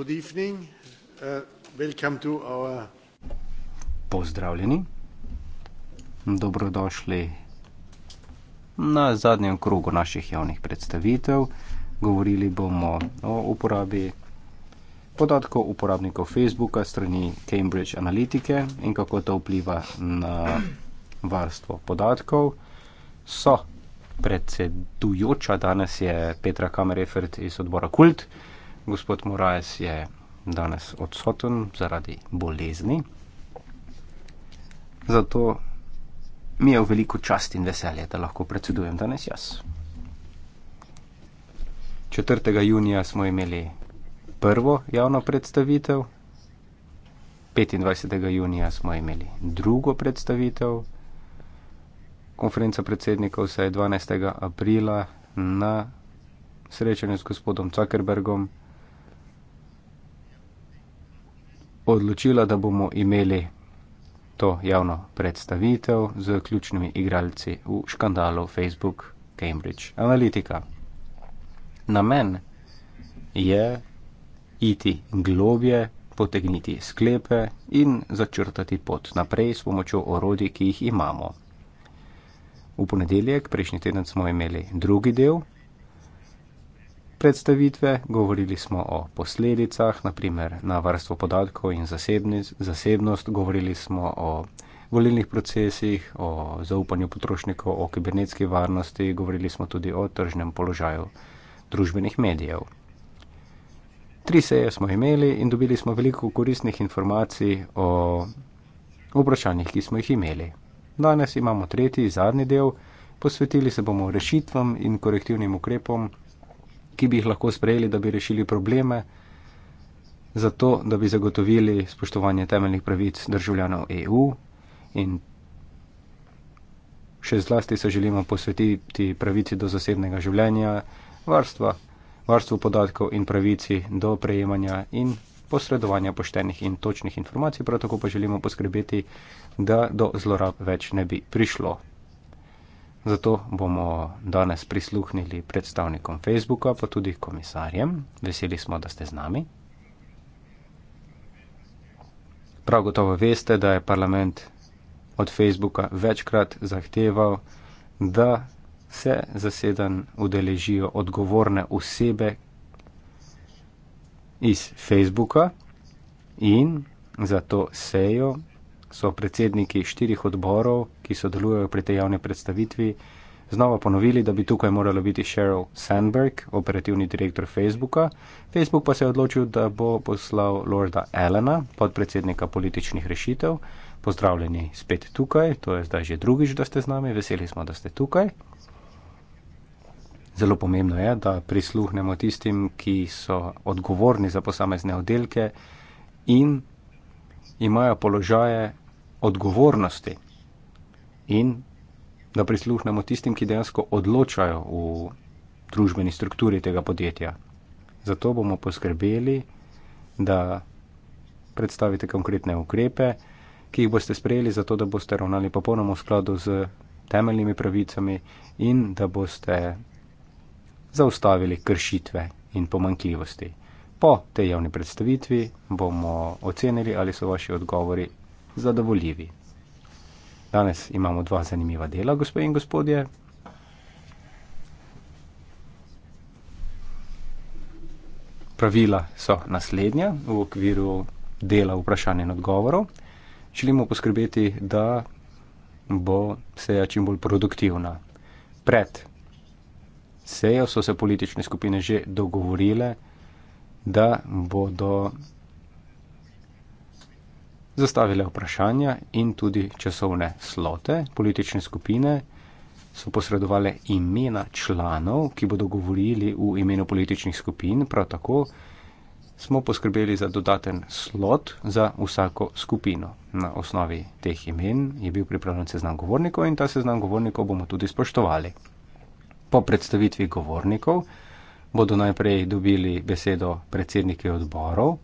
Good evening. Uh, welcome to our. Pozdravljeni. Dobrodošli na zadnjem krogu naših javnih predstavitev. Govorili bomo o uporabi podatkov uporabnikov Facebooka strani Cambridge Analytica in kako to vpliva na varstvo podatkov. So predsedujoča danes je Petra Kamerefert iz odbora Kult. Uh, Gospod Moraes je danes odsoten zaradi bolezni. Zato mi je v veliko čast in veselje, da lahko predsedujem danes jaz. 4. junija smo imeli prvo javno predstavitev, 25. junija smo imeli drugo predstavitev, konferenca predsednikov se je 12. aprila na srečanju s gospodom Zuckerbergom odločila, da bomo imeli to javno predstavitev z ključnimi igralci v škandalu Facebook Cambridge Analytica. Namen je iti globje, potegniti sklepe in začrtati pot naprej s pomočjo orodij, ki jih imamo. V ponedeljek, prejšnji teden, smo imeli drugi del predstavitve, govorili smo o posledicah, naprimer na varstvo podatkov in zasebnost, govorili smo o volilnih procesih, o zaupanju potrošnikov, o kibernetski varnosti, govorili smo tudi o tržnem položaju družbenih medijev. Tri seje smo imeli in dobili smo veliko koristnih informacij o vprašanjih, ki smo jih imeli. Danes imamo tretji, zadnji del, posvetili se bomo rešitvam in korektivnim ukrepom, ki bi jih lahko sprejeli, da bi rešili probleme, zato da bi zagotovili spoštovanje temeljnih pravic državljanov EU in še zlasti se želimo posvetiti pravici do zasebnega življenja, varstva, varstvu podatkov in pravici do prejemanja in posredovanja poštenih in točnih informacij, prav tako pa želimo poskrbeti, da do zlorab več ne bi prišlo. Zato bomo danes prisluhnili predstavnikom Facebooka, pa tudi komisarjem. Veseli smo, da ste z nami. Prav gotovo veste, da je parlament od Facebooka večkrat zahteval, da se zaseden udeležijo odgovorne osebe iz Facebooka in za to sejo so predsedniki štirih odborov, ki sodelujejo pri tej javni predstavitvi, znova ponovili, da bi tukaj moralo biti Sheryl Sandberg, operativni direktor Facebooka. Facebook pa se je odločil, da bo poslal Lorda Elena, podpredsednika političnih rešitev. Pozdravljeni spet tukaj, to je zdaj že drugič, da ste z nami, veseli smo, da ste tukaj. Zelo pomembno je, da prisluhnemo tistim, ki so odgovorni za posamezne oddelke in imajo položaje, odgovornosti in da prisluhnemo tistim, ki dejansko odločajo v družbeni strukturi tega podjetja. Zato bomo poskrbeli, da predstavite konkretne ukrepe, ki jih boste sprejeli, zato da boste ravnali popolnoma v skladu z temeljnimi pravicami in da boste zaustavili kršitve in pomankljivosti. Po tej javni predstavitvi bomo ocenili, ali so vaši odgovori zadovoljivi. Danes imamo dva zanimiva dela, gospod in gospodje. Pravila so naslednja v okviru dela vprašanj in odgovorov. Želimo poskrbeti, da bo seja čim bolj produktivna. Pred sejo so se politične skupine že dogovorile, da bodo zastavile vprašanja in tudi časovne slote. Politične skupine so posredovale imena članov, ki bodo govorili v imenu političnih skupin. Prav tako smo poskrbeli za dodaten slot za vsako skupino. Na osnovi teh imen je bil pripravljen seznam govornikov in ta seznam govornikov bomo tudi spoštovali. Po predstavitvi govornikov bodo najprej dobili besedo predsedniki odborov,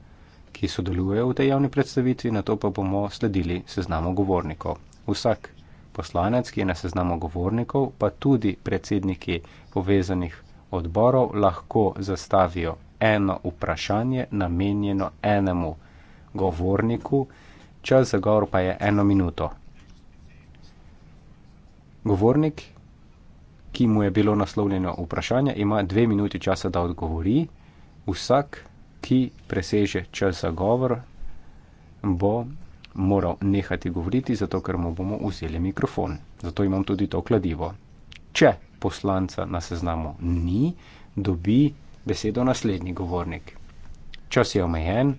ki sodelujejo v tej javni predstavitvi, na to pa bomo sledili seznamu govornikov. Vsak poslanec, ki je na seznamu govornikov, pa tudi predsedniki povezanih odborov lahko zastavijo eno vprašanje namenjeno enemu govorniku, čas za govor pa je eno minuto. Govornik, ki mu je bilo naslovljeno vprašanje, ima dve minuti časa, da odgovori. Vsak ki preseže čas za govor, bo moral nehati govoriti, zato ker mu bomo vzeli mikrofon. Zato imam tudi to kladivo. Če poslanca na seznamu ni, dobi besedo naslednji govornik. Čas je omejen,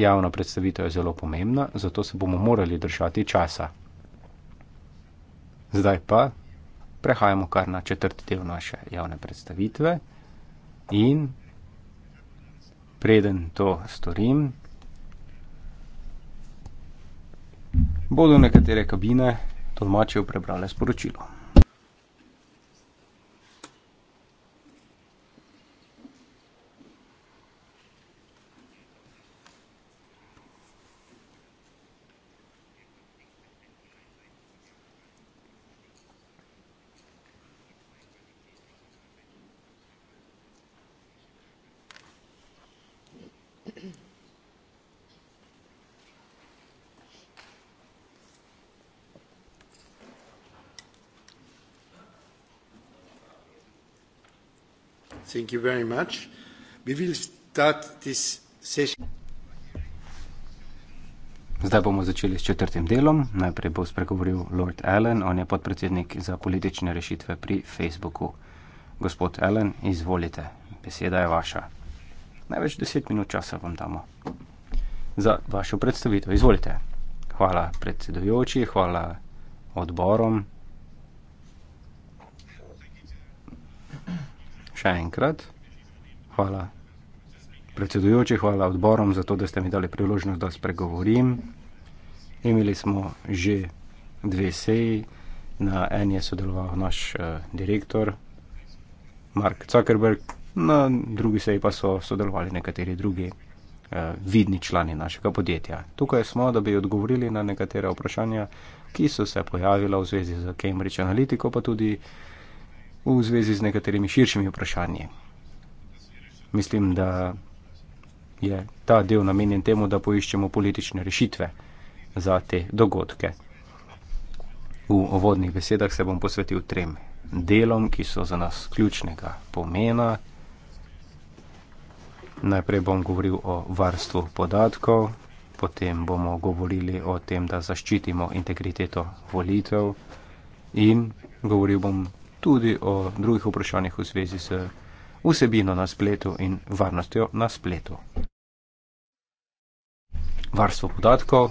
javna predstavitev je zelo pomembna, zato se bomo morali držati časa. Zdaj pa prehajamo kar na četrti del naše javne predstavitve in preden to storim, bodo nekatere kabine tolmačev prebrale sporočilo. Thank you very much. We will start this session. Zdaj bomo začeli s četrtim delom. Najprej bo spregovoril Lord Allen, on je podpredsednik za politične rešitve pri Facebooku. Gospod Allen, izvolite, beseda je vaša. Največ deset minut časa vam damo za vašo predstavitev. Izvolite. Hvala predsedujoči, hvala odborom. še enkrat. Hvala predsedujoči, hvala odborom za to, da ste mi dali priložnost, da spregovorim. Imeli smo že dve seji, na eni je sodeloval naš eh, direktor Mark Zuckerberg, na drugi seji pa so sodelovali nekateri drugi eh, vidni člani našega podjetja. Tukaj smo, da bi odgovorili na nekatera vprašanja, ki so se pojavila v zvezi z Cambridge Analytico, pa tudi v zvezi z nekaterimi širšimi vprašanji. Mislim, da je ta del namenjen temu, da poiščemo politične rešitve za te dogodke. V uvodnih besedah se bom posvetil trem delom, ki so za nas ključnega pomena. Najprej bom govoril o varstvu podatkov, potem bomo govorili o tem, da zaščitimo integriteto volitev in govoril bom tudi o drugih vprašanjih v zvezi z vsebino na spletu in varnostjo na spletu. Varstvo podatkov.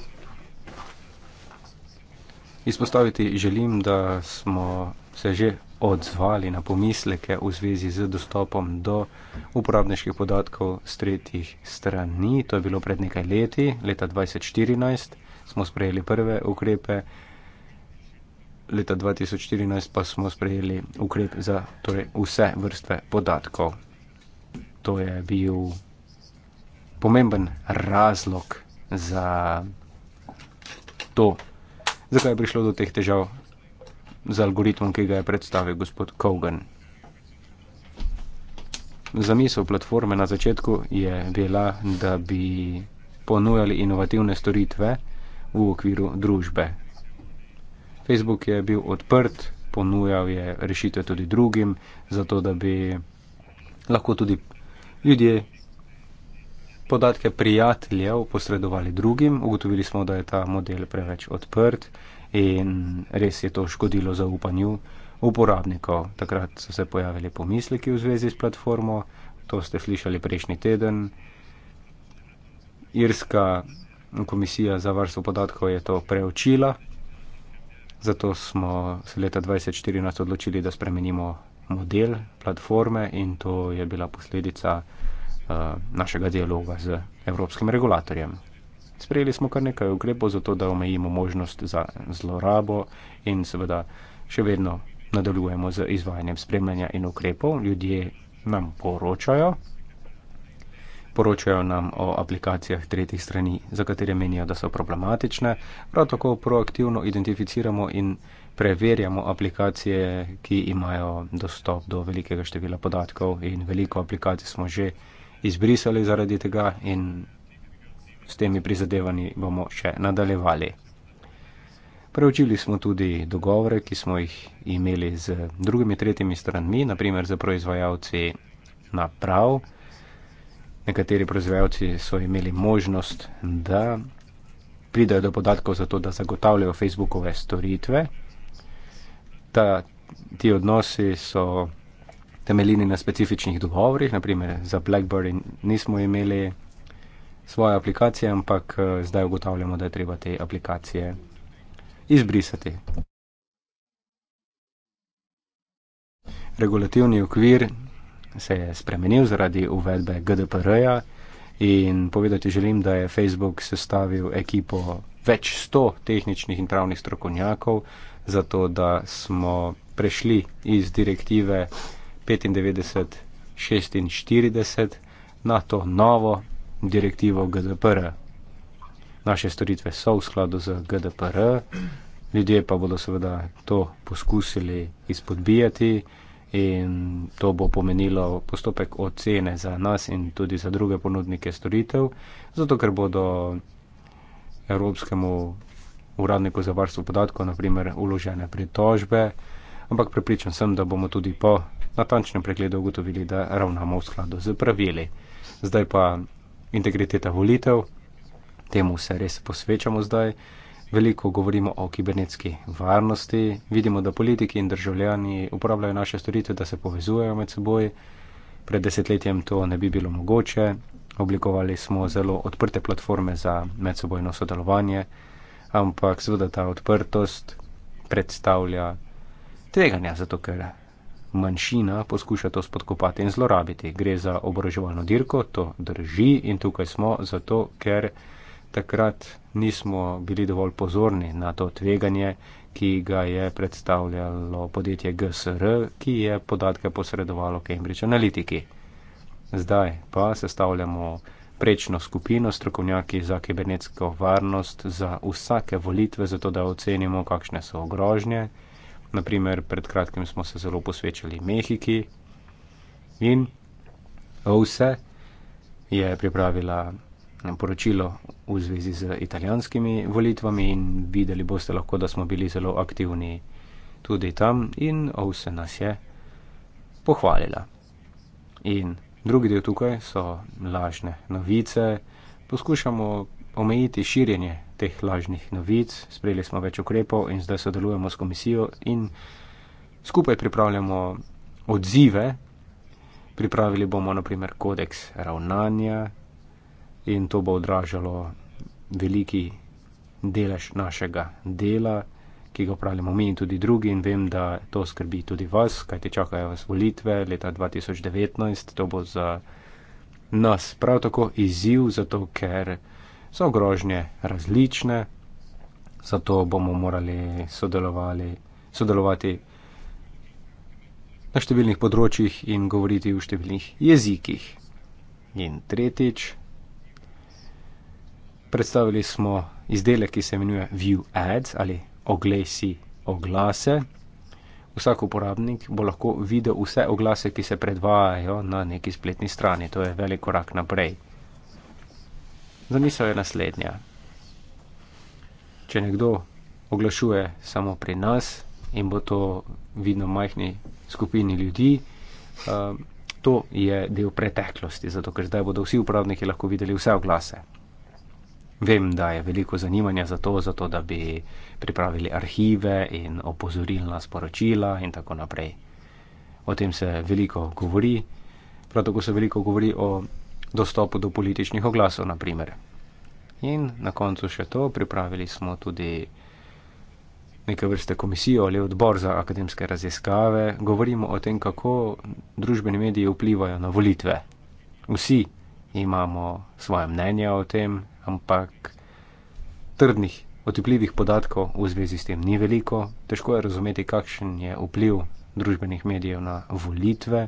Izpostaviti želim, da smo se že odzvali na pomisleke v zvezi z dostopom do uporabniških podatkov z tretjih strani. To je bilo pred nekaj leti, leta 2014, smo sprejeli prve ukrepe, leta 2014 pa smo sprejeli ukrep za torej, vse vrste podatkov. To je bil pomemben razlog za to, zakaj je prišlo do teh težav z algoritmom, ki ga je predstavil gospod Kogan. Zamisel platforme na začetku je bila, da bi ponujali inovativne storitve v okviru družbe, Facebook je bil odprt, ponujal je rešitve tudi drugim, zato da bi lahko tudi ljudje podatke prijateljev posredovali drugim. Ugotovili smo, da je ta model preveč odprt in res je to škodilo zaupanju uporabnikov. Takrat so se pojavili pomisleki v zvezi s platformo, to ste slišali prejšnji teden. Irska komisija za varstvo podatkov je to preučila Zato smo se leta 2014 odločili, da spremenimo model platforme in to je bila posledica uh, našega dialoga z evropskim regulatorjem. Sprejeli smo kar nekaj ukrepov za to, da omejimo možnost za zlorabo in seveda še vedno nadaljujemo z izvajanjem spremljanja in ukrepov. Ljudje nam poročajo, poročajo nam o aplikacijah tretjih strani, za katere menijo, da so problematične. Prav tako proaktivno identificiramo in preverjamo aplikacije, ki imajo dostop do velikega števila podatkov in veliko aplikacij smo že izbrisali zaradi tega in s temi prizadevanji bomo še nadaljevali. Preučili smo tudi dogovore, ki smo jih imeli z drugimi tretjimi stranmi, naprimer z proizvajalci naprav. Nekateri proizvajalci so imeli možnost, da pridajo do podatkov za to, da zagotavljajo Facebookove storitve. Ta, ti odnosi so temeljini na specifičnih dogovorih, naprimer za Blackberry nismo imeli svoje aplikacije, ampak eh, zdaj ugotavljamo, da je treba te aplikacije izbrisati. Regulativni okvir se je spremenil zaradi uvedbe GDPR-ja in povedati želim, da je Facebook sestavil ekipo več sto tehničnih in pravnih strokovnjakov, zato da smo prešli iz direktive 95-46 na to novo direktivo GDPR. Naše storitve so v skladu z GDPR, ljudje pa bodo seveda to poskusili izpodbijati in to bo pomenilo postopek ocene za nas in tudi za druge ponudnike storitev, zato ker bodo Evropskemu uradniku za varstvo podatkov, naprimer, uložene pritožbe, ampak prepričan sem, da bomo tudi po natančnem pregledu ugotovili, da ravnamo v skladu z pravili. Zdaj pa integriteta volitev, temu se res posvečamo zdaj veliko govorimo o kibernetski varnosti, vidimo, da politiki in državljani uporabljajo naše storitve, da se povezujejo med seboj. Pred desetletjem to ne bi bilo mogoče. Oblikovali smo zelo odprte platforme za medsebojno sodelovanje, ampak seveda ta odprtost predstavlja tveganja, zato ker manjšina poskuša to spodkopati in zlorabiti. Gre za oboroževalno dirko, to drži in tukaj smo zato, ker takrat nismo bili dovolj pozorni na to tveganje, ki ga je predstavljalo podjetje GSR, ki je podatke posredovalo Cambridge Analytiki. Zdaj pa sestavljamo prečno skupino strokovnjaki za kibernetsko varnost za vsake volitve, zato da ocenimo, kakšne so grožnje. Naprimer, pred kratkim smo se zelo posvečali Mehiki in OSE je pripravila letošnje poročilo v zvezi z italijanskimi volitvami in videli boste lahko, da smo bili zelo aktivni tudi tam in Ouse nas je pohvalila. In drugi del tukaj so lažne novice. Poskušamo omejiti širjenje teh lažnih novic, sprejeli smo več ukrepov in zdaj sodelujemo s komisijo in skupaj pripravljamo odzive. Pripravili bomo naprimer kodeks ravnanja, in to bo odražalo veliki delež našega dela, ki ga upravljamo mi in tudi drugi in vem, da to skrbi tudi vas, kajte čakajo vas volitve leta 2019, to bo za nas prav tako izziv, zato ker so grožnje različne, zato bomo morali sodelovati na številnih področjih in govoriti v številnih jezikih. In tretjič, predstavili smo izdelek, ki se imenuje View Ads ali oglesi oglase. Vsak uporabnik bo lahko videl vse oglase, ki se predvajajo na neki spletni strani. To je velik korak naprej. Zamisel je naslednja. Če nekdo oglašuje samo pri nas in bo to vidno majhni skupini ljudi, eh, to je del preteklosti, zato ker zdaj bodo vsi uporabniki lahko videli vse oglase. Vem, da je veliko zanimanja za to, zato da bi pripravili arhive in opozorilna sporočila in tako naprej. O tem se veliko govori, prav tako se veliko govori o dostopu do političnih oglasov, naprimer. In na koncu še to, pripravili smo tudi neke vrste komisijo ali odbor za akademske raziskave, govorimo o tem, kako družbeni mediji vplivajo na volitve. Vsi imamo svoje mnenje o tem, ampak trdnih, otepljivih podatkov v zvezi s tem ni veliko. Težko je razumeti, kakšen je vpliv družbenih medijev na volitve.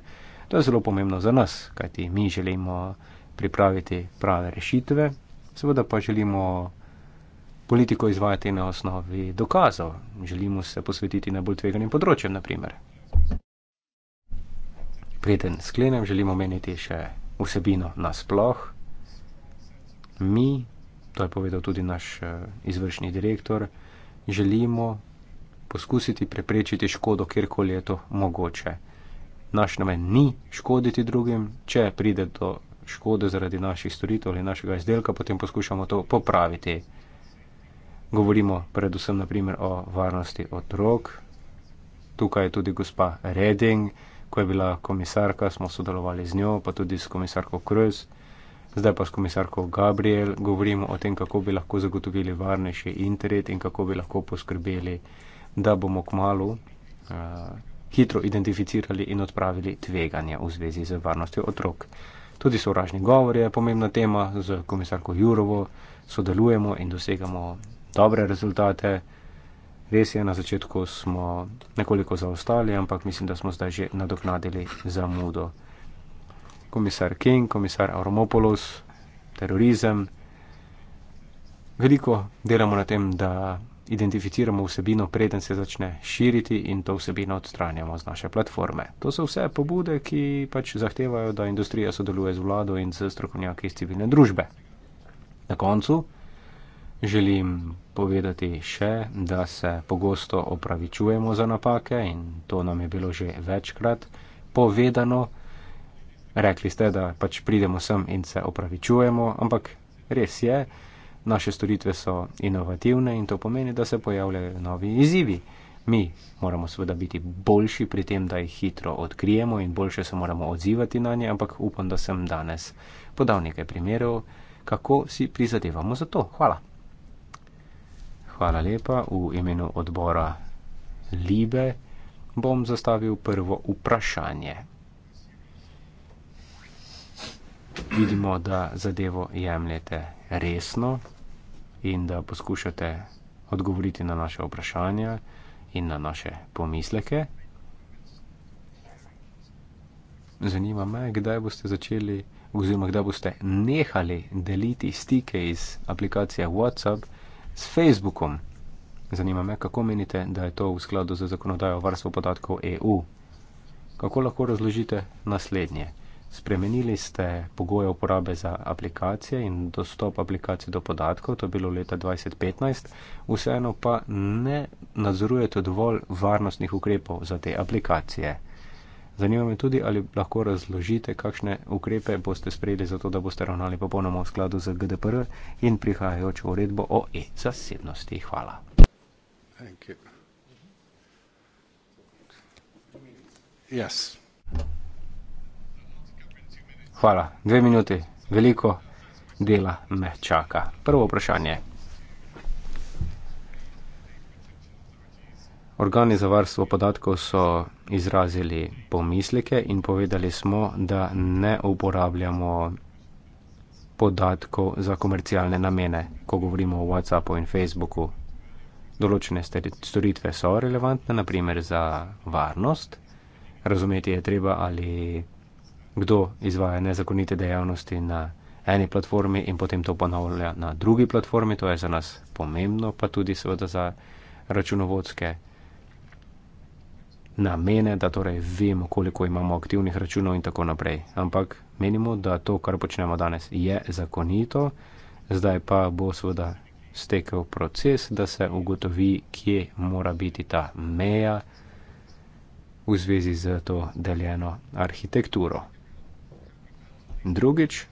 To je zelo pomembno za nas, kajti mi želimo pripraviti prave rešitve, seveda pa želimo politiko izvajati na osnovi dokazov. Želimo se posvetiti najbolj tveganim področjem, naprimer. Preden sklenem, želimo meniti še vsebino nasploh mi, to je povedal tudi naš eh, izvršni direktor, želimo poskusiti preprečiti škodo, kjerkoli je to mogoče. Naš namen ni škoditi drugim, če pride do škode zaradi naših storitev ali našega izdelka, potem poskušamo to popraviti. Govorimo predvsem naprimer o varnosti otrok. Tukaj je tudi gospa Reding, ko je bila komisarka, smo sodelovali z njo, pa tudi s komisarko Kröz zdaj pa s komisarko Gabriel govorimo o tem, kako bi lahko zagotovili varnejši internet in kako bi lahko poskrbeli, da bomo k malu uh, eh, hitro identificirali in odpravili tveganja v zvezi z varnostjo otrok. Tudi sovražni govor je pomembna tema, z komisarko Jurovo sodelujemo in dosegamo dobre rezultate. Res je, na začetku smo nekoliko zaostali, ampak mislim, da smo zdaj že nadoknadili zamudo komisar King, komisar Avromopolos, terorizem. Veliko delamo na tem, da identificiramo vsebino, preden se začne širiti in to vsebino odstranjamo z naše platforme. To so vse pobude, ki pač zahtevajo, da industrija sodeluje z vlado in z strokovnjaki iz civilne družbe. Na koncu želim povedati še, da se pogosto opravičujemo za napake in to nam je bilo že večkrat povedano. Rekli ste, da pač pridemo sem in se opravičujemo, ampak res je, naše storitve so inovativne in to pomeni, da se pojavljajo novi izzivi. Mi moramo seveda biti boljši pri tem, da jih hitro odkrijemo in boljše se moramo odzivati na nje, ampak upam, da sem danes podal nekaj primerov, kako si prizadevamo za to. Hvala. Hvala lepa. V imenu odbora Libe bom zastavil prvo vprašanje vidimo, da zadevo jemljete resno in da poskušate odgovoriti na naše vprašanja in na naše pomisleke. Zanima me, kdaj boste začeli oziroma kdaj boste nehali deliti stike iz aplikacije WhatsApp s Facebookom. Zanima me, kako menite, da je to v skladu z zakonodajo o varstvu podatkov EU. Kako lahko razložite naslednje? spremenili ste pogoje uporabe za aplikacije in dostop aplikacij do podatkov, to je bilo leta 2015, vseeno pa ne nadzorujete dovolj varnostnih ukrepov za te aplikacije. Zanima me tudi, ali lahko razložite, kakšne ukrepe boste sprejeli za to, da boste ravnali popolnoma v skladu z GDPR in prihajajočo uredbo o e-zasebnosti. Hvala. Yes. Hvala, dve minuti, veliko dela me čaka. Prvo vprašanje. Organi za varstvo podatkov so izrazili pomisleke in povedali smo, da ne uporabljamo podatkov za komercialne namene, ko govorimo o WhatsAppu in Facebooku. Določene storitve so relevantne, naprimer za varnost. Razumeti je treba, ali kdo izvaja nezakonite dejavnosti na eni platformi in potem to ponavlja na drugi platformi. To je za nas pomembno, pa tudi seveda za računovodske namene, da torej vemo, koliko imamo aktivnih računov in tako naprej. Ampak menimo, da to, kar počnemo danes, je zakonito, zdaj pa bo seveda stekel proces, da se ugotovi, kje mora biti ta meja v zvezi z to deljeno arhitekturo. In drugič,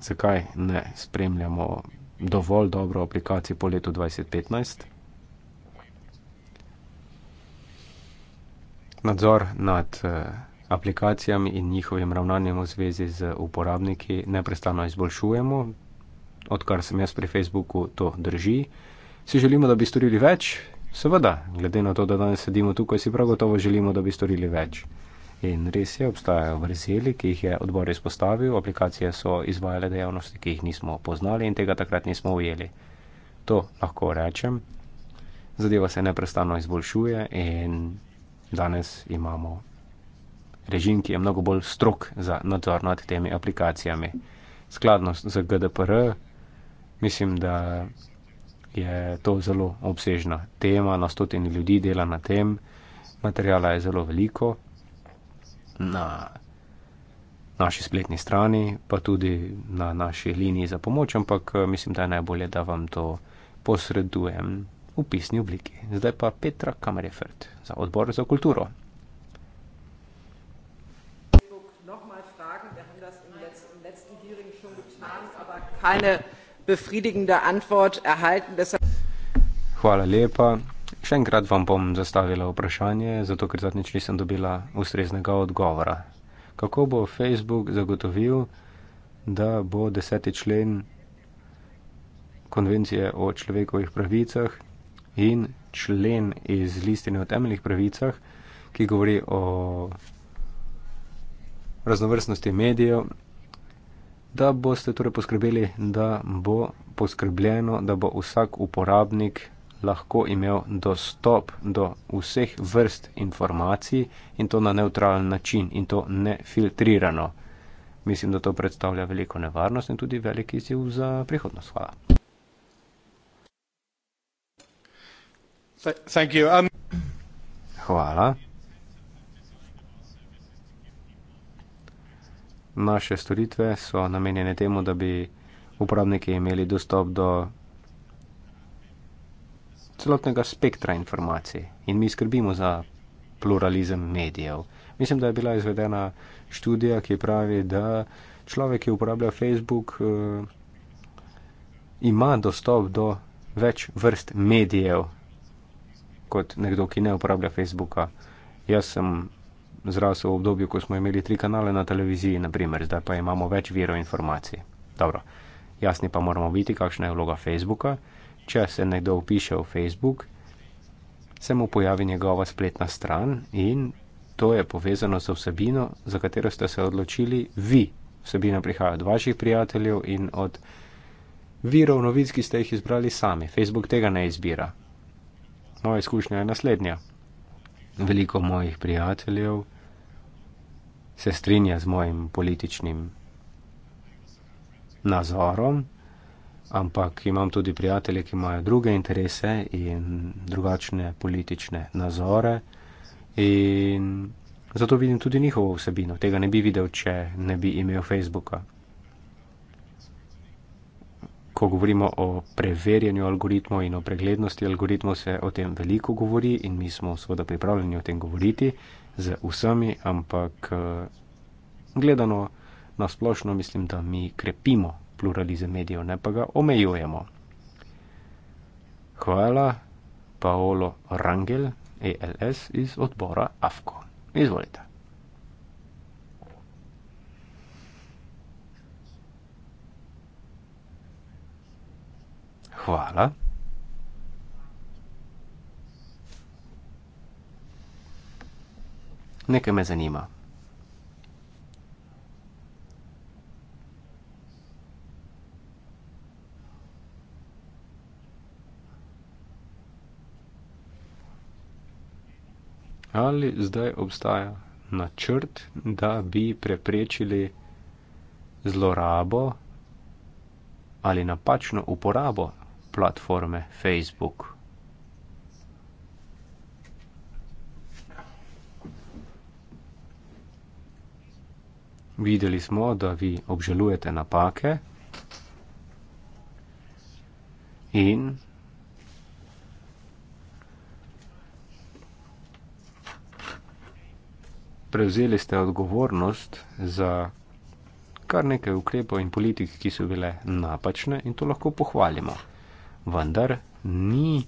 zakaj ne spremljamo dovolj dobro aplikacije po letu 2015? Nadzor nad eh, aplikacijami in njihovim ravnanjem v zvezi z uporabniki neprestano izboljšujemo, odkar sem jaz pri Facebooku, to drži. Si želimo, da bi storili več? Seveda, glede na to, da danes sedimo tukaj, si prav gotovo želimo, da bi storili več. In res je, obstajajo vrzeli, ki jih je odbor izpostavil, aplikacije so izvajale dejavnosti, ki jih nismo poznali in tega takrat nismo ujeli. To lahko rečem. Zadeva se neprestano izboljšuje in danes imamo režim, ki je mnogo bolj strok za nadzor nad temi aplikacijami. Skladnost z GDPR, mislim, da je to zelo obsežna tema, na stotini ljudi dela na tem, materijala je zelo veliko, na naši spletni strani, pa tudi na naši liniji za pomoč, ampak eh, mislim, da je najbolje, da vam to posredujem v pisni obliki. Zdaj pa Petra Kamerefert za odbor za kulturo. Hvala lepa še enkrat vam bom zastavila vprašanje, zato ker zadnjič nisem dobila ustreznega odgovora. Kako bo Facebook zagotovil, da bo deseti člen konvencije o človekovih pravicah in člen iz listine o temeljnih pravicah, ki govori o raznovrstnosti medijev, da boste torej poskrbeli, da bo poskrbljeno, da bo vsak uporabnik lahko imel dostop do vseh vrst informacij in to na neutralen način in to nefiltrirano. Mislim, da to predstavlja veliko nevarnost in tudi veliki izziv za prihodnost. Hvala. Um, Hvala. Naše storitve so namenjene temu, da bi uporabniki imeli dostop do celotnega spektra informacij in mi skrbimo za pluralizem medijev. Mislim, da je bila izvedena študija, ki pravi, da človek, ki uporablja Facebook, eh, ima dostop do več vrst medijev kot nekdo, ki ne uporablja Facebooka. Jaz sem zrasel v obdobju, ko smo imeli tri kanale na televiziji, naprimer, zdaj pa imamo več virov informacij. Dobro, jasni pa moramo biti, kakšna je vloga Facebooka če se nekdo upiše v Facebook, se mu pojavi njegova spletna stran in to je povezano z vsebino, za katero ste se odločili vi. Vsebina prihaja od vaših prijateljev in od virov novic, ki ste jih izbrali sami. Facebook tega ne izbira. Moja izkušnja je naslednja. Veliko mojih prijateljev se strinja z mojim političnim nazorom, ampak imam tudi prijatelje, ki imajo druge interese in drugačne politične nazore. In zato vidim tudi njihovo vsebino. Tega ne bi videl, če ne bi imel Facebooka. Ko govorimo o preverjanju algoritmov in o preglednosti algoritmov, se o tem veliko govori in mi smo seveda pripravljeni o tem govoriti z vsemi, ampak eh, gledano na splošno mislim, da mi krepimo pluralizem medijev, ne pa ga omejujemo. Hvala, Paolo Rangel, ELS iz odbora AFKO. Izvolite. Hvala. Nekaj me zanima. Ali zdaj obstaja načrt, da bi preprečili zlorabo ali napačno uporabo platforme Facebook? Videli smo, da vi obžalujete napake in prevzeli ste odgovornost za kar nekaj ukrepov in politik, ki so bile napačne in to lahko pohvalimo. Vendar ni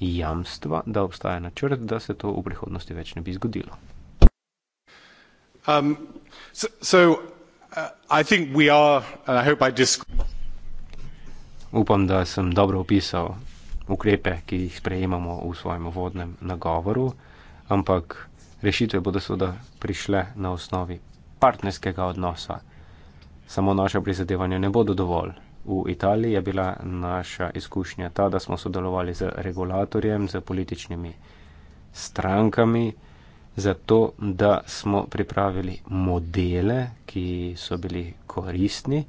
jamstva, da obstaja načrt, da se to v prihodnosti več ne bi zgodilo. Um, so, so, uh, are, Upam, da sem dobro opisal ukrepe, ki jih sprejemamo v svojem vodnem nagovoru, ampak Rešitve bodo seveda prišle na osnovi partnerskega odnosa. Samo naša prizadevanja ne bodo dovolj. V Italiji je bila naša izkušnja ta, da smo sodelovali z regulatorjem, z političnimi strankami, zato da smo pripravili modele, ki so bili koristni,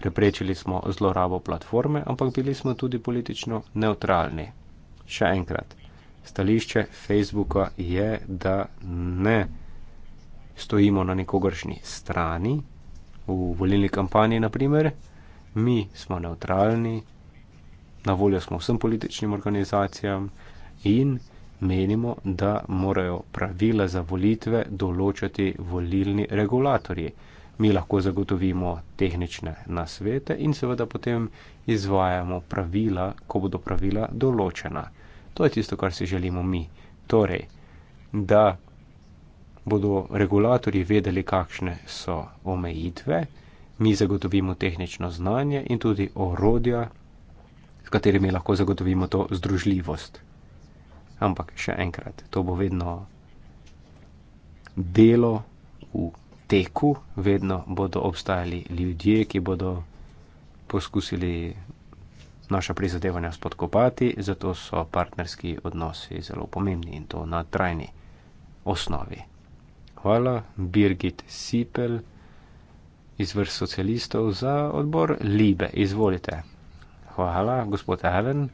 preprečili smo zlorabo platforme, ampak bili smo tudi politično neutralni. Še enkrat stališče Facebooka je, da ne stojimo na nekogaršni strani, v volilni kampanji naprimer, mi smo neutralni, na voljo smo vsem političnim organizacijam in menimo, da morajo pravila za volitve določati volilni regulatorji. Mi lahko zagotovimo tehnične nasvete in seveda potem izvajamo pravila, ko bodo pravila določena. To je tisto, kar si želimo mi. Torej, da bodo regulatori vedeli, kakšne so omejitve, mi zagotovimo tehnično znanje in tudi orodja, s katerimi lahko zagotovimo to združljivost. Ampak še enkrat, to bo vedno delo v teku, vedno bodo obstajali ljudje, ki bodo poskusili naša prizadevanja spodkopati, zato so partnerski odnosi zelo pomembni in to na trajni osnovi. Hvala Birgit Sipel iz vrst socialistov za odbor Libe. Izvolite. Hvala, gospod Allen.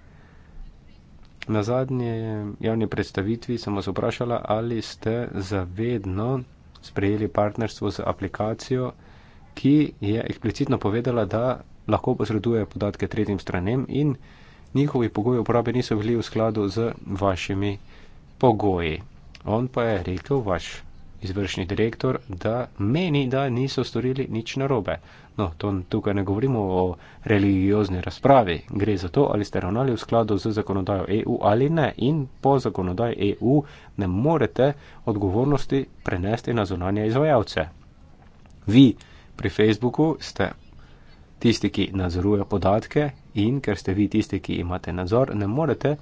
Na zadnji javni predstavitvi sem vas vprašala, ali ste zavedno sprejeli partnerstvo z aplikacijo, ki je eksplicitno povedala, da lahko posreduje podatke tretjim stranem in njihovi pogoji uporabe niso bili v skladu z vašimi pogoji. On pa je rekel, vaš izvršni direktor, da meni, da niso storili nič narobe. No, to tukaj ne govorimo o religiozni razpravi. Gre za to, ali ste ravnali v skladu z zakonodajo EU ali ne. In po zakonodaji EU ne morete odgovornosti prenesti na zunanje izvajalce. Vi pri Facebooku ste tisti, ki nadzoruje podatke in ker ste vi tisti, ki imate nadzor, ne morete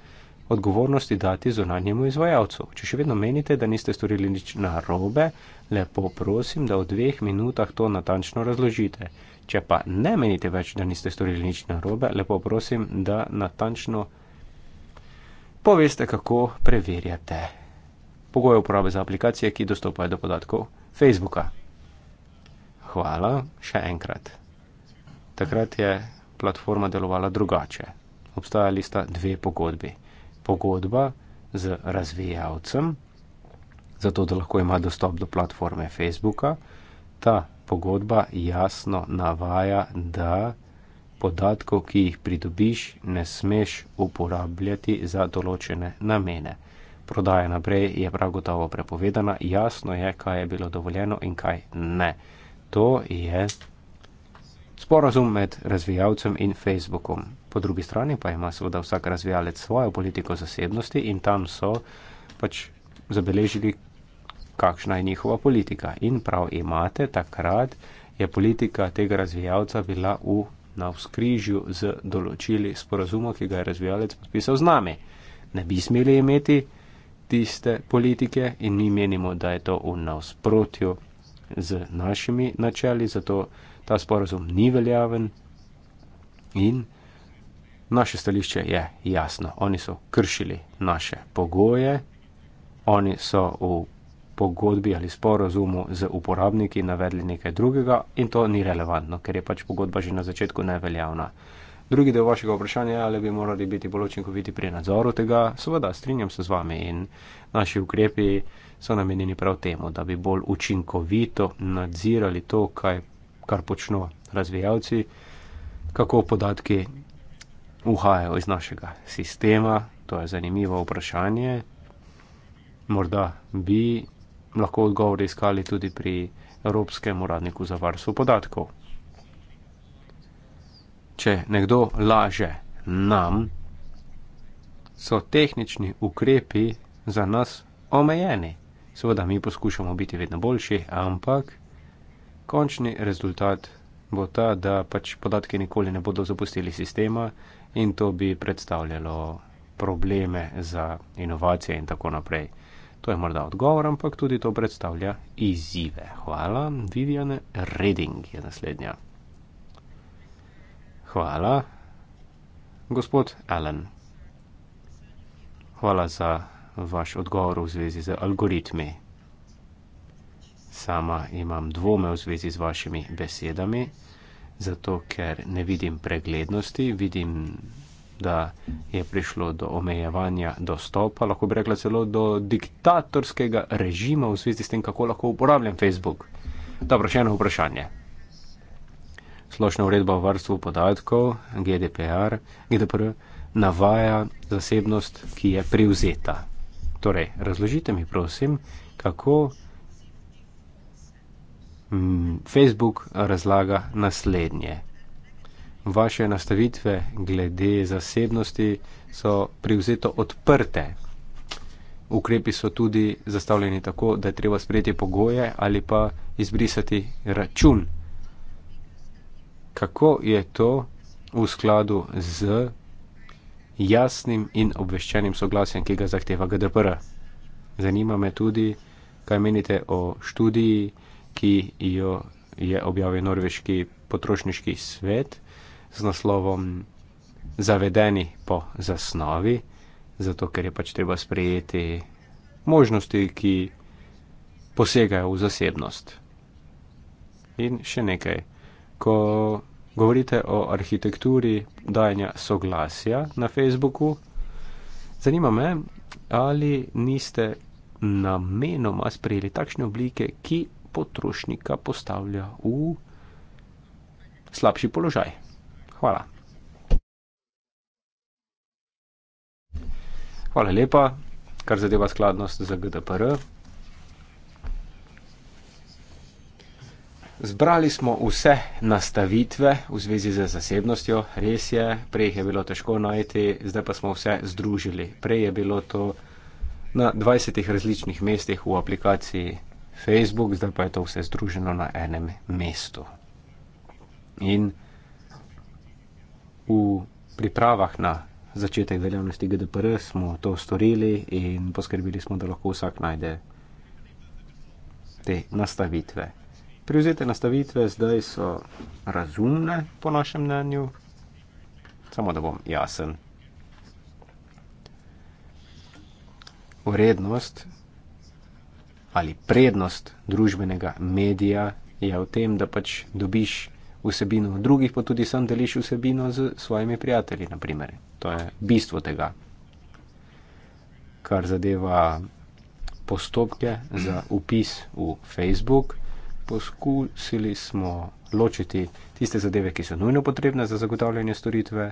odgovornosti dati zunanjemu izvajalcu. Če še vedno menite, da niste storili nič narobe, lepo prosim, da v dveh minutah to natančno razložite. Če pa ne menite več, da niste storili nič narobe, lepo prosim, da natančno poveste, kako preverjate pogoje uporabe za aplikacije, ki dostopajo do podatkov Facebooka. Hvala še enkrat. Takrat je platforma delovala drugače. Obstajali sta dve pogodbi. Pogodba z razvijalcem, zato da lahko ima dostop do platforme Facebooka. Ta pogodba jasno navaja, da podatkov, ki jih pridobiš, ne smeš uporabljati za določene namene. Prodaja naprej je prav gotovo prepovedana, jasno je, kaj je bilo dovoljeno in kaj ne. To je sporazum med razvijalcem in Facebookom. Po drugi strani pa ima seveda vsak razvijalec svojo politiko zasebnosti in tam so pač zabeležili, kakšna je njihova politika. In prav imate, takrat je politika tega razvijalca bila v navskrižju z določili sporazuma, ki ga je razvijalec podpisal z nami. Ne bi smeli imeti tiste politike in mi menimo, da je to v nasprotju z našimi načeli, zato ta sporozum ni veljaven in naše stališče je jasno. Oni so kršili naše pogoje, oni so v pogodbi ali sporozumu z uporabniki navedli nekaj drugega in to ni relevantno, ker je pač pogodba že na začetku neveljavna. Drugi del vašega vprašanja je, ali bi morali biti bolj učinkoviti pri nadzoru tega. Seveda, strinjam se z vami in naši ukrepi so namenjeni prav temu, da bi bolj učinkovito nadzirali to, kaj kar počno razvijalci, kako podatki uhajajo iz našega sistema. To je zanimivo vprašanje. Morda bi lahko odgovore iskali tudi pri Evropskem uradniku za varstvo podatkov. Če nekdo laže nam, so tehnični ukrepi za nas omejeni. Seveda mi poskušamo biti vedno boljši, ampak končni rezultat bo ta, da pač podatki nikoli ne bodo zapustili sistema in to bi predstavljalo probleme za inovacije in tako naprej. To je morda odgovor, ampak tudi to predstavlja izzive. Hvala, Vivian Reding je naslednja. Hvala, gospod Allen. Hvala za vaš odgovor v zvezi z algoritmi. Sama imam dvome v zvezi z vašimi besedami, zato ker ne vidim preglednosti, vidim, da je prišlo do omejevanja dostopa, lahko bi rekla celo do diktatorskega režima v zvezi s tem, kako lahko uporabljam Facebook. Dobro, še eno vprašanje. Splošna uredba o varstvu podatkov GDPR, GDPR navaja zasebnost, ki je privzeta. Torej, razložite mi, prosim, kako Mm, Facebook razlaga naslednje. Vaše nastavitve glede zasebnosti so privzeto odprte. Ukrepi so tudi zastavljeni tako, da je treba sprejeti pogoje ali pa izbrisati račun. Kako je to v skladu z jasnim in obveščenim soglasjem, ki ga zahteva GDPR? Zanima me tudi, kaj menite o študiji ki jo je objavil norveški potrošniški svet z naslovom Zavedeni po zasnovi, zato ker je pač treba sprejeti možnosti, ki posegajo v zasebnost. In še nekaj. Ko govorite o arhitekturi dajanja soglasja na Facebooku, zanima me, ali niste namenoma sprejeli takšne oblike, ki potrošnika postavlja v slabši položaj. Hvala. Hvala lepa, kar zadeva skladnost za GDPR. Zbrali smo vse nastavitve v zvezi z zasebnostjo, res je, prej je bilo težko najti, zdaj pa smo vse združili. Prej je bilo to na 20 različnih mestih v aplikaciji Facebook, zdaj pa je to vse združeno na enem mestu. In v pripravah na začetek veljavnosti GDPR smo to storili in poskrbeli smo, da lahko vsak najde te nastavitve. Privzete nastavitve zdaj so razumne, po našem mnenju, samo da bom jasen. Vrednost ali prednost družbenega medija je v tem, da pač dobiš vsebino drugih, pa tudi sam deliš vsebino z svojimi prijatelji. Naprimer. To je bistvo tega, kar zadeva postopke za upis v Facebook. Poskusili smo ločiti tiste zadeve, ki so nujno potrebne za zagotavljanje storitve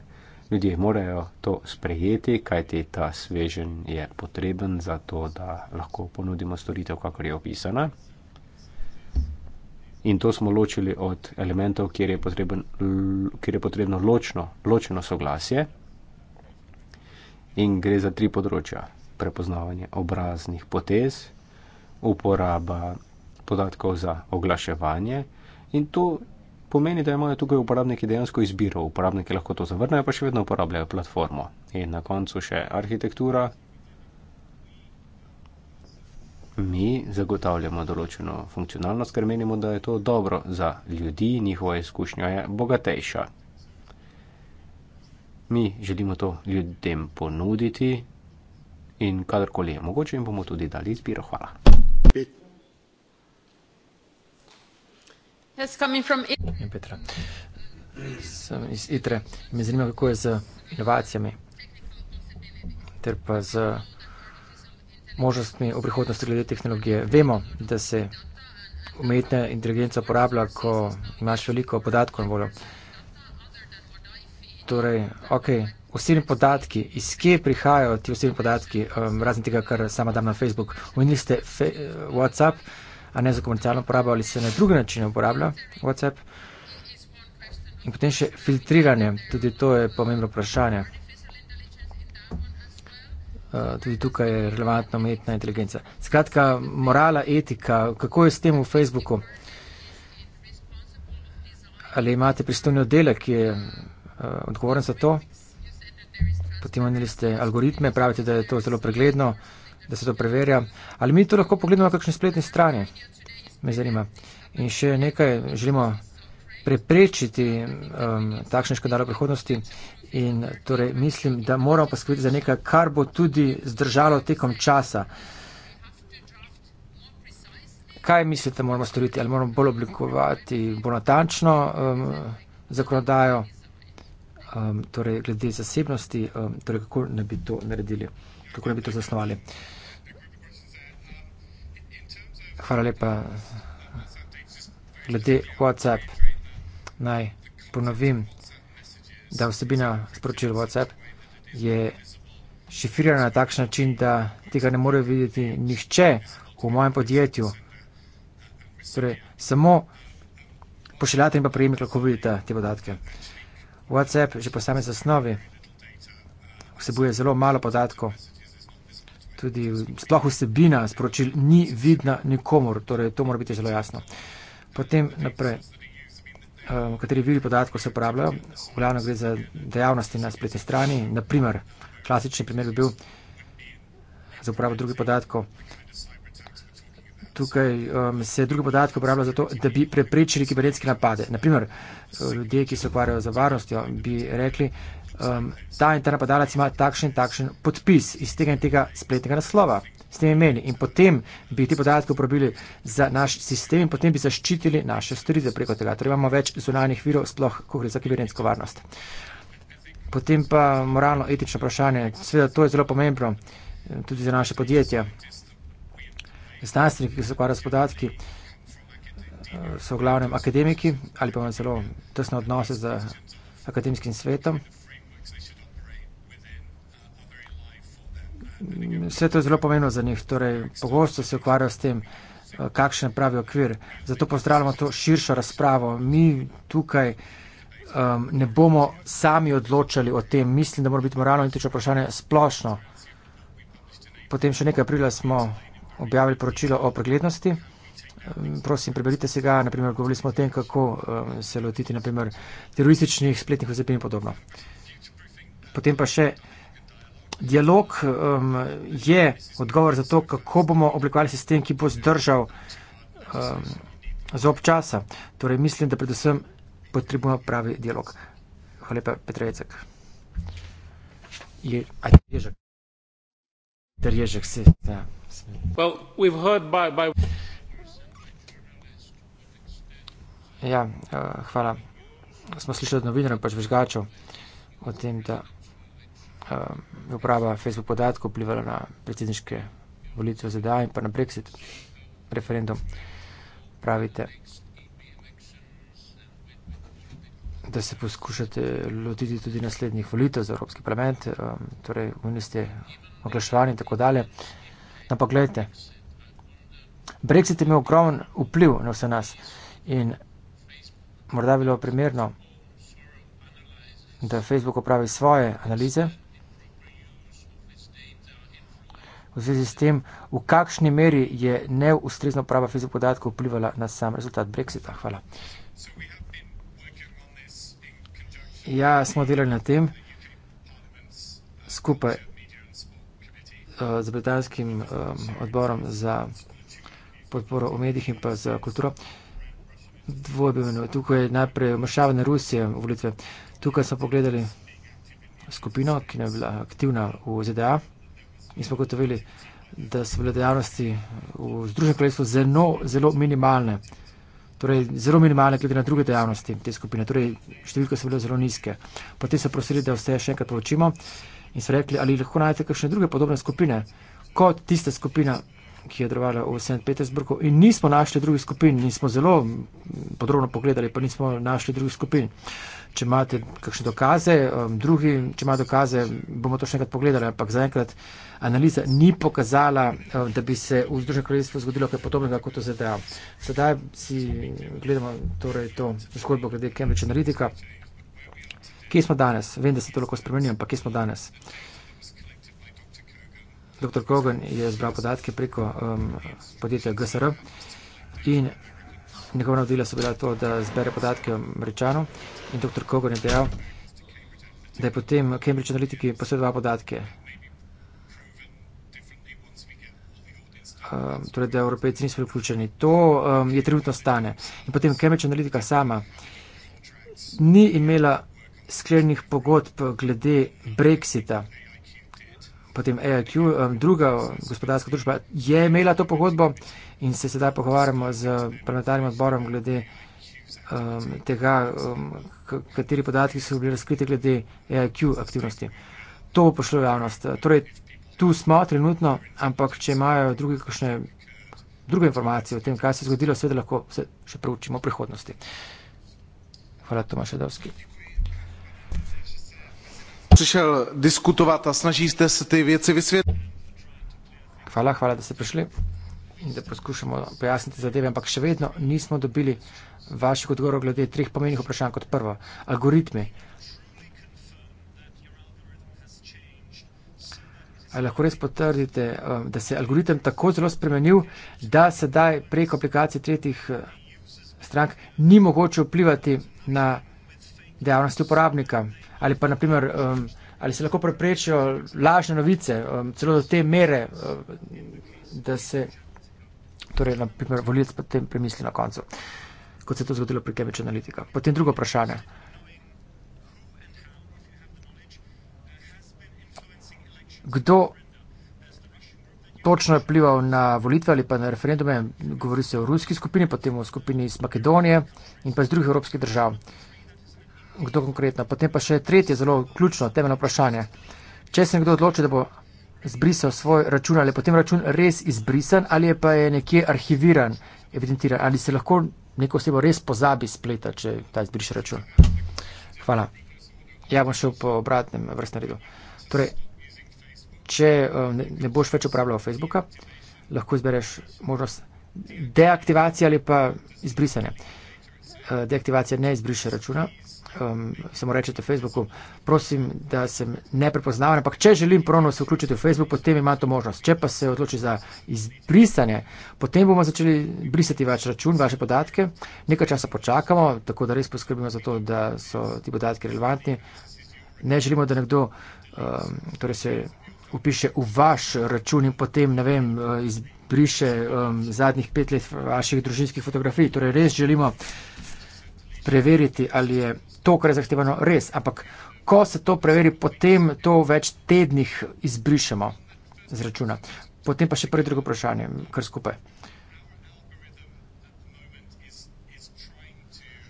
ljudje morajo to sprejeti, kajti ta svežen je potreben za to, da lahko ponudimo storitev, kakor je opisana. In to smo ločili od elementov, kjer je, potreben, kjer je potrebno ločno, ločeno soglasje. In gre za tri področja: prepoznavanje obraznih potez, uporaba podatkov za oglaševanje. In to pomeni, da imajo tukaj uporabniki dejansko izbiro. Uporabniki lahko to zavrnejo, pa še vedno uporabljajo platformo. In na koncu še arhitektura. Mi zagotavljamo določeno funkcionalnost, ker menimo, da je to dobro za ljudi, njihova izkušnja je bogatejša. Mi želimo to ljudem ponuditi in kadarkoli je mogoče, jim bomo tudi dali izbiro. Hvala. 5, 4, Jaz prihajam from... iz Petra. Sem iz Itre. Me zanima, kako je z inovacijami ter pa z možnostmi v prihodnosti glede tehnologije. Vemo, da se umetna inteligenca uporablja, ko imaš veliko podatkov na voljo. Torej, ok, osebni podatki, iz kje prihajajo ti osebni podatki, um, razen tega, kar sama dam na Facebook. Omenili ste fe, WhatsApp a ne za komercialno uporabo ali se na druge načine uporablja WhatsApp. In potem še filtriranje, tudi to je pomembno vprašanje. Eh, tudi tukaj je relevantna umetna inteligenca. Skratka, morala, etika, kako je s tem v Facebooku? Ali imate pristojni oddelek, ki je eh, odgovoren za to? Potem omenili ste algoritme, pravite, da je to zelo pregledno da se to preverja. Ali mi to lahko pogledamo na kakšni spletni strani? Me zanima. In še nekaj želimo preprečiti um, takšne škandale v prihodnosti. In torej mislim, da moramo poskrbeti za nekaj, kar bo tudi zdržalo tekom časa. Kaj mislite, moramo storiti? Ali moramo bolj oblikovati bolj natančno um, zakonodajo? Um, torej, glede zasebnosti, um, torej kako ne bi to naredili, kako ne bi to zasnovali. Hvala lepa. Glede WhatsApp, naj ponovim, da vsebina sporočil WhatsApp je šifrirana na takšen način, da tega ne more videti nihče v mojem podjetju. Torej, samo pošiljatelj in pa prejemnik lahko vidita te podatke. WhatsApp že po sami zasnovi vsebuje zelo malo podatkov tudi sploh vsebina sporočil ni vidna nikomor, torej to mora biti zelo jasno. Potem naprej, um, kateri viri podatkov se uporabljajo, glavno gre za dejavnosti na spletni strani, naprimer, klasični primer bi bil za uporabo drugih podatkov. Tukaj um, se druge podatke uporabljajo zato, da bi preprečili kibernetske napade. Naprimer, uh, ljudje, ki se ukvarjajo za varnostjo, bi rekli, um, ta in ta napadalec ima takšen in takšen podpis iz tega in tega spletnega naslova, s tem imeni. In potem bi te podatke uporabili za naš sistem in potem bi zaščitili naše storitve preko tega. Torej imamo več zunanjih virov, sploh, ko gre za kibernetsko varnost. Potem pa moralno etično vprašanje. Sveda to je zelo pomembno eh, tudi za naše podjetje. Znanstveniki, ki so ukvarjali s podatki, eh, so v glavnem akademiki ali pa imajo zelo tesne odnose z akademskim svetom. Vse to je zelo pomembno za njih, torej pogosto se ukvarjajo s tem, eh, kakšen je pravi okvir. Zato pozdravljamo to širšo razpravo. Mi tukaj um, ne bomo sami odločali o tem. Mislim, da mora biti moralno in tiče vprašanje splošno. Potem še nekaj aprila smo objavili poročilo o preglednosti. Ehm, prosim, preberite se ga. Naprimer, govorili smo o tem, kako ehm, se lotiti teroističnih spletnih vzepin in podobno. Potem pa še dialog um, je odgovor za to, kako bomo oblikovali sistem, ki bo zdržal um, z občasa. Torej mislim, da predvsem potrebujemo pravi dialog. Hvala lepa, Petrejcek. Je, aj, ježek. Ter ježek se, da. Well, we've heard by, by... Ja, uh, hvala. Smo slišali od novinarja, pač vežgačev, o tem, da uh, uprava Facebook podatkov vplivala na predsedniške volitve ZDA in pa na Brexit referendum, pravite, da se poskušate lotiti tudi naslednjih volitev za Evropski parlament, um, torej uniste oglaševanje in tako dalje. No pa gledajte, Brexit je imel ogromen vpliv na vse nas in morda bilo primerno, da Facebook opravi svoje analize. v zvezi s tem, v kakšni meri je neustrezna uporaba fizičnih podatkov vplivala na sam rezultat Brexita. Hvala. Ja, smo delali na tem skupaj uh, z britanskim um, odborom za podporo v medijih in pa za kulturo. Dvojbeno, tukaj je najprej vmešavanje Rusije v volitve. Tukaj smo pogledali skupino, ki je bila aktivna v ZDA in smo gotovili, da so bile dejavnosti v Združenem kraljestvu zelo, zelo minimalne. Torej, zelo minimalne, glede na druge dejavnosti te skupine. Torej, številke so bile zelo nizke. Potem so prosili, da vse še enkrat poločimo in so rekli, ali lahko najdete kakšne druge podobne skupine kot tista skupina, ki je drvala v St. Petersburgu. In nismo našli drugih skupin, nismo zelo podrobno pogledali, pa nismo našli drugih skupin. Uh, če imate kakšne dokaze, um, drugi, če ima dokaze, bomo to še enkrat pogledali, ampak zaenkrat analiza ni pokazala, uh, da bi se v Združenem kraljestvu zgodilo kaj podobnega kot v ZDA. Sedaj si gledamo torej to zgodbo glede Cambridge Analytica. Kje smo danes? Vem, da se to lahko spremenijo, ampak kje smo danes? Dr. Kogan je zbral podatke preko um, podjetja GSR in njegova navdila so bila to, da zbere podatke o Američanu in dr. Kogor je dejal, da je potem Cambridge analitiki posredoval podatke. Um, torej, da evropejci niso vključeni. To um, je trenutno stane. In potem Cambridge analitika sama ni imela sklenjenih pogodb glede Brexita. Potem AIQ, um, druga gospodarska družba, je imela to pogodbo in se sedaj pogovarjamo z parlamentarnim odborom glede um, tega, um, kateri podatki so bili razkriti glede EIQ aktivnosti. To bo pošlo v javnost. Torej, tu smo trenutno, ampak če imajo drugi kakšne druge informacije o tem, kaj se je zgodilo, seveda lahko se še preučimo v prihodnosti. Hvala, Tomaš Edovski. Prišel diskutovati, snažite se te vece vesveti. Hvala, hvala, da ste prišli in da poskušamo pojasniti zadeve, ampak še vedno nismo dobili vaših odgovorov glede treh pomenih vprašanj kot prvo. Algoritmi. Ali lahko res potrdite, um, da se je algoritem tako zelo spremenil, da sedaj preko aplikacij tretjih uh, strank ni mogoče vplivati na dejavnosti uporabnika? Ali pa naprimer, um, ali se lahko preprečijo lažne novice, um, celo do te mere, da se torej, naprimer, volilec potem premisli na koncu kot se je to zgodilo pri Cambridge Analytica. Potem drugo vprašanje. Kdo točno je plival na volitve ali pa na referendume? Govori se o ruski skupini, potem o skupini iz Makedonije in pa iz drugih evropskih držav. Kdo konkretno? Potem pa še tretje zelo ključno temeljno vprašanje. Če se nekdo odloči, da bo zbrisal svoj račun, ali je potem račun res izbrisan ali je pa je nekje arhiviran, evidentiran, ali se lahko neko osebo res pozabi spleta, če ta izbriše račun. Hvala. Ja, bom šel po obratnem vrstnem redu. Torej, če eh, ne boš več uporabljal Facebooka, lahko izbereš možnost deaktivacije ali pa izbrisanja. Eh, deaktivacija ne izbriše računa, um, samo rečete Facebooku, prosim, da sem neprepoznaven, ampak če želim pronos se vključiti v Facebook, potem ima to možnost. Če pa se odloči za izbrisanje, potem bomo začeli brisati vaš račun, vaše podatke. Nekaj časa počakamo, tako da res poskrbimo za to, da so ti podatki relevantni. Ne želimo, da nekdo um, torej se upiše v vaš račun in potem, ne vem, eh, izbriše um, zadnjih pet let vaših družinskih fotografij. Torej res želimo preveriti, ali je to, kar je zahtevano, res. Ampak, ko se to preveri, potem to več tednih izbrišemo z računa. Potem pa še prvi drugo vprašanje, kar skupaj.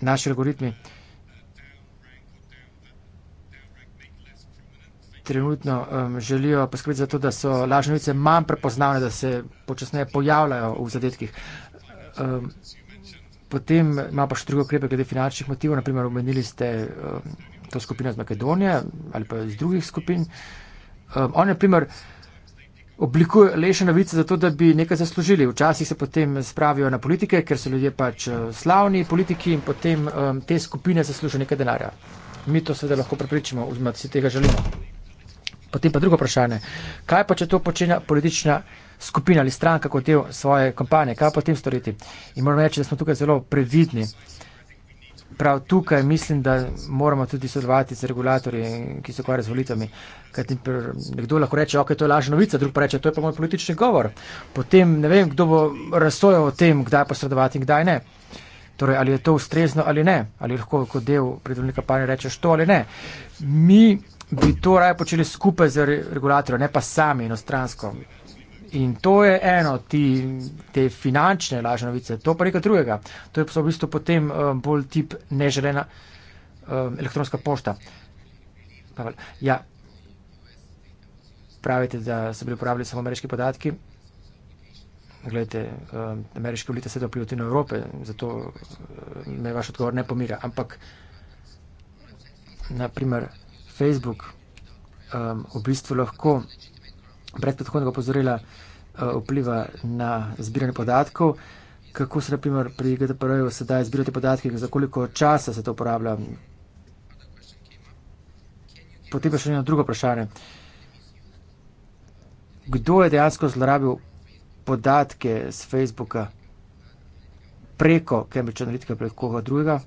Naši algoritmi trenutno um, želijo poskrbeti za to, da so lažne novice manj prepoznavne, da se počasneje pojavljajo v zadetkih. Um, Potem ima pa še druge ukrepe glede finančnih motivov, naprimer omenili ste um, to skupino iz Makedonije ali pa iz drugih skupin. Um, On, naprimer, oblikuje lešne novice zato, da bi nekaj zaslužili. Včasih se potem spravijo na politike, ker so ljudje pač uh, slavni politiki in potem um, te skupine zaslužijo nekaj denarja. Mi to seveda lahko prepričamo, oziroma si tega želimo. Potem pa drugo vprašanje. Kaj pa, če to počne politična skupina ali stranka kot del svoje kampanje? Kaj potem storiti? In moram reči, da smo tukaj zelo previdni. Prav tukaj mislim, da moramo tudi sodelovati z regulatorji, ki so kvar z volitvami. Nekdo lahko reče, ok, to je lažna novica, drug pa reče, to je pa moj politični govor. Potem ne vem, kdo bo razsojal o tem, kdaj posredovati in kdaj ne. Torej, ali je to ustrezno ali ne, ali lahko kot del predvoljne kampanje rečeš to ali ne. Mi bi to raje počeli skupaj z regulatorjem, ne pa sami in ostransko. In to je eno, ti, te finančne lažne novice, to pa nekaj drugega. To je pa v bistvu potem um, bolj tip neželena um, elektronska pošta. Pavel, ja, pravite, da so bili uporabljeni samo ameriški podatki. Glejte, um, ameriške volite se doplivati na Evrope, zato me vaš odgovor ne pomira. Ampak, naprimer, Facebook um, v bistvu lahko brez predhodnega opozorila uh, vpliva na zbiranje podatkov, kako se naprimer pri GDPR-ju sedaj zbirate podatke, za koliko časa se to uporablja. Potem pa še eno drugo vprašanje. Kdo je dejansko zlorabil podatke z Facebooka preko Cambridge Analytica, preko koga drugega?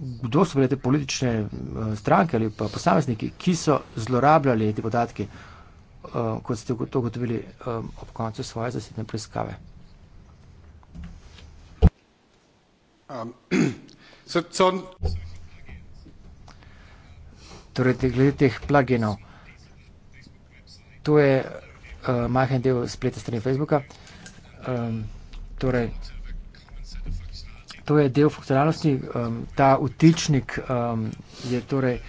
kdo so bile te politične eh, stranke ali pa posamezniki, ki so zlorabljali te podatke, eh, kot ste to ugotovili eh, ob koncu svoje zasebne preiskave. Um, so... Torej, te, glede teh pluginov, to je uh, majhen del spletne strani Facebooka. Um, torej, To je del funkcionalnosti, um, ta utičnik um, je torej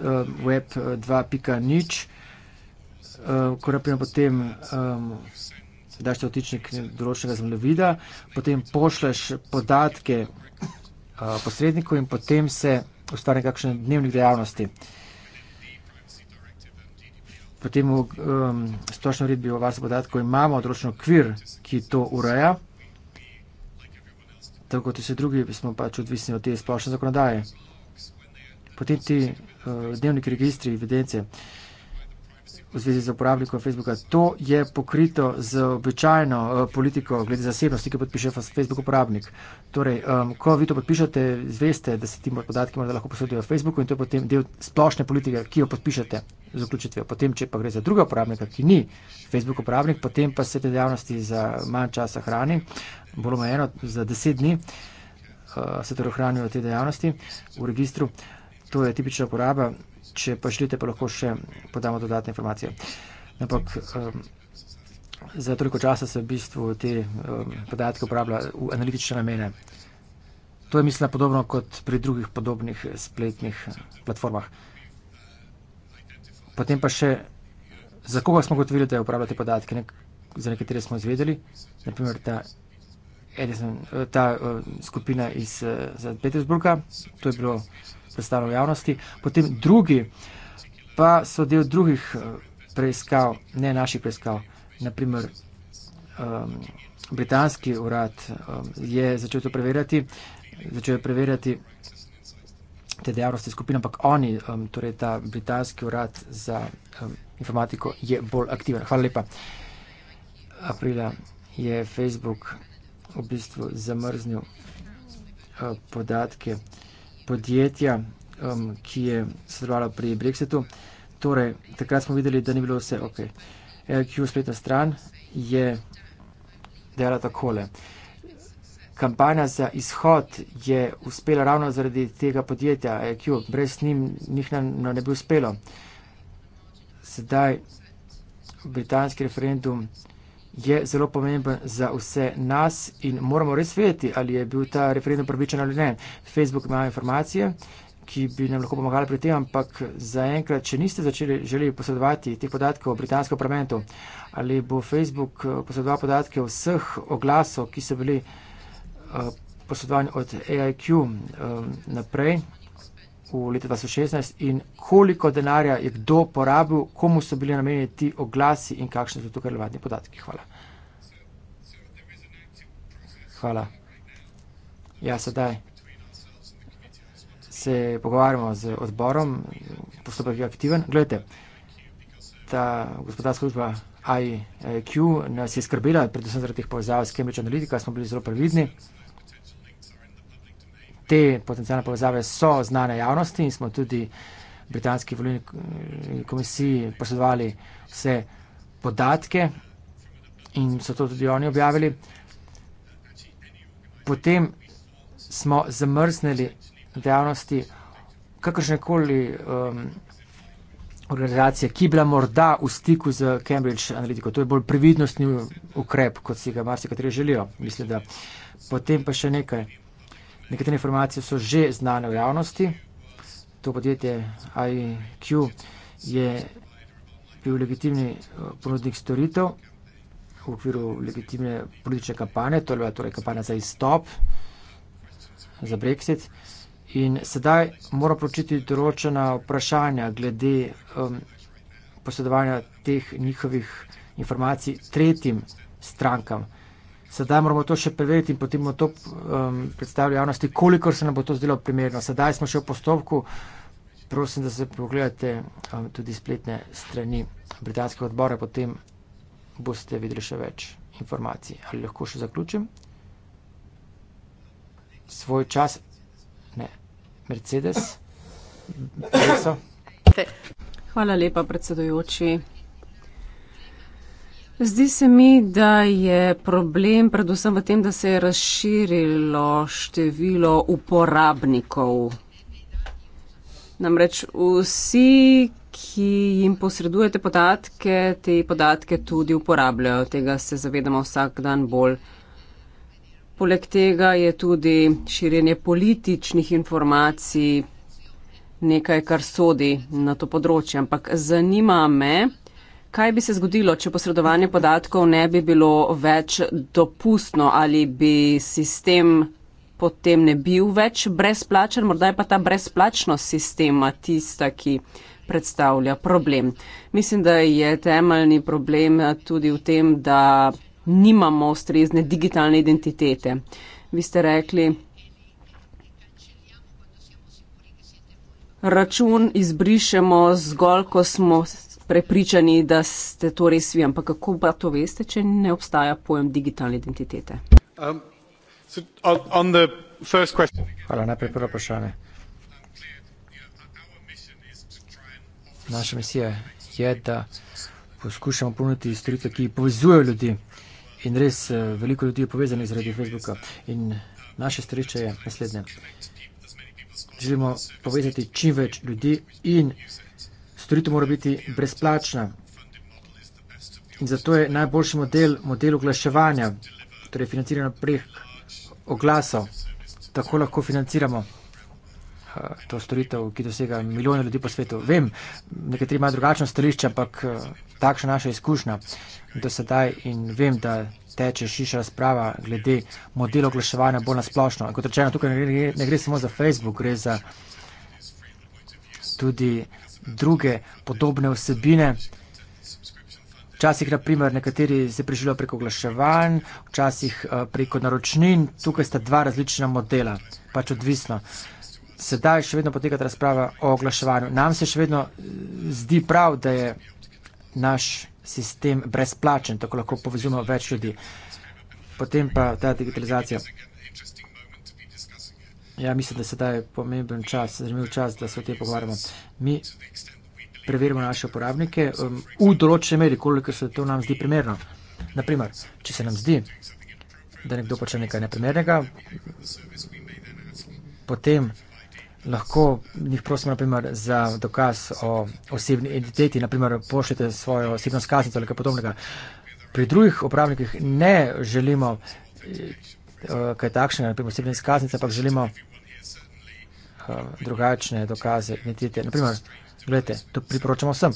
um, web 2.0, um, korej pa potem um, daš ta utičnik določnega zemljevida, potem pošleš podatke uh, posredniku in potem se ustvari kakšen dnevnik dejavnosti. Potem v um, stočni uredbi o varstvu podatkov imamo odročen okvir, ki to ureja tako kot vsi drugi, smo pač odvisni od te splošne zakonodaje. Potem ti uh, dnevniki, registri, evidence. Uh, v zvezi z uporabnikom Facebooka. To je pokrito z običajno eh, politiko glede zasebnosti, ki podpiše Facebook uporabnik. Torej, um, ko vi to podpišete, zveste, da se ti podatki morda lahko posodijo v Facebooku in to je potem del splošne politike, ki jo podpišete z vključitvijo. Potem, če pa gre za druga uporabnika, ki ni Facebook uporabnik, potem pa se te dejavnosti za manj časa hrani, bolj omejeno za deset dni uh, se torej hranijo te dejavnosti v registru. To je tipična uporaba če pa želite, pa lahko še podamo dodatne informacije. Ampak um, za toliko časa se v bistvu te um, podatke uporablja v analitične namene. To je, mislim, podobno kot pri drugih podobnih spletnih platformah. Potem pa še, za koga smo gotovili, da uporabljate podatke, ne, za nekatere smo izvedeli, naprimer ta, Edison, ta uh, skupina iz uh, Petersburga, to je bilo uh, predstavljal javnosti, potem drugi pa so del drugih eh, preiskav, ne naših preiskav. Naprimer, um, ehm, britanski urad um, je začel to preverjati, začel je preverjati te dejavnosti skupine, ampak oni, um, torej ta britanski urad za um, informatiko, je bolj aktiven. Hvala lepa. Aprila je Facebook v bistvu zamrznil uh, podatke podjetja, um, ki je sodelovalo pri Brexitu. Torej, takrat smo videli, da ni bilo vse ok. LQ spletna stran je dejala takole. Kampanja za izhod je uspela ravno zaradi tega podjetja LQ. Brez njim njih nam ne bi uspelo. Sedaj britanski referendum je zelo pomemben za vse nas in moramo res vedeti, ali je bil ta referendum pravičen ali ne. Facebook ima informacije, ki bi nam lahko pomagali pri tem, ampak zaenkrat, če niste začeli želeli posredovati te podatke o britanskem parlamentu, ali bo Facebook eh, posredoval podatke vseh oglasov, ki so bili uh, posredovani od AIQ um, eh, naprej v letu 2016 in koliko denarja je kdo porabil, komu so bili namenjeni ti oglasi in kakšni so tukaj relevantni podatki. Hvala. Hvala. Ja, sedaj se pogovarjamo z odborom, postopek je aktiven. Gledajte, ta gospodarska služba IQ nas je skrbila, predvsem zaradi teh povezav s Cambridge Analytica, smo bili zelo previdni te potencijalne povezave so znane javnosti in smo tudi Britanski volilni komisiji posedovali vse podatke in so to tudi oni objavili. Potem smo zamrznili dejavnosti kakršnekoli um, organizacije, ki je bila morda v stiku z Cambridge Analytico. To je bolj previdnostni ukrep, kot si ga marsikateri želijo. Mislim, da. Potem pa še nekaj. Nekatere informacije so že znane v javnosti. To podjetje IQ je bil legitimni eh, ponudnik storitev v okviru legitimne politične kampanje, to je bila torej kampanja za izstop, za Brexit. In sedaj moramo pročiti določena vprašanja glede um, posedovanja teh njihovih informacij tretjim strankam. Sedaj moramo to še preveriti in potem bomo to um, predstavili javnosti, kolikor se nam bo to zdelo primerno. Sedaj smo še v postopku. Prosim, da se pogledate um, tudi spletne strani britanskega odbora, potem boste videli še več informacij. Ali lahko še zaključim? Svoj čas, ne, Mercedes. Preso. Hvala lepa, predsedujoči. Zdi se mi, da je problem predvsem v tem, da se je razširilo število uporabnikov. Namreč vsi, ki jim posredujete podatke, te podatke tudi uporabljajo. Tega se zavedamo vsak dan bolj. Poleg tega je tudi širjenje političnih informacij nekaj, kar sodi na to področje. Ampak zanima me, kaj bi se zgodilo, če posredovanje podatkov ne bi bilo več dopustno ali bi sistem potem ne bil več brezplačen, morda je pa ta brezplačnost sistema tista, ki predstavlja problem. Mislim, da je temeljni problem tudi v tem, da nimamo ustrezne digitalne identitete. Vi ste rekli, račun izbrišemo zgolj, ko smo prepričani, da ste to res vi, ampak kako pa to veste, če ne obstaja pojem digitalne identitete? Um, so, on, on Hvala najprej prvo vprašanje. Naša misija je, da poskušamo ponuditi storitve, ki povezujejo ljudi. In res eh, veliko ljudi je povezanih zaradi Facebooka. In naše stališče je naslednje. Želimo povezati čim več ljudi in Storitev mora biti brezplačna. In zato je najboljši model, model oglaševanja, torej financiranja prek oglasov. Tako lahko financiramo eh, to storitev, ki dosega milijone ljudi po svetu. Vem, nekateri imajo drugačno stališče, ampak eh, takšna naša izkušnja do sedaj in vem, da teče širša razprava glede modela oglaševanja bolj nasplošno. Kot rečeno, tukaj ne gre, ne gre samo za Facebook, gre za tudi druge podobne vsebine. Včasih, naprimer, nekateri se preživijo preko oglaševanj, včasih eh, preko naročnin. Tukaj sta dva različna modela, pač odvisno. Sedaj še vedno poteka razprava o oglaševanju. Nam se še vedno eh, zdi prav, da je naš sistem brezplačen, tako lahko povezujemo več ljudi. Potem pa ta digitalizacija. Ja, mislim, da se daje pomemben čas, zanimiv čas, da se o tem pogovarjamo. Mi preverimo naše uporabnike um, v določene meri, koliko se to nam zdi primerno. Naprimer, če se nam zdi, da nekdo počne nekaj neprimernega, potem lahko jih prosimo, naprimer, za dokaz o osebni identiteti, naprimer, pošljete svojo osebno skaznico ali kaj podobnega. Pri drugih uporabnikih ne želimo. Eh, kaj takšnega, naprimer osebne izkaznice, ampak želimo eh, drugačne dokaze identitete. Naprimer, gledajte, to priporočamo vsem.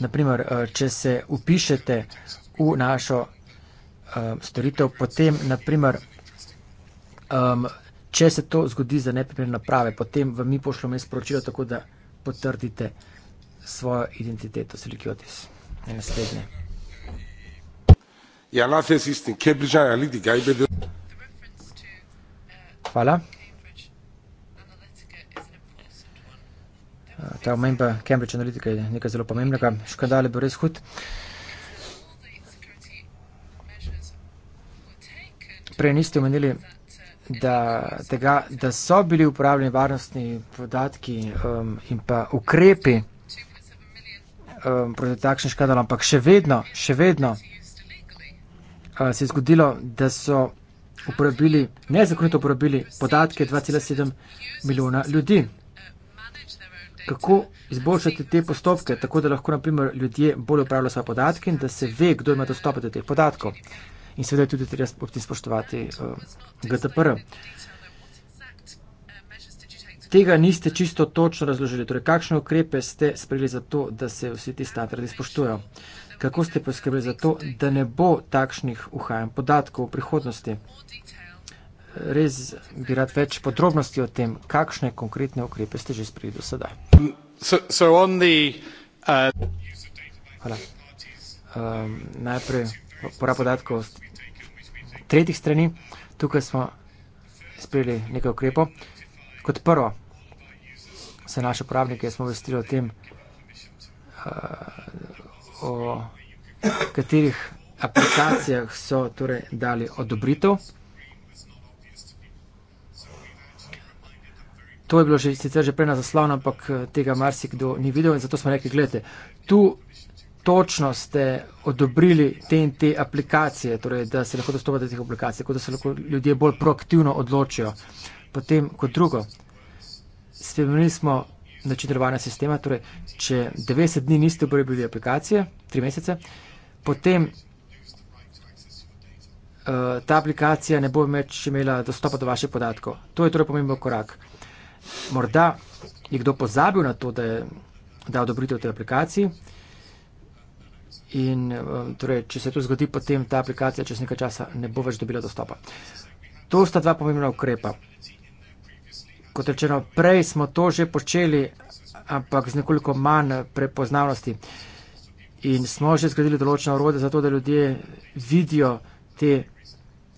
Naprimer, eh, če se upišete v našo storitev, potem, naprimer, če se to zgodi za nepremerne naprave, potem vam mi pošljemo sporočilo, tako da potrdite svojo identiteto, Silikiotis. Naslednje. Ja, lafe, sistem, kje bližaja, lidi, gajbe, da. Hvala. Ta omemba Cambridge Analytica je nekaj zelo pomembnega. Škandal je bil res hud. Prej niste omenili, da, tega, da so bili uporabljeni varnostni podatki um, in pa ukrepi um, proti takšnim škandalom, ampak še vedno, še vedno uh, se je zgodilo, da so uporabili, nezakonito uporabili podatke 2,7 milijona ljudi. Kako izboljšati te postopke, tako da lahko, naprimer, ljudje bolj upravljajo svoje podatke in da se ve, kdo ima dostop do teh podatkov. In seveda je tudi treba ob tem spoštovati uh, eh, GDPR. Tega niste čisto točno razložili. Torej, kakšne ukrepe ste sprejeli za to, da se vsi ti standardi spoštujejo? kako ste poskrbeli za to, da ne bo takšnih uhajanj podatkov v prihodnosti. Res bi rad več podrobnosti o tem, kakšne konkretne ukrepe ste že sprejeli do sedaj. Uh, Hvala. Um, najprej pora podatkov od tretjih strani. Tukaj smo sprejeli nekaj ukrepov. Kot prvo, se naše uporabnike smo vestili o tem, uh, o katerih aplikacijah so torej dali odobritev. To je bilo že, sicer že prej na zaslonu, ampak eh, tega marsikdo ni videl in zato smo rekli, gledajte, tu točno ste odobrili te in te aplikacije, torej da se lahko dostopate do teh aplikacij, tako da se lahko ljudje bolj proaktivno odločijo. Potem kot drugo, spremenili smo način delovanja sistema. Torej, če 90 dni niste uporabili aplikacije, 3 mesece, potem uh, ta aplikacija ne bo več imela dostopa do vaših podatkov. To je torej pomemben korak. Morda je kdo pozabil na to, da je dal odobritev tej aplikaciji. In eh, torej, če se to zgodi, potem ta aplikacija čez nekaj časa ne bo več dobila dostopa. To sta dva pomembna ukrepa kot rečeno, prej smo to že počeli, ampak z nekoliko manj prepoznavnosti. In smo že zgradili določeno urode za to, da ljudje vidijo te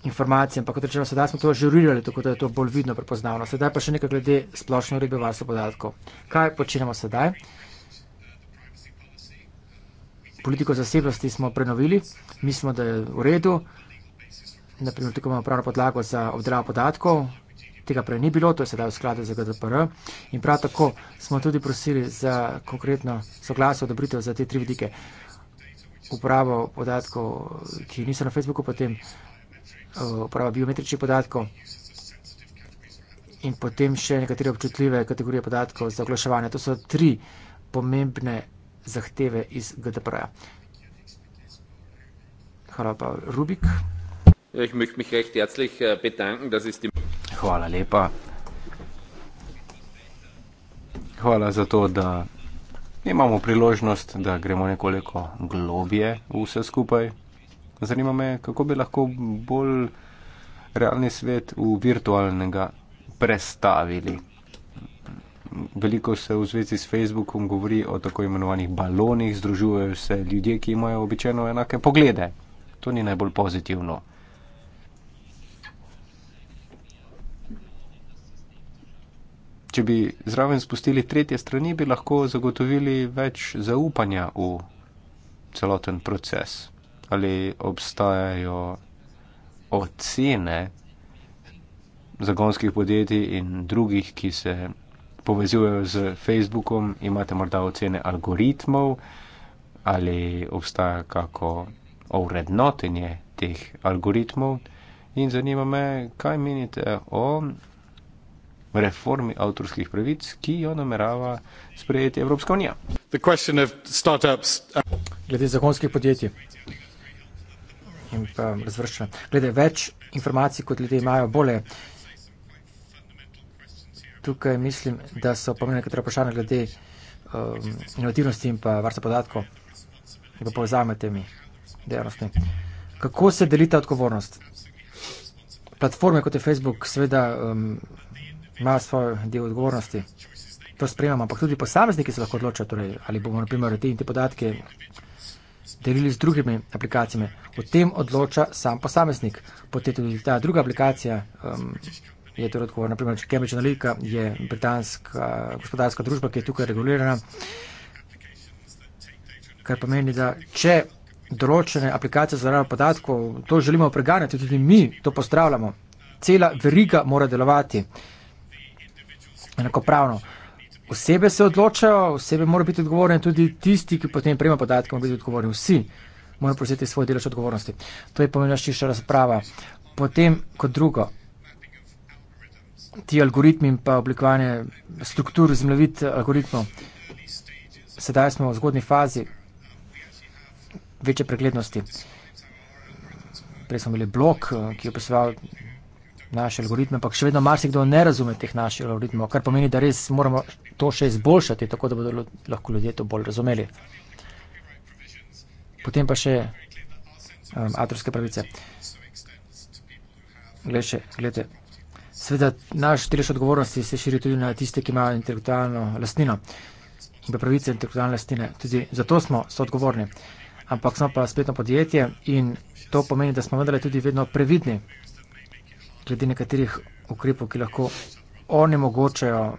informacije, ampak kot rečeno, sedaj smo to žurirali, tako da je to bolj vidno prepoznavno. Sedaj pa še nekaj glede splošne uredbe varstva podatkov. Kaj počnemo sedaj? Politiko zasebnosti smo prenovili, mislimo, da je v redu. Naprimer, tukaj imamo pravno podlago za obdravo podatkov, tega prej ni bilo, to je sedaj v skladu za GDPR. In prav tako smo tudi prosili za konkretno soglasje, odobritev za te tri vidike. Upravo podatkov, ki niso na Facebooku, potem eh, uprava biometričnih podatkov in potem še nekatere občutljive kategorije podatkov za oglaševanje. To so tri pomembne zahteve iz GDPR. -ja. Hvala pa, Rubik. Ich möchte mich recht herzlich eh, bedanken. Das ist die hvala lepa. Hvala za to, da imamo priložnost, da gremo nekoliko globje vse skupaj. Zanima me, kako bi lahko bolj realni svet v virtualnega prestavili. Veliko se v zvezi s Facebookom govori o tako imenovanih balonih, združujejo se ljudje, ki imajo običajno enake poglede. To ni najbolj pozitivno. Če bi zraven spustili tretje strani, bi lahko zagotovili več zaupanja v celoten proces. Ali obstajajo ocene zagonskih podjetij in drugih, ki se povezujejo z Facebookom, imate morda ocene algoritmov ali obstaja kako ovrednotenje teh algoritmov. In zanima me, kaj menite o reformi avtorskih pravic, ki jo namerava sprejeti Evropska unija. Uh, glede zakonskih podjetij in pa razvrščanja. Glede več informacij, kot ljudje imajo, bolje. Tukaj mislim, da so pomembne nekatera vprašanja glede um, inovativnosti in pa varstva podatkov v povezavi med temi dejavnostmi. Kako se delita odgovornost? Platforme kot je Facebook seveda um, imajo svoj del odgovornosti. To sprejemamo, ampak tudi posamezniki se lahko odločajo, torej, ali bomo, na primer, te in te podatke delili z drugimi aplikacijami. O tem odloča sam posameznik. Potem tudi ta druga aplikacija um, je torej odgovorna. Naprimer, Cambridge Analytica je britanska gospodarska družba, ki je tukaj regulirana, kar pomeni, da če določene aplikacije za rado podatkov, to želimo preganjati, tudi mi to pozdravljamo. Cela veriga mora delovati enakopravno. Osebe se odločajo, osebe morajo biti odgovorne, tudi tisti, ki potem prejema podatke, morajo biti odgovorni. Vsi morajo prevzeti svoj delež odgovornosti. To je pomembna širša razprava. Potem, kot drugo, ti algoritmi in pa oblikovanje struktur zemljevid algoritmov. Sedaj smo v zgodni fazi večje preglednosti. Prej smo imeli blok, ki je opisoval naše algoritme, ampak še vedno marsikdo ne razume teh naših algoritmov, kar pomeni, da res moramo to še izboljšati, tako da bodo lahko ljudje to bolj razumeli. Potem pa še um, avtorske pravice. Glede še, glede. Sveda, naš delež odgovornosti se širi tudi na tiste, ki imajo intelektualno lastnino in pravice intelektualne lastnine. Tudi zato smo soodgovorni. Ampak smo pa spletno podjetje in to pomeni, da smo vendarle tudi vedno previdni glede nekaterih ukrepov, ki lahko onemogočajo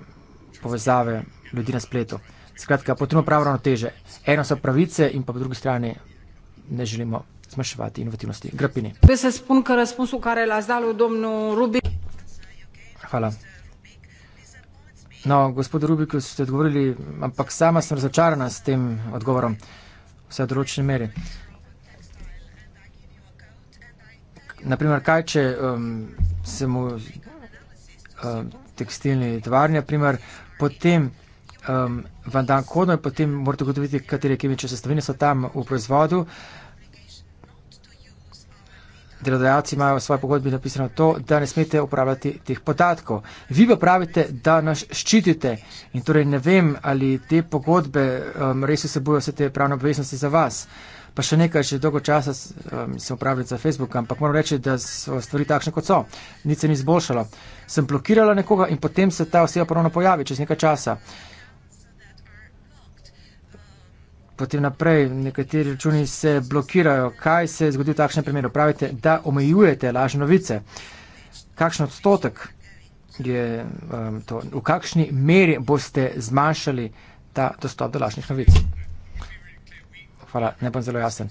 povezave ljudi na spletu. Skratka, potrebno pravno ravnoteže. Eno so pravice in pa po drugi strani ne želimo zmanjševati inovativnosti. Grapini. Hvala. No, gospod Rubik, ste odgovorili, ampak sama sem razočarana s tem odgovorom, vse v določeni meri. Naprimer, kaj, če um, se mu uh, tekstilni tvarnja, primer, potem um, vam dan kodno in potem morate ugotoviti, katere kemične sestavine so tam v proizvodu. Delodajalci imajo v svoji pogodbi napisano to, da ne smete uporabljati teh podatkov. Vi pa pravite, da nas ščitite in torej ne vem, ali te pogodbe um, res vsebujo vse te pravne obveznosti za vas. Uh, pa še nekaj, še dolgo časa um, se upravljam za Facebook, ampak moram reči, da so stvari takšne, kot so. Nič se ni izboljšalo. Sem blokirala nekoga in potem se ta oseba ponovno pojavi, čez nekaj časa. Potem naprej, nekateri računi se blokirajo. Kaj se je zgodilo v takšnem primeru? Pravite, da omejujete lažne novice. Kakšen odstotek je um, to? V kakšni meri boste zmanjšali ta dostop do lažnih novic? Hvala, ne bom zelo jasen.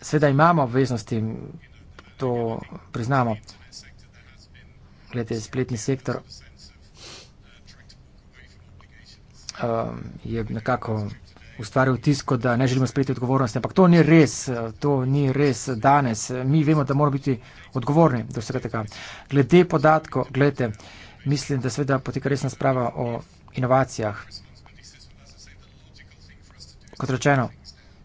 Sveda imamo obveznosti, to priznamo, glede spletni sektor um, je nekako ustvaril tisko, da ne želimo spletiti odgovornosti, ampak to ni res, to ni res danes. Mi vemo, da moramo biti odgovorni do vsega tega. Glede podatkov, glede, mislim, da sveda poteka resna sprava o inovacijah. Kot rečeno,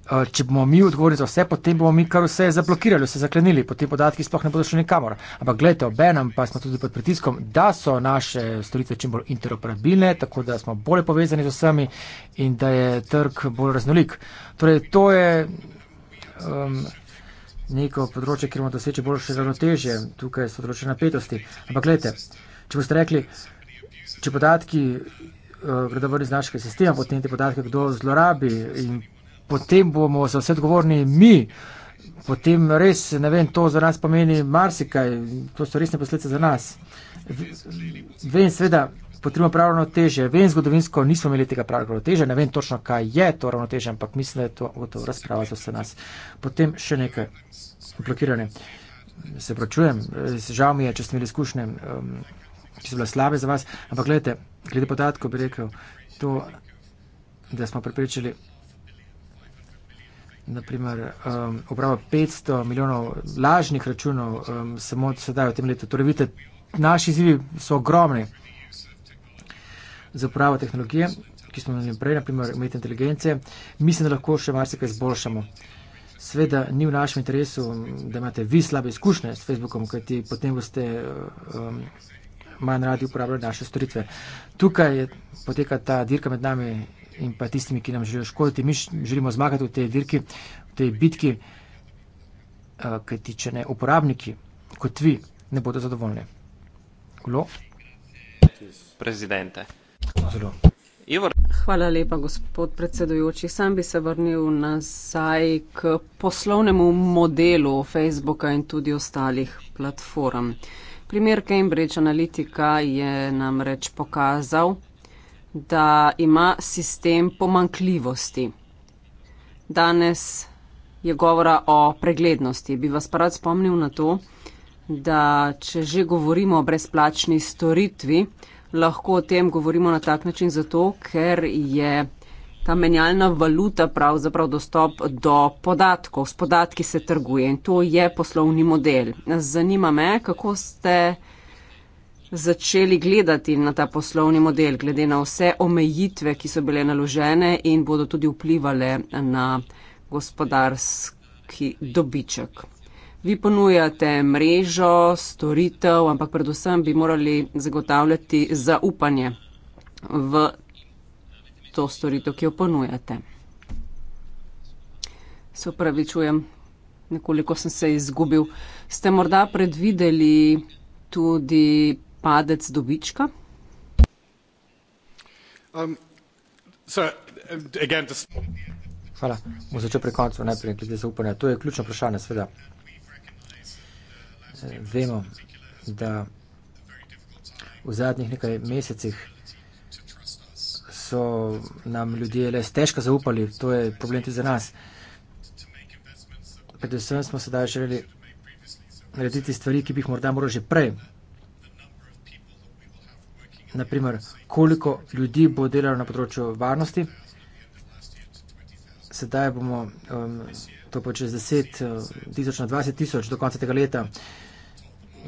Eh, če bomo mi odgovorili za vse, potem bomo mi kar vse zablokirali, vse zaklenili, potem podatki sploh ne bodo šli nikamor. Ampak gledajte, obenem pa smo tudi pod pritiskom, da so naše storitve čim bolj interoperabilne, tako da smo bolje povezani z vsemi in da je trg bolj raznolik. Torej, to je um, neko področje, kjer bomo doseči boljše ravnotežje, tukaj so področje napetosti. Ampak gledajte, če boste rekli, če podatki eh, gredo ven iz našega sistema, potem te podatke kdo zlorabi in potem bomo za vse odgovorni mi. Potem res, ne vem, to za nas pomeni marsikaj, to so resne posledice za nas. Vem, seveda, potrebno prav ravnoteže, vem, zgodovinsko nismo imeli tega prav ravnoteže, ne vem točno, kaj je to ravnoteže, ampak mislim, da je to gotovo razprava za vse nas. Potem še nekaj blokiranje. Se pravčujem, eh, žal mi je, če ste imeli izkušnje, ki so bile slabe za vas, ampak gledajte, glede podatkov bi rekel, to, da smo pripričali naprimer, um, obrava 500 milijonov lažnih računov um, samo sedaj v tem letu. Torej, vidite, naši izzivi so ogromni za uporabo tehnologije, ki smo jim prej, naprimer, umetne inteligence. Mislim, da lahko še marsikaj izboljšamo. Sveda ni v našem interesu, um, da imate vi slabe izkušnje s Facebookom, kajti potem boste um, manj radi uporabljali naše storitve. Tukaj poteka ta dirka med nami in pa tistimi, ki nam želijo škoditi. Mi želimo zmagati v tej dirki, v tej bitki, eh, kajti če ne uporabniki, kot vi, ne bodo zadovoljni. Kolo? Prezidente. Zelo. Ivor. Hvala lepa, gospod predsedujoči. Sam bi se vrnil nazaj k poslovnemu modelu Facebooka in tudi ostalih platform. Primer Cambridge Analytica je namreč pokazal, da ima sistem pomankljivosti. Danes je govora o preglednosti. Bi vas pa rad spomnil na to, da če že govorimo o brezplačni storitvi, lahko o tem govorimo na tak način zato, ker je ta menjalna valuta pravzaprav dostop do podatkov. S podatki se trguje in to je poslovni model. Zanima me, kako ste začeli gledati na ta poslovni model, glede na vse omejitve, ki so bile naložene in bodo tudi vplivali na gospodarski dobiček. Vi ponujate mrežo, storitev, ampak predvsem bi morali zagotavljati zaupanje v to storitev, ki jo ponujate. Se upravičujem, nekoliko sem se izgubil. Ste morda predvideli tudi padec dobička? Um, Hvala. Bom začel pri koncu najprej glede zaupanja. To je ključno vprašanje, seveda. Eh, vemo, da v zadnjih nekaj mesecih so nam ljudje le težko zaupali, to je problem tudi za nas. Predvsem smo sedaj želeli narediti stvari, ki bi jih morda morali že prej naprimer, koliko ljudi bo delalo na področju varnosti. Sedaj bomo um, to počeli z 10 tisoč na 20 tisoč do konca tega leta.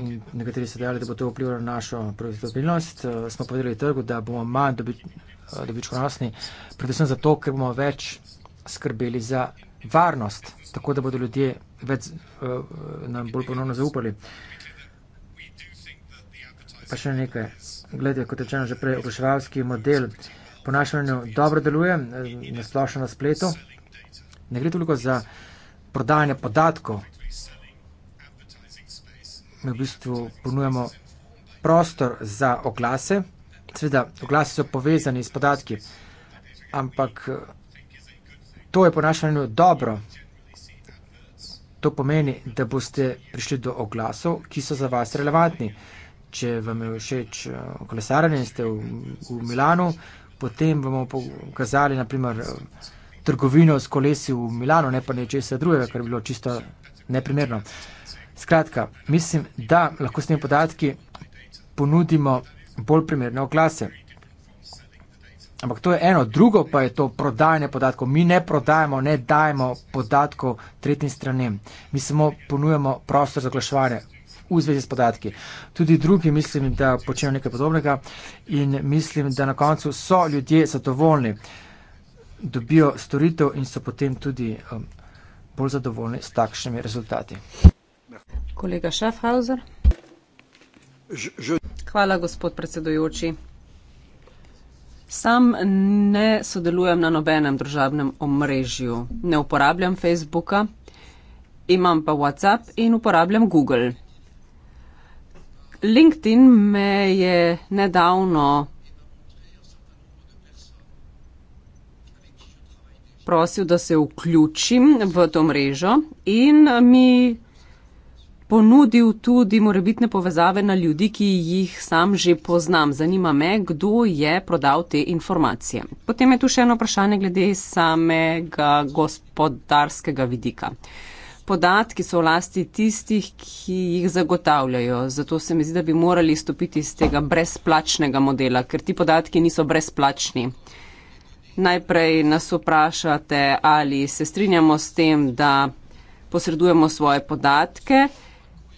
In nekateri so dejali, da bo to vplivalo na našo profitabilnost. Uh, smo povedali trgu, da bomo manj dobi, uh, dobičkonosni, predvsem zato, ker bomo več skrbeli za varnost, tako da bodo ljudje več, uh, nam bolj ponovno zaupali. Pa še nekaj glede, kot rečeno že prej, oglaševalski model po našem mnenju dobro deluje, nasplošno na spletu. Ne gre toliko za prodajanje podatkov. Mi v bistvu ponujamo prostor za oglase. Sveda, oglasi so povezani s podatki, ampak to je po našem mnenju dobro. To pomeni, da boste prišli do oglasov, ki so za vas relevantni če vam je všeč eh, kolesarjenje in ste v, v Milanu, potem vam bomo pokazali naprimer eh, trgovino s kolesi v Milanu, ne pa nečesa drugega, kar bi bilo čisto neprimerno. Skratka, mislim, da lahko s temi podatki ponudimo bolj primerne oglase. Ampak to je eno, drugo pa je to prodajanje podatkov. Mi ne prodajemo, ne dajemo podatkov tretjim stranem. Mi samo ponujemo prostor za oglaševanje v zvezi s podatki. Tudi drugi mislim, da počnejo nekaj podobnega in mislim, da na koncu so ljudje zadovoljni, dobijo storitev in so potem tudi um, bolj zadovoljni s takšnimi rezultati. Kolega Schaffhauser. Hvala, gospod predsedujoči. Sam ne sodelujem na nobenem državnem omrežju. Ne uporabljam Facebooka, imam pa WhatsApp in uporabljam Google. LinkedIn me je nedavno prosil, da se vključim v to mrežo in mi ponudil tudi morebitne povezave na ljudi, ki jih sam že poznam. Zanima me, kdo je prodal te informacije. Potem je tu še eno vprašanje glede samega gospodarskega vidika podatki so v lasti tistih, ki jih zagotavljajo. Zato se mi zdi, da bi morali stopiti iz tega brezplačnega modela, ker ti podatki niso brezplačni. Najprej nas vprašate, ali se strinjamo s tem, da posredujemo svoje podatke.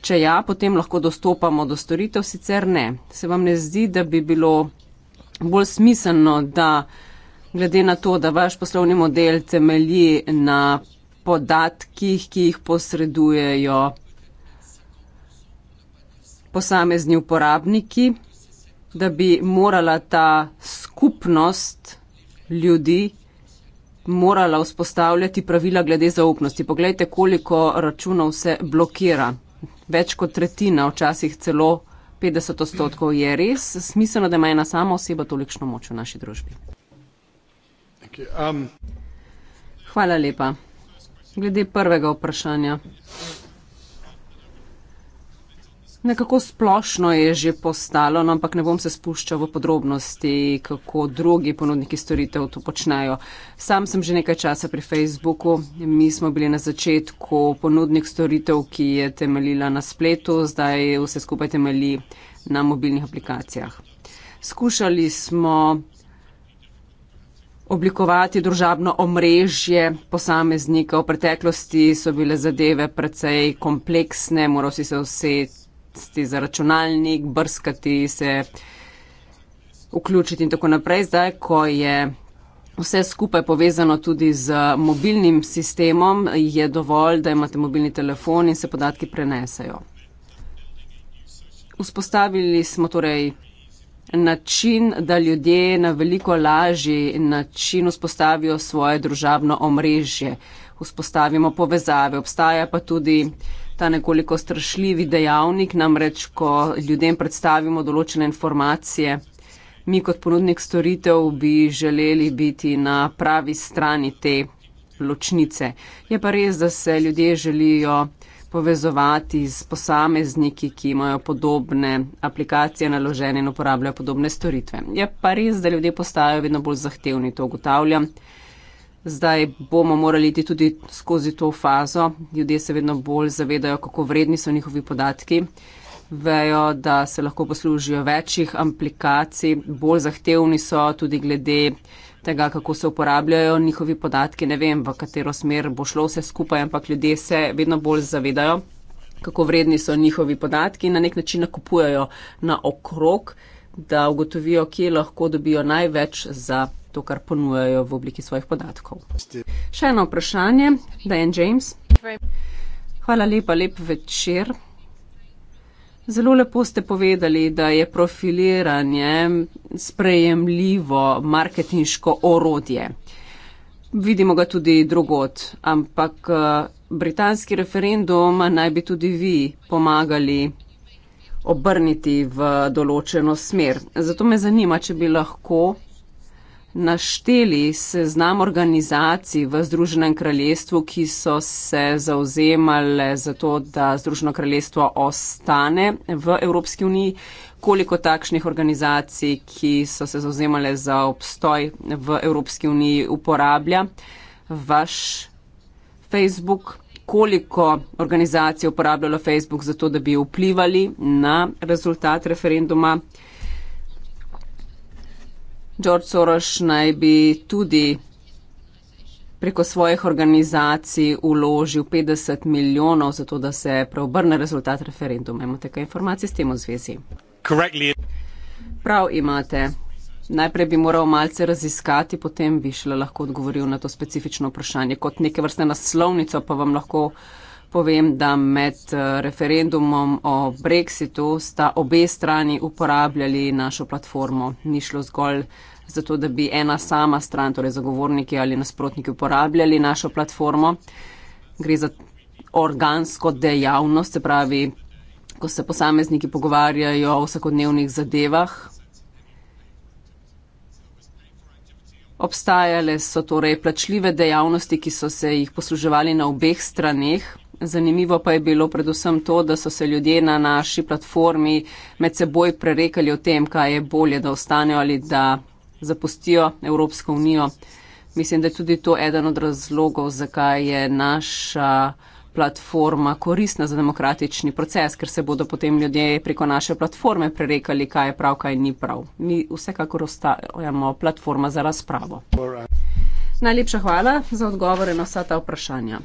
Če ja, potem lahko dostopamo do storitev, sicer ne. Se vam ne zdi, da bi bilo bolj smiselno, da glede na to, da vaš poslovni model temelji na podatkih, ki jih posredujejo posamezni uporabniki, da bi morala ta skupnost ljudi morala vzpostavljati pravila glede zaupnosti. Poglejte, koliko računov se blokira. Več kot tretjina, včasih celo 50 odstotkov je res. Smiselno, da ima ena sama oseba tolikšno moč v naši družbi. Um, Hvala lepa glede prvega vprašanja. Nekako splošno je že postalo, no, ampak ne bom se spuščal v podrobnosti, kako drugi ponudniki storitev to počnejo. Sam sem že nekaj časa pri Facebooku. Mi smo bili na začetku ponudnik storitev, ki je temeljila na spletu, zdaj vse skupaj temelji na mobilnih aplikacijah. Skušali smo oblikovati družabno omrežje posameznika. V preteklosti so bile zadeve precej kompleksne, moral si se usesti za računalnik, brskati se, vključiti in tako naprej. Zdaj, ko je vse skupaj povezano tudi z mobilnim sistemom, je dovolj, da imate mobilni telefon in se podatki prenesejo. Vzpostavili smo torej način, da ljudje na veliko lažji način vzpostavijo svoje družabno omrežje, vzpostavimo povezave. Obstaja pa tudi ta nekoliko strašljivi dejavnik, namreč, ko ljudem predstavimo določene informacije, mi kot ponudnik storitev bi želeli biti na pravi strani te ločnice. Je pa res, da se ljudje želijo povezovati z posamezniki, ki imajo podobne aplikacije naložene in uporabljajo podobne storitve. Je pa res, da ljudje postajajo vedno bolj zahtevni, to ugotavljam. Zdaj bomo morali iti tudi skozi to fazo. Ljudje se vedno bolj zavedajo, kako vredni so njihovi podatki. Vejo, da se lahko poslužijo večjih aplikacij, bolj zahtevni so tudi glede tega, kako se uporabljajo njihovi podatki. Ne vem, v katero smer bo šlo vse skupaj, ampak ljudje se vedno bolj zavedajo, kako vredni so njihovi podatki in na nek način nakupujajo na okrog, da ugotovijo, kje lahko dobijo največ za. To, kar ponujajo v obliki svojih podatkov. Še eno vprašanje, Dan James. Hvala lepa, lep večer. Zelo lepo ste povedali, da je profiliranje sprejemljivo marketinško orodje. Vidimo ga tudi drugot, ampak eh, britanski referendum naj bi tudi vi pomagali obrniti v določeno smer. Zato me zanima, če bi lahko našteli seznam organizacij v Združenem kraljestvu, ki so se zauzemale za to, da Združeno kraljestvo ostane v Evropski uniji, koliko takšnih organizacij, ki so se zauzemale za obstoj v Evropski uniji, uporablja vaš Facebook. Koliko organizacij je uporabljalo Facebook za to, da bi vplivali na rezultat referenduma? Uh, George Soros naj bi tudi preko svojih organizacij uložil 50 milijonov, zato da se preobrne rezultat referenduma. Imate kaj informacije s tem v zvezi? Correctly. Prav imate. Najprej bi moral malce raziskati, potem bi šele lahko odgovoril na to specifično vprašanje. Kot neke vrste naslovnico pa vam lahko povem, da med eh, referendumom o brexitu sta obe strani uporabljali našo platformo. Ni šlo zgolj zato, da bi ena sama stran, torej zagovorniki ali nasprotniki, uporabljali našo platformo. Gre za organsko dejavnost, se pravi, ko se posamezniki pogovarjajo o vsakodnevnih zadevah. Obstajale so torej plačljive dejavnosti, ki so se jih posluževali na obeh straneh. Zanimivo pa je bilo predvsem to, da so se ljudje na naši platformi med seboj prerekali o tem, kaj je bolje, da ostanejo ali da zapustijo Evropsko unijo. Mislim, da je tudi to eden od razlogov, zakaj je naša platforma koristna za demokratični proces, ker se bodo potem ljudje preko naše platforme prerekali, kaj je prav, kaj ni prav. Mi vsekakor ostajamo platforma za razpravo. Najlepša hvala za odgovore na vsa ta vprašanja.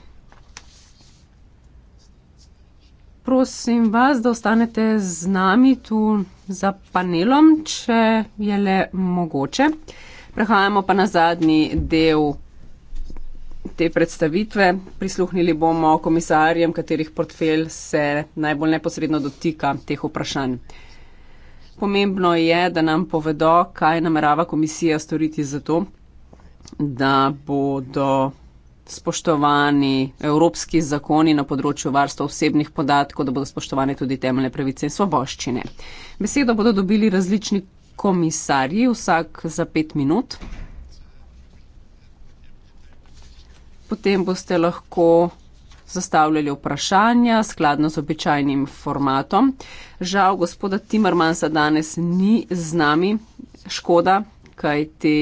prosim vas, da ostanete z nami tu za panelom, če je le mogoče. Prehajamo pa na zadnji del te predstavitve. Prisluhnili bomo komisarjem, katerih portfelj se najbolj neposredno dotika teh vprašanj. Pomembno je, da nam povedo, kaj namerava komisija storiti za to, da bodo spoštovani evropski zakoni na področju varstva osebnih podatkov, da bodo spoštovane tudi temeljne pravice in svoboščine. Besedo bodo dobili različni komisarji, vsak za pet minut. Potem boste lahko zastavljali vprašanja skladno z običajnim formatom. Žal gospoda Timmermansa danes ni z nami, škoda, kajti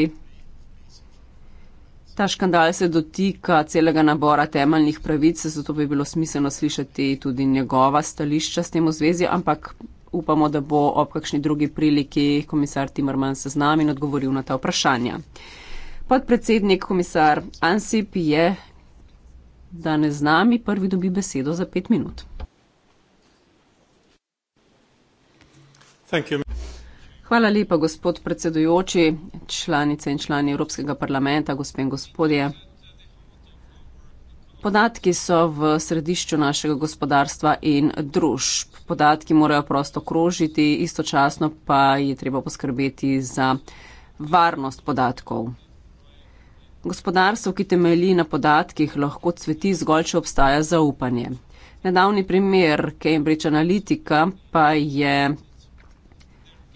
Ta škandal se dotika celega nabora temeljnih pravic, zato bi bilo smiselno slišati tudi njegova stališča s tem v zvezi, ampak upamo, da bo ob kakšni drugi priliki komisar Timerman se z nami in odgovoril na ta vprašanja. Podpredsednik komisar Ansip je danes z nami, prvi dobi besedo za pet minut. Thank you. Hvala lepa, gospod predsedujoči, članice in člani Evropskega parlamenta, gospe in gospodje. Podatki so v središču našega gospodarstva in družb. Podatki morajo prosto krožiti, istočasno pa je treba poskrbeti za varnost podatkov. Gospodarstvo, ki temelji na podatkih, lahko cveti zgolj, če obstaja zaupanje. Nedavni primer Cambridge Analytica pa je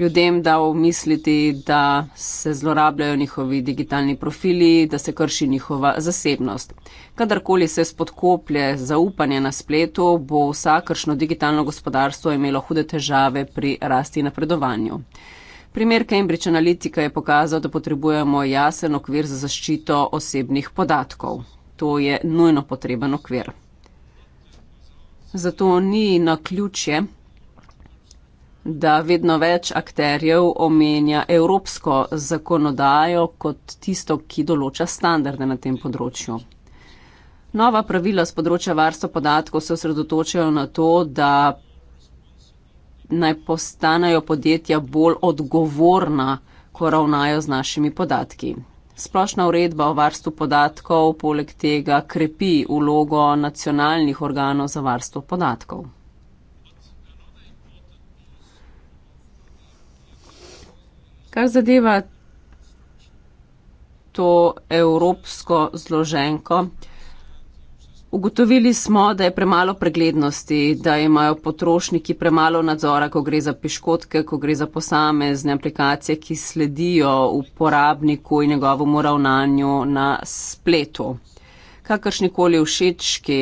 ljudem dal misliti, da se zlorabljajo njihovi digitalni profili, da se krši njihova zasebnost. Kadarkoli se spodkoplje zaupanje na spletu, bo vsakršno digitalno gospodarstvo imelo hude težave pri rasti in napredovanju. Primer Cambridge Analytica je pokazal, da potrebujemo jasen okvir za zaščito osebnih podatkov. To je nujno potreben okvir. Zato ni na ključje, da vedno več akterjev omenja evropsko zakonodajo kot tisto, ki določa standarde na tem področju. Nova pravila z področja varstva podatkov se osredotočajo na to, da naj postanejo podjetja bolj odgovorna, ko ravnajo z našimi podatki. Splošna uredba o varstvu podatkov poleg tega krepi ulogo nacionalnih organov za varstvo podatkov. Kar zadeva to evropsko zloženko, ugotovili smo, da je premalo preglednosti, da imajo potrošniki premalo nadzora, ko gre za piškotke, ko gre za posamezne aplikacije, ki sledijo uporabniku in njegovemu ravnanju na spletu. Kakršnikoli všečki,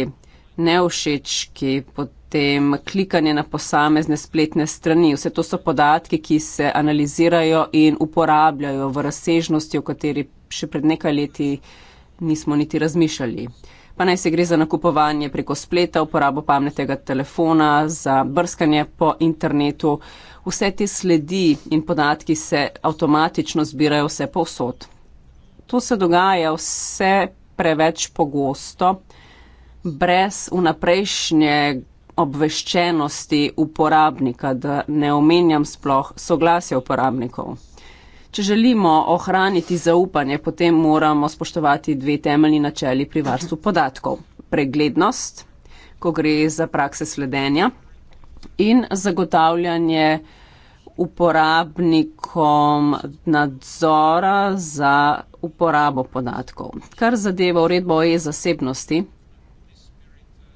ne všečki potrošniki, potem klikanje na posamezne spletne strani. Vse to so podatki, ki se analizirajo in uporabljajo v razsežnosti, o kateri še pred nekaj leti nismo niti razmišljali. Pa naj se gre za nakupovanje preko spleta, uporabo pametnega telefona, za brskanje po internetu. Vse te sledi in podatki se avtomatično zbirajo vse povsod. To se dogaja vse preveč pogosto, brez unaprejšnjega obveščenosti uporabnika, da ne omenjam sploh soglasja uporabnikov. Če želimo ohraniti zaupanje, potem moramo spoštovati dve temeljni načeli pri varstvu podatkov. Preglednost, ko gre za prakse sledenja in zagotavljanje uporabnikom nadzora za uporabo podatkov. Kar zadeva uredbo o e-zasebnosti,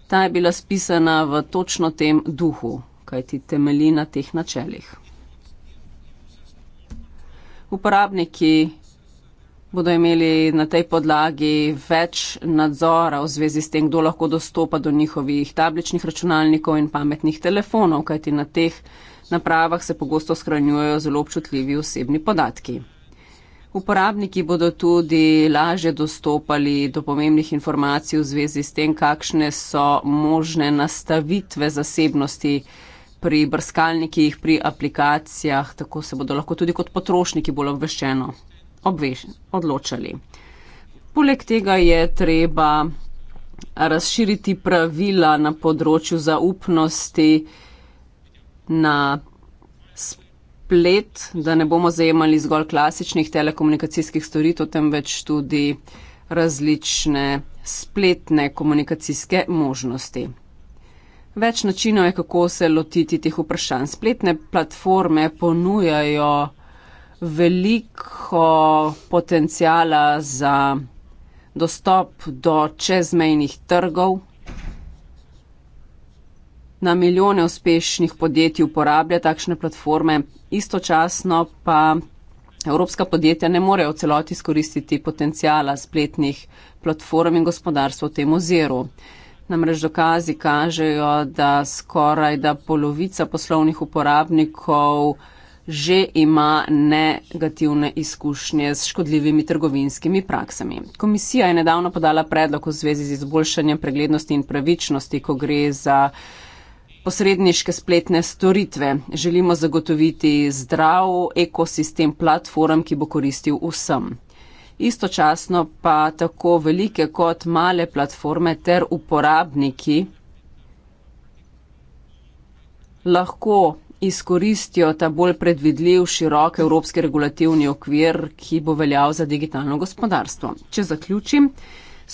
Ta je bila spisana v točno tem duhu, kaj ti temelji na teh načelih. Uporabniki bodo imeli na tej podlagi več nadzora v zvezi s tem, kdo lahko dostopa do njihovih tabličnih računalnikov in pametnih telefonov, kajti na teh napravah se pogosto shranjujejo zelo občutljivi osebni podatki. Uporabniki bodo tudi lažje dostopali do pomembnih informacij v zvezi s tem, kakšne so možne nastavitve zasebnosti pri brskalnikih, pri aplikacijah, tako se bodo lahko tudi kot potrošniki bolj obveščeno obveš odločali. Poleg tega je treba razširiti pravila na področju zaupnosti na splet, da ne bomo zajemali zgolj klasičnih telekomunikacijskih storitev, temveč tudi različne spletne komunikacijske možnosti. Več načinov je, kako se lotiti teh vprašanj. Spletne platforme ponujajo veliko potencijala za dostop do čezmejnih trgov, na milijone uspešnih podjetij uporablja takšne platforme, istočasno pa evropska podjetja ne morejo v celoti izkoristiti potencijala spletnih platform in gospodarstva v tem oziru. Namreč dokazi kažejo, da skoraj da polovica poslovnih uporabnikov že ima negativne izkušnje s škodljivimi trgovinskimi praksami. Komisija je nedavno podala predlog v zvezi z izboljšanjem preglednosti in pravičnosti, ko gre za posredniške spletne storitve. Želimo zagotoviti zdrav ekosistem platform, ki bo koristil vsem. Istočasno pa tako velike kot male platforme ter uporabniki lahko izkoristijo ta bolj predvidljiv, širok evropski regulativni okvir, ki bo veljal za digitalno gospodarstvo. Če zaključim,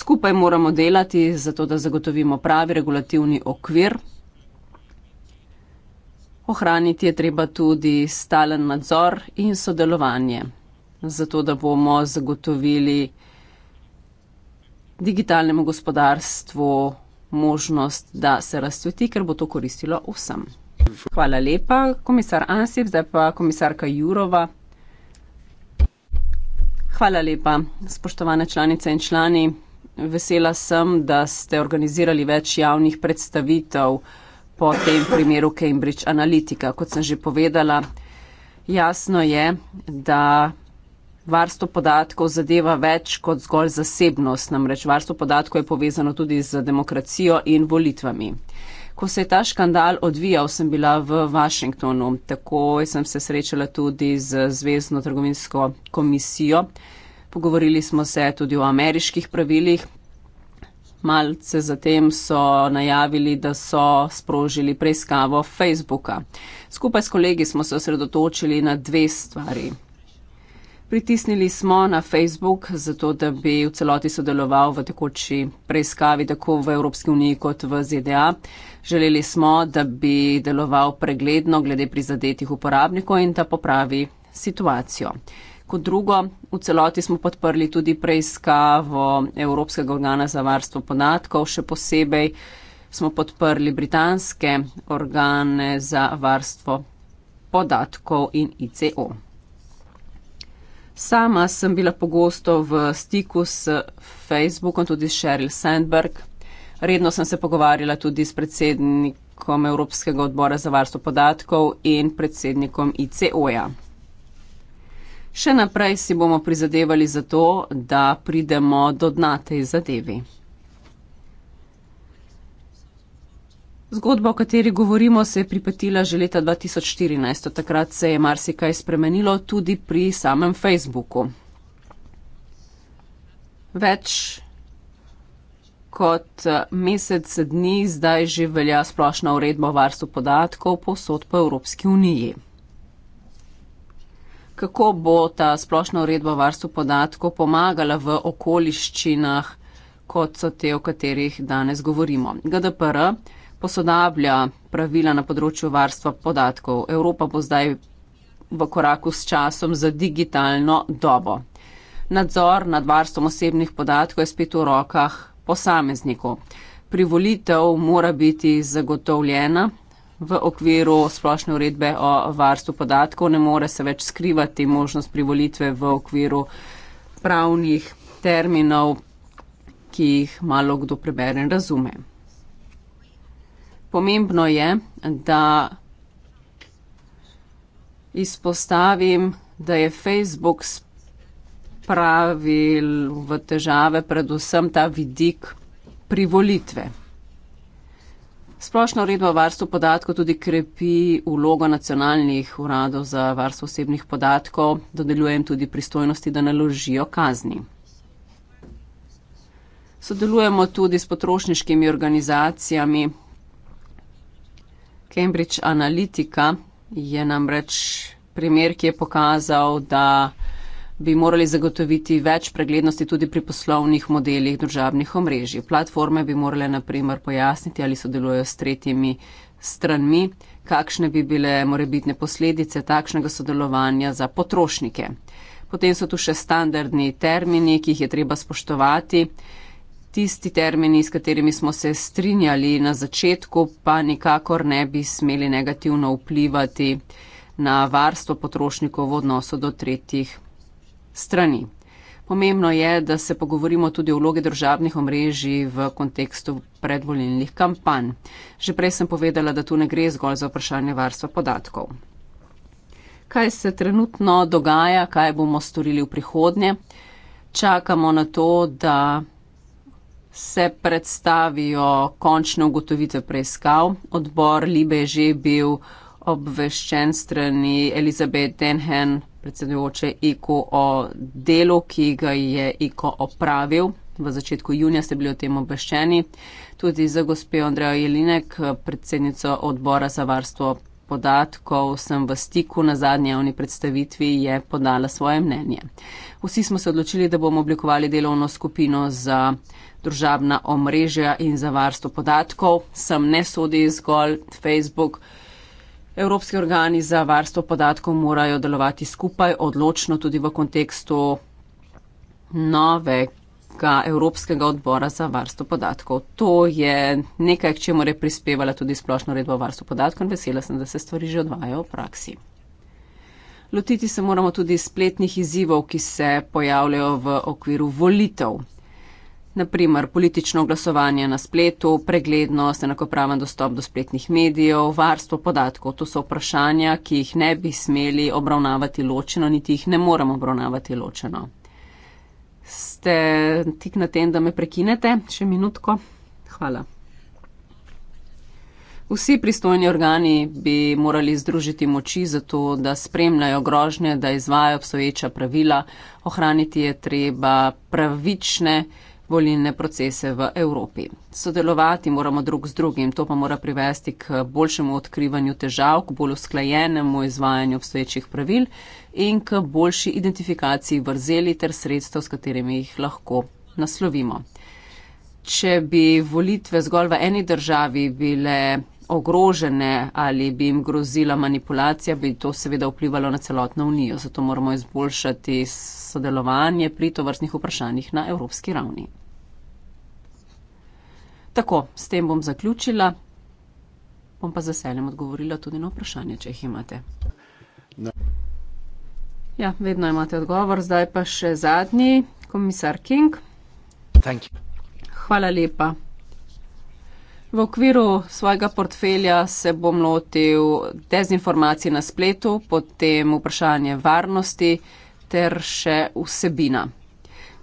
skupaj moramo delati, zato da zagotovimo pravi regulativni okvir, Ohraniti je treba tudi stalen nadzor in sodelovanje, zato da bomo zagotovili digitalnemu gospodarstvu možnost, da se razcveti, ker bo to koristilo vsem. Hvala lepa, komisar Ansip, zdaj pa komisarka Jurova. Hvala lepa, spoštovane članice in člani. Vesela sem, da ste organizirali več javnih predstavitev po tem primeru Cambridge Analytica. Kot sem že povedala, jasno je, da varstvo podatkov zadeva več kot zgolj zasebnost, namreč varstvo podatkov je povezano tudi z demokracijo in volitvami. Ko se je ta škandal odvijal, sem bila v Washingtonu, tako sem se srečala tudi z Zvezdno trgovinsko komisijo. Pogovorili smo se tudi o ameriških pravilih, Malce zatem so najavili, da so sprožili preiskavo Facebooka. Skupaj s kolegi smo se osredotočili na dve stvari. Pritisnili smo na Facebook, zato da bi v celoti sodeloval v tekoči preiskavi, tako v Evropski uniji kot v ZDA. Želeli smo, da bi deloval pregledno glede prizadetih uporabnikov in da popravi situacijo. Kot drugo, v celoti smo podprli tudi preiskavo Evropskega organa za varstvo podatkov, še posebej smo podprli britanske organe za varstvo podatkov in ICO. Sama sem bila pogosto v stiku s Facebookom, tudi s Sheryl Sandberg. Redno sem se pogovarjala tudi s predsednikom Evropskega odbora za varstvo podatkov in predsednikom ICO-ja. Še naprej si bomo prizadevali za to, da pridemo do dna tej zadevi. Zgodba, o kateri govorimo, se je pripetila že leta 2014. Od takrat se je marsikaj spremenilo tudi pri samem Facebooku. Več kot eh, mesec dni zdaj že velja splošna uredba o varstvu podatkov posod po Evropski uniji kako bo ta splošna uredba o varstvu podatkov pomagala v okoliščinah, kot so te, o katerih danes govorimo. GDPR posodablja pravila na področju varstva podatkov. Evropa bo zdaj v koraku s časom za digitalno dobo. Nadzor nad varstvom osebnih podatkov je spet v rokah posameznikov. Privolitev mora biti zagotovljena v okviru splošne uredbe o varstvu podatkov, ne more se več skrivati možnost privolitve v okviru pravnih terminov, ki jih malo kdo prebere in razume. Pomembno je, da izpostavim, da je Facebook spravil v težave predvsem ta vidik privolitve. Splošna uredba o varstvu podatkov tudi krepi vlogo nacionalnih uradov za varstvo osebnih podatkov, dodeljujem tudi pristojnosti, da naložijo kazni. Sodelujemo tudi s potrošniškimi organizacijami. Cambridge Analytica je namreč primer, ki je pokazal, da bi morali zagotoviti več preglednosti tudi pri poslovnih modelih državnih omrežij. Platforme bi morale naprimer pojasniti, ali sodelujejo s tretjimi stranmi, kakšne bi bile morebitne posledice takšnega sodelovanja za potrošnike. Potem so tu še standardni termini, ki jih je treba spoštovati. Tisti termini, s katerimi smo se strinjali na začetku, pa nikakor ne bi smeli negativno vplivati na varstvo potrošnikov v odnosu do tretjih strani. Pomembno je, da se pogovorimo tudi o vlogi državnih omrežij v kontekstu predvolilnih kampanj. Že prej sem povedala, da tu ne gre zgolj za vprašanje varstva podatkov. Kaj se trenutno dogaja, kaj bomo storili v prihodnje? Čakamo na to, da se predstavijo končne ugotovitve preiskav. Odbor Libe je že bil obveščen strani Elizabeth Denhen predsedujoče IKO o delu, ki ga je IKO opravil. V začetku junija ste bili o tem obveščeni. Tudi za gospejo Andrejo Jelinek, predsednico odbora za varstvo podatkov, sem v stiku na zadnji javni predstavitvi, je podala svoje mnenje. Vsi smo se odločili, da bomo oblikovali delovno skupino za družabna omrežja in za varstvo podatkov. Sem ne sodi zgolj Facebook. Evropski organi za varstvo podatkov morajo delovati skupaj, odločno tudi v kontekstu novega Evropskega odbora za varstvo podatkov. To je nekaj, k čemu je prispevala tudi splošna redba o varstvu podatkov in vesela sem, da se stvari že odvajajo v praksi. Lotiti se moramo tudi spletnih izzivov, ki se pojavljajo v okviru volitev naprimer politično glasovanje na spletu, preglednost, enakopraven dostop do spletnih medijev, varstvo podatkov. To so vprašanja, ki jih ne bi smeli obravnavati ločeno, niti jih ne moramo obravnavati ločeno. Ste tik na tem, da me prekinete? Še minutko. Hvala. Vsi pristojni organi bi morali združiti moči za to, da spremljajo grožnje, da izvajo obstoječa pravila. Ohraniti je treba pravične volilne procese v Evropi. Sodelovati moramo drug z drugim, to pa mora privesti k boljšemu odkrivanju težav, k bolj usklajenemu izvajanju obstoječih pravil in k boljši identifikaciji vrzeli ter sredstev, s katerimi jih lahko naslovimo. Če bi volitve zgolj v eni državi bile ogrožene ali bi jim grozila manipulacija, bi to seveda vplivalo na celotno unijo. Zato moramo izboljšati sodelovanje pri tovrstnih vprašanjih na evropski ravni. Tako, s tem bom zaključila. Bom pa z veseljem odgovorila tudi na vprašanje, če jih imate. Ja, vedno imate odgovor, zdaj pa še zadnji, komisar King. Hvala lepa. V okviru svojega portfelja se bom lotil dezinformacij na spletu, potem vprašanje varnosti ter še vsebina.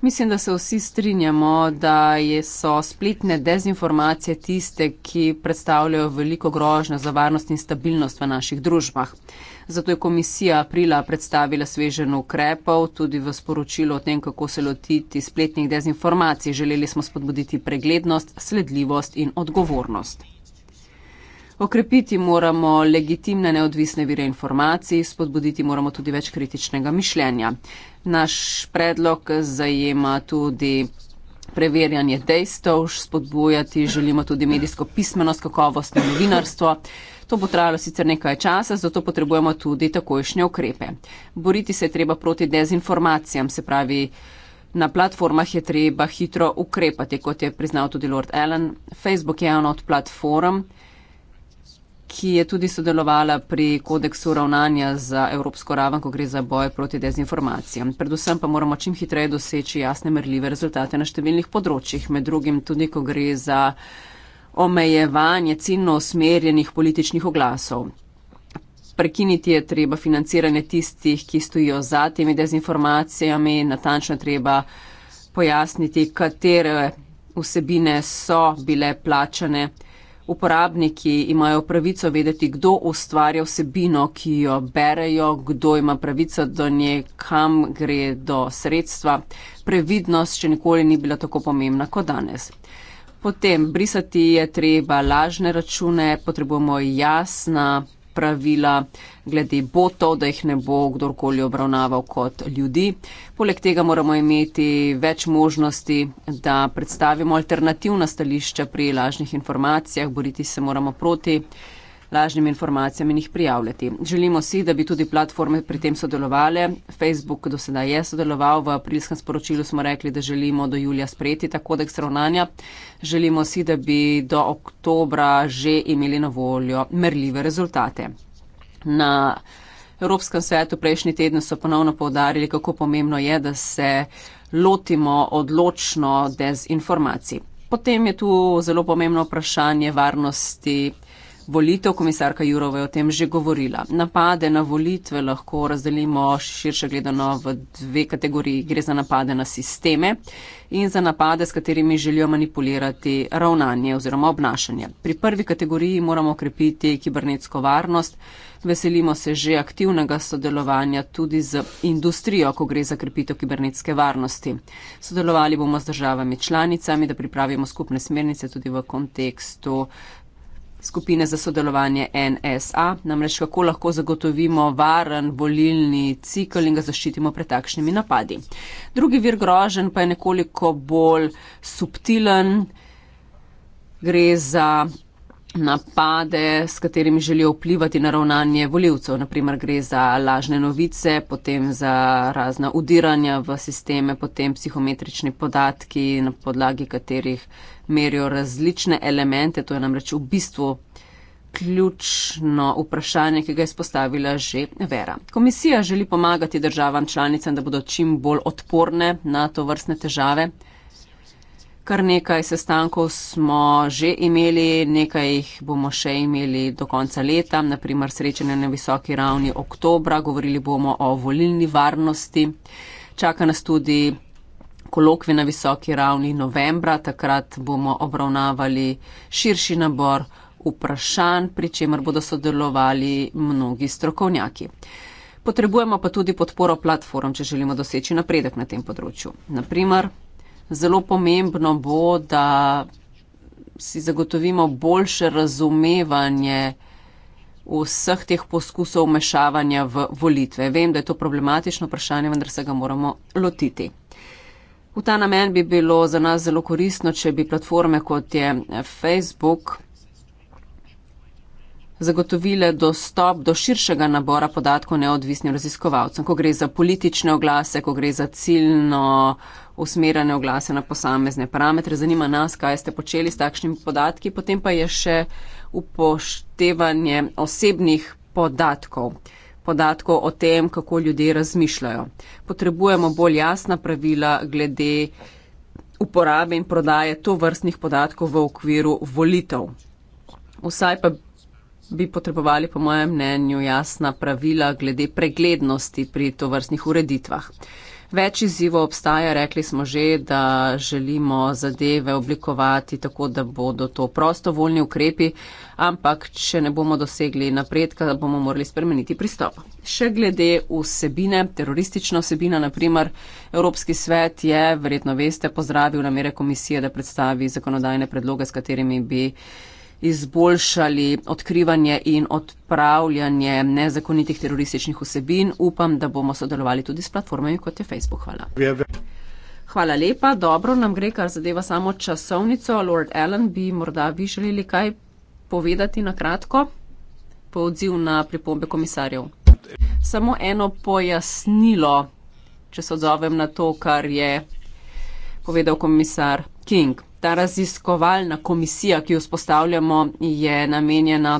Mislim, da se vsi strinjamo, da je, so spletne dezinformacije tiste, ki predstavljajo veliko grožnjo za varnost in stabilnost v naših družbah. Zato je komisija aprila predstavila sveženo ukrepov, tudi v sporočilo o tem, kako se lotiti spletnih dezinformacij. Želeli smo spodbuditi preglednost, sledljivost in odgovornost. Okrepiti moramo legitimne neodvisne vire informacij, spodbuditi moramo tudi več kritičnega mišljenja. Naš predlog zajema tudi preverjanje dejstev, spodbujati želimo tudi medijsko pismenost, kakovost in novinarstvo. To bo trajalo sicer nekaj časa, zato potrebujemo tudi takojšnje ukrepe. Boriti se je treba proti dezinformacijam, se pravi, na platformah je treba hitro ukrepati, kot je priznal tudi Lord Allen. Facebook je ena od platform, ki je tudi sodelovala pri kodeksu ravnanja za evropsko raven, ko gre za boj proti dezinformacijam. Predvsem pa moramo čim hitreje doseči jasne merljive rezultate na številnih področjih, med drugim tudi, ko gre za omejevanje ciljno usmerjenih političnih oglasov. Prekiniti je treba financiranje tistih, ki stojijo za temi dezinformacijami, natančno treba pojasniti, katere vsebine so bile plačane uporabniki imajo pravico vedeti, kdo ustvarja vsebino, ki jo berejo, kdo ima pravico do nje, kam gre do sredstva. Previdnost še nikoli ni bila tako pomembna kot danes. Potem brisati je treba lažne račune, potrebujemo jasna pravila glede botov, da jih ne bo kdorkoli obravnaval kot ljudi. Poleg tega moramo imeti več možnosti, da predstavimo alternativna stališča pri lažnih informacijah, boriti se moramo proti lažnim informacijam in jih prijavljati. Želimo si, da bi tudi platforme pri tem sodelovali. Facebook do sedaj je sodeloval, v aprilskem sporočilu smo rekli, da želimo do julija sprejeti ta kodeks ravnanja. Želimo si, da bi do oktobra že imeli na voljo merljive rezultate. Na Evropskem svetu prejšnji teden so ponovno povdarili, kako pomembno je, da se lotimo odločno dezinformacij. Potem je tu zelo pomembno vprašanje varnosti volitev, komisarka Jurova je o tem že govorila. Napade na volitve lahko razdelimo širše gledano v dve kategoriji. Gre za napade na sisteme in za napade, s katerimi želijo manipulirati ravnanje oziroma obnašanje. Pri prvi kategoriji moramo okrepiti kibernetsko varnost. Veselimo se že aktivnega sodelovanja tudi z industrijo, ko gre za krepitev kibernetske varnosti. Sodelovali bomo z državami članicami, da pripravimo skupne smernice tudi v kontekstu skupine za sodelovanje NSA, namreč kako lahko zagotovimo varen volilni cikl in ga zaščitimo pred takšnimi napadi. Drugi vir grožen pa je nekoliko bolj subtilen, gre za napade, s katerimi želijo vplivati na ravnanje voljivcev. Naprimer gre za lažne novice, potem za razna udiranja v sisteme, potem psihometrični podatki, na podlagi katerih merijo različne elemente. To je namreč v bistvu ključno vprašanje, ki ga je spostavila že Vera. Komisija želi pomagati državam članicam, da bodo čim bolj odporne na to vrstne težave. Kar nekaj sestankov smo že imeli, nekaj jih bomo še imeli do konca leta, naprimer srečanje na visoki ravni oktobra, govorili bomo o volilni varnosti. Čaka nas tudi kolokvi na visoki ravni novembra. Takrat bomo obravnavali širši nabor vprašanj, pri čemer bodo sodelovali mnogi strokovnjaki. Potrebujemo pa tudi podporo platform, če želimo doseči napredek na tem področju. Naprimer, zelo pomembno bo, da si zagotovimo boljše razumevanje vseh teh poskusov mešavanja v volitve. Vem, da je to problematično vprašanje, vendar se ga moramo lotiti. V ta namen bi bilo za nas zelo koristno, če bi platforme kot je Facebook zagotovile dostop do širšega nabora podatkov neodvisnim raziskovalcem, ko gre za politične oglase, ko gre za ciljno usmerjene oglase na posamezne parametre. Zanima nas, kaj ste počeli s takšnimi podatki, potem pa je še upoštevanje osebnih podatkov podatkov o tem, kako ljudje razmišljajo. Potrebujemo bolj jasna pravila glede uporabe in prodaje to vrstnih podatkov v okviru volitev. Vsaj pa bi potrebovali, po mojem mnenju, jasna pravila glede preglednosti pri to vrstnih ureditvah. Več izzivov obstaja, rekli smo že, da želimo zadeve oblikovati tako, da bodo to prostovoljni ukrepi, ampak če ne bomo dosegli napredka, bomo morali spremeniti pristop. Še glede vsebine, teroristična vsebina, naprimer, Evropski svet je, verjetno veste, pozdravil namere komisije, da predstavi zakonodajne predloge, s katerimi bi izboljšali odkrivanje in odpravljanje nezakonitih terorističnih vsebin. Upam, da bomo sodelovali tudi s platformami, kot je Facebook. Hvala. Hvala lepa. Dobro nam gre, kar zadeva samo časovnico. Lord Allen, bi morda vi želeli kaj povedati na kratko po odziv na pripombe komisarjev? Samo eno pojasnilo, če se odzovem na to, kar je povedal komisar King. Ta raziskovalna komisija, ki jo spostavljamo, je namenjena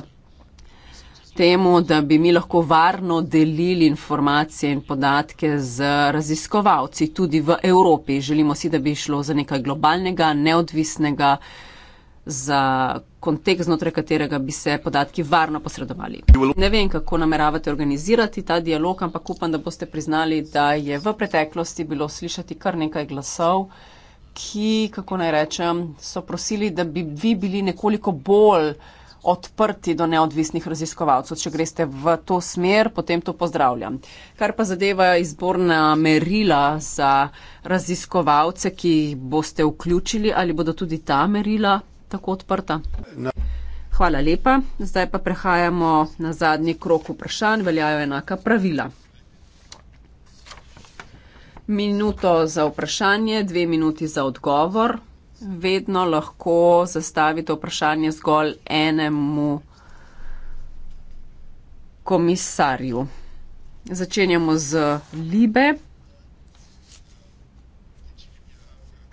temu, da bi mi lahko varno delili informacije in podatke z raziskovalci tudi v Evropi. Želimo si, da bi šlo za nekaj globalnega, neodvisnega, za kontekst, znotraj katerega bi se podatki varno posredovali. Ne vem, kako nameravate organizirati ta dialog, ampak upam, da boste priznali, da je v preteklosti bilo slišati kar nekaj glasov ki, kako naj rečem, so prosili, da bi vi bili nekoliko bolj odprti do neodvisnih raziskovalcev. Če greste v to smer, potem to pozdravljam. Kar pa zadeva izborna merila za raziskovalce, ki jih boste vključili, ali bodo tudi ta merila tako odprta? No. Hvala lepa. Zdaj pa prehajamo na zadnji krok vprašanj. Veljajo enaka pravila minuto za vprašanje, dve minuti za odgovor. Vedno lahko zastavite vprašanje zgolj enemu komisarju. Začenjamo z Libe.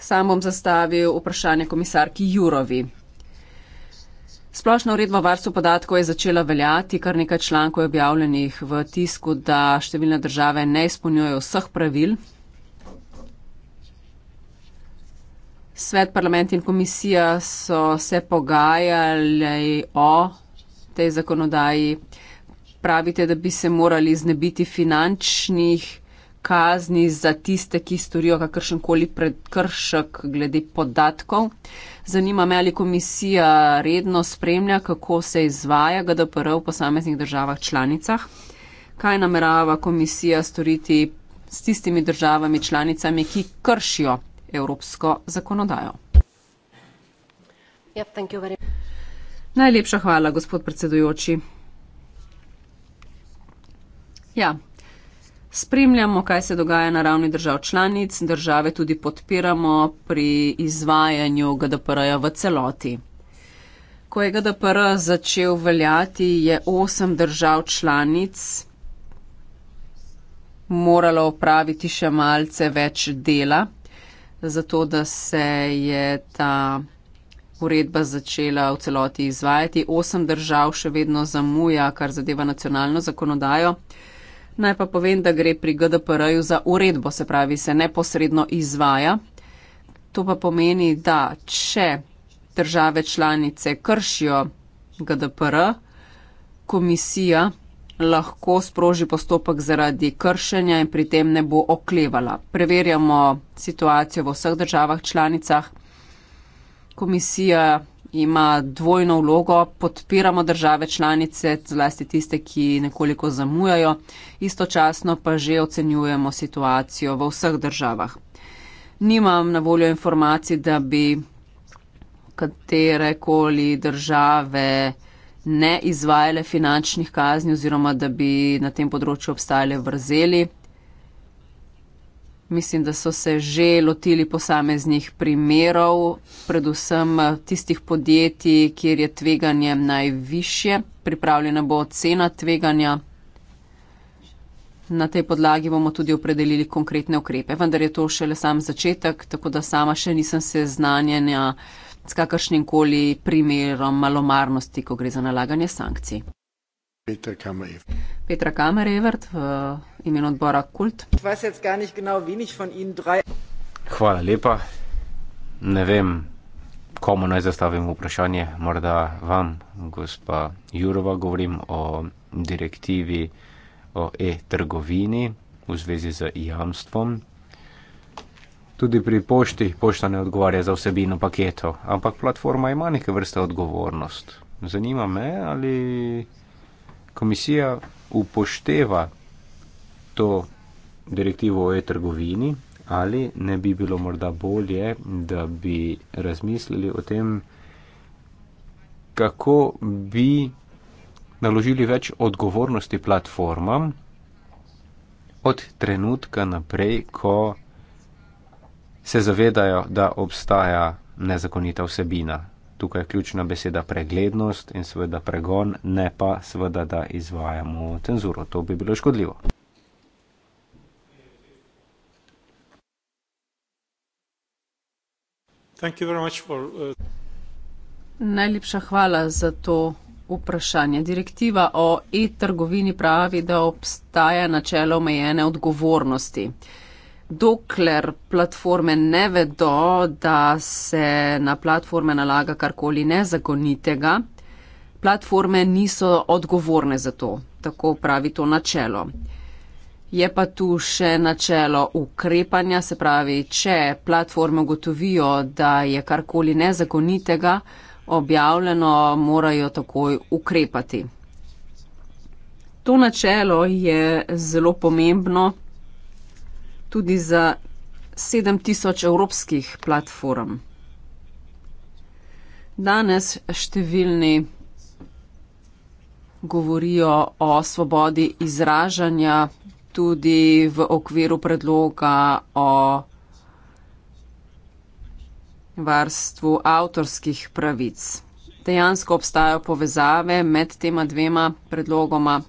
Sam bom zastavil vprašanje komisarki Jurovi. Splošna uredba varstva podatkov je začela veljati, kar nekaj člankov je objavljenih v tisku, da številne države ne izpolnjujejo vseh pravil, Svet, parlament in komisija so se pogajali o tej zakonodaji. Pravite, da bi se morali znebiti finančnih kazni za tiste, ki storijo kakršen koli predkršek glede podatkov. Zanima me, ali komisija redno spremlja, kako se izvaja GDPR v posameznih državah članicah. Kaj namerava komisija storiti s tistimi državami članicami, ki kršijo evropsko zakonodajo. Ja, yep, Najlepša hvala, gospod predsedujoči. Ja. Spremljamo, kaj se dogaja na ravni držav članic, države tudi podpiramo pri izvajanju GDPR-ja v celoti. Ko je GDPR začel veljati, je osem držav članic moralo opraviti še malce več dela zato da se je ta uredba začela v celoti izvajati. Osem držav še vedno zamuja, kar zadeva nacionalno zakonodajo. Naj pa povem, da gre pri GDPR-ju za uredbo, se pravi, se neposredno izvaja. To pa pomeni, da če države članice kršijo GDPR, komisija lahko sproži postopek zaradi kršenja in pri tem ne bo oklevala. Preverjamo situacijo v vseh državah članicah. Komisija ima dvojno vlogo, podpiramo države članice, zlasti tiste, ki nekoliko zamujajo, istočasno pa že ocenjujemo situacijo v vseh državah. Nimam na voljo informacij, da bi katerekoli države ne izvajale finančnih kazni oziroma da bi na tem področju obstajale vrzeli. Mislim, da so se že lotili posameznih primerov, predvsem tistih podjetij, kjer je tveganje najvišje. Pripravljena bo ocena tveganja. Na tej podlagi bomo tudi opredelili konkretne ukrepe, vendar je to šele sam začetek, tako da sama še nisem seznanjena s kakršnim koli primerom malomarnosti, ko gre za nalaganje sankcij. Petra Kamerevert. Petra Kamerevert v imenu odbora Kult. Hvala lepa. Ne vem, komu naj zastavim vprašanje. Morda vam, gospa Jurova, govorim o direktivi o e-trgovini v zvezi z jamstvom. Tudi pri pošti pošta ne odgovarja za vsebino paketov, ampak platforma ima neke vrste odgovornost. Zanima me, ali komisija upošteva to direktivo o e-trgovini, ali ne bi bilo morda bolje, da bi razmislili o tem, kako bi naložili več odgovornosti platformam od trenutka naprej, ko se zavedajo, da obstaja nezakonita vsebina. Tukaj je ključna beseda preglednost in seveda pregon, ne pa seveda, da izvajamo cenzuro. To bi bilo škodljivo. For, uh... Najlepša hvala za to vprašanje. Direktiva o e-trgovini pravi, da obstaja načelo omejene odgovornosti. Uh, dokler platforme ne vedo, da se na platforme nalaga karkoli nezakonitega, platforme niso odgovorne za to, tako pravi to načelo. Je pa tu še načelo ukrepanja, se pravi, če platforme ugotovijo, da je karkoli nezakonitega objavljeno, morajo takoj ukrepati. To načelo je zelo pomembno tudi za 7000 evropskih platform. Danes številni govorijo o svobodi izražanja tudi v okviru predloga o varstvu avtorskih pravic. Dejansko obstajajo povezave med tema dvema predlogoma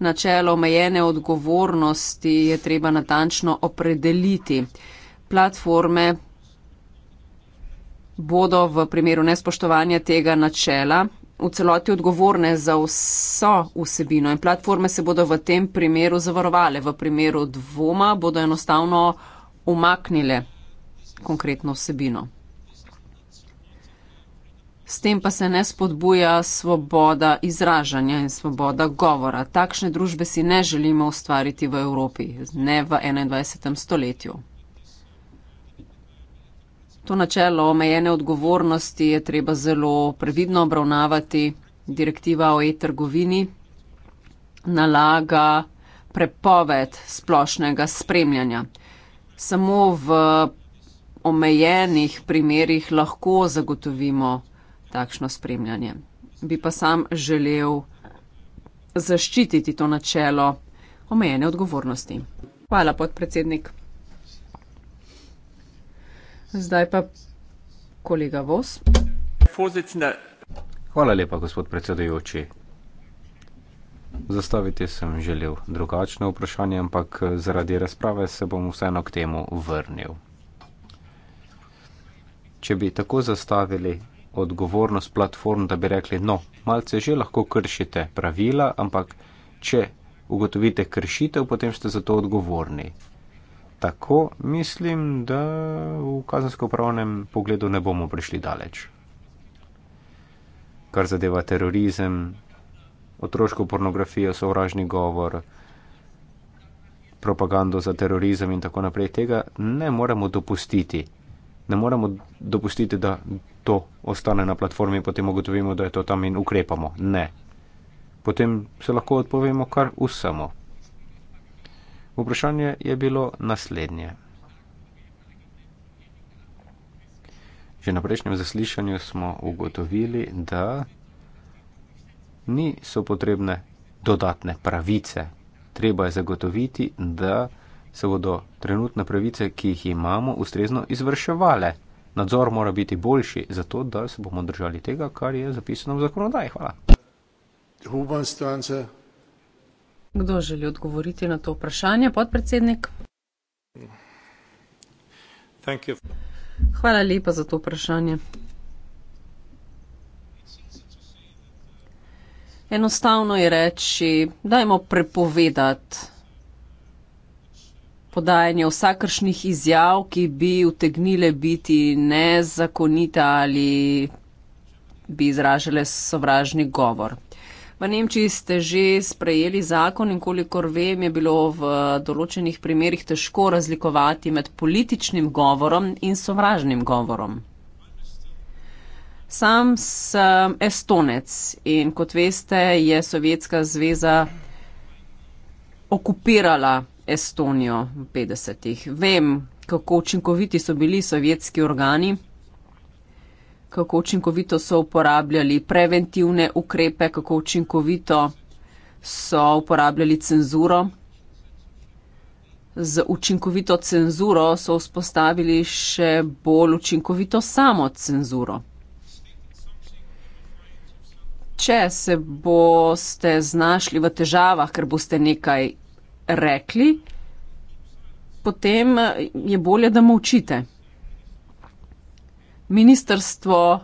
načelo omejene odgovornosti je treba natančno opredeliti. Platforme bodo v primeru nespoštovanja tega načela v celoti odgovorne za vso vsebino in platforme se bodo v tem primeru zavarovale. V primeru dvoma bodo enostavno umaknile konkretno vsebino. S tem pa se ne spodbuja svoboda izražanja in svoboda govora. Takšne družbe si ne želimo ustvariti v Evropi, ne v 21. stoletju. To načelo omejene odgovornosti je treba zelo previdno obravnavati. Direktiva o e-trgovini nalaga prepoved splošnega spremljanja. Samo v omejenih primerjih lahko zagotovimo, takšno spremljanje. Bi pa sam želel zaščititi to načelo omejene odgovornosti. Hvala, podpredsednik. Zdaj pa kolega Vos. Hvala lepa, gospod predsedujoči. Zastaviti sem želel drugačno vprašanje, ampak zaradi razprave se bom vseeno k temu vrnil. Če bi tako zastavili odgovornost platform, da bi rekli, no, malce že lahko kršite pravila, ampak če ugotovite kršitev, potem ste za to odgovorni. Tako mislim, da v kazensko-pravnem pogledu ne bomo prišli daleč. Kar zadeva terorizem, otroško pornografijo, sovražni govor, propagando za terorizem in tako naprej, tega ne moremo dopustiti. Ne moremo dopustiti, da to ostane na platformi, potem ugotovimo, da je to tam in ukrepamo. Ne. Potem se lahko odpovemo kar vsemu. Vprašanje je bilo naslednje. Že na prejšnjem zaslišanju smo ugotovili, da niso potrebne dodatne pravice. Treba je zagotoviti, da se bodo trenutne pravice, ki jih imamo, ustrezno izvrševale. Nadzor mora biti boljši, zato da se bomo držali tega, kar je zapisano v zakonodaji. Hvala. Kdo želi odgovoriti na to vprašanje? Podpredsednik. Hvala lepa za to vprašanje. Enostavno je reči, dajmo prepovedati podajanje vsakršnih izjav, ki bi utegnile biti nezakonita ali bi izražale sovražni govor. V Nemčiji ste že sprejeli zakon in kolikor vem, je bilo v določenih primerjih težko razlikovati med političnim govorom in sovražnim govorom. Sam sem estonec in kot veste, je Sovjetska zveza okupirala Estonijo v 50-ih. Vem, kako učinkoviti so bili sovjetski organi, kako učinkovito so uporabljali preventivne ukrepe, kako učinkovito so uporabljali cenzuro. Z učinkovito cenzuro so vzpostavili še bolj učinkovito samo cenzuro. Če se boste znašli v težavah, ker boste nekaj rekli, potem eh, je bolje, da molčite. Ministrstvo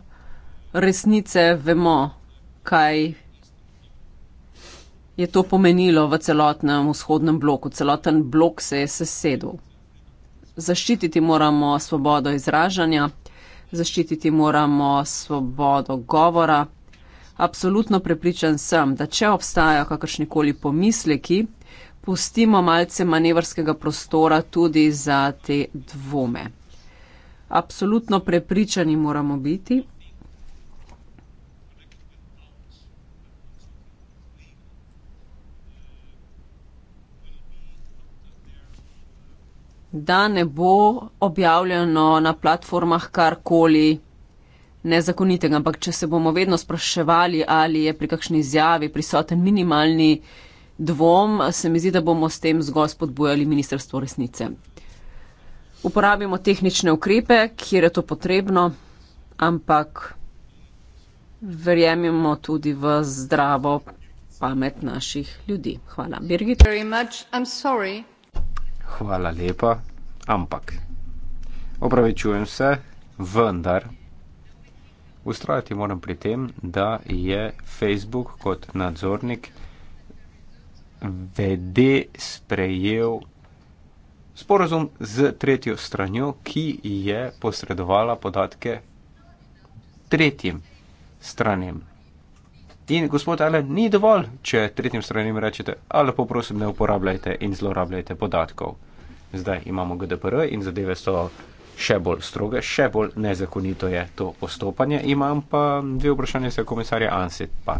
resnice vemo, kaj je to pomenilo v celotnem vzhodnem bloku. Celoten blok se je sesedel. Zaščititi moramo svobodo izražanja, zaščititi moramo svobodo govora. Absolutno prepričan sem, da če obstajajo kakršnikoli pomisleki, pustimo malce manevrskega prostora tudi za te dvome. Absolutno prepričani moramo biti. Da ne bo objavljeno na platformah karkoli nezakonitega, ampak če se bomo vedno spraševali, ali je pri kakšni izjavi prisoten minimalni dvom, se mi zdi, da bomo s tem zgolj spodbujali ministrstvo resnice. Uporabimo tehnične ukrepe, kjer je to potrebno, ampak verjemimo tudi v zdravo pamet naših ljudi. Hvala, Birgit. Hvala lepa, ampak opravičujem se, vendar. Ustrajati moram pri tem, da je Facebook kot nadzornik vede sprejel sporozum z tretjo stranjo, ki je posredovala podatke tretjim stranjem. In gospod Allen, ni dovolj, če tretjim stranjem rečete, ali pa prosim ne uporabljajte in zlorabljajte podatkov. Zdaj imamo GDPR in zadeve so še bolj stroge, še bolj nezakonito je to postopanje. Imam pa dve vprašanje za komisarja Ansit. Pa.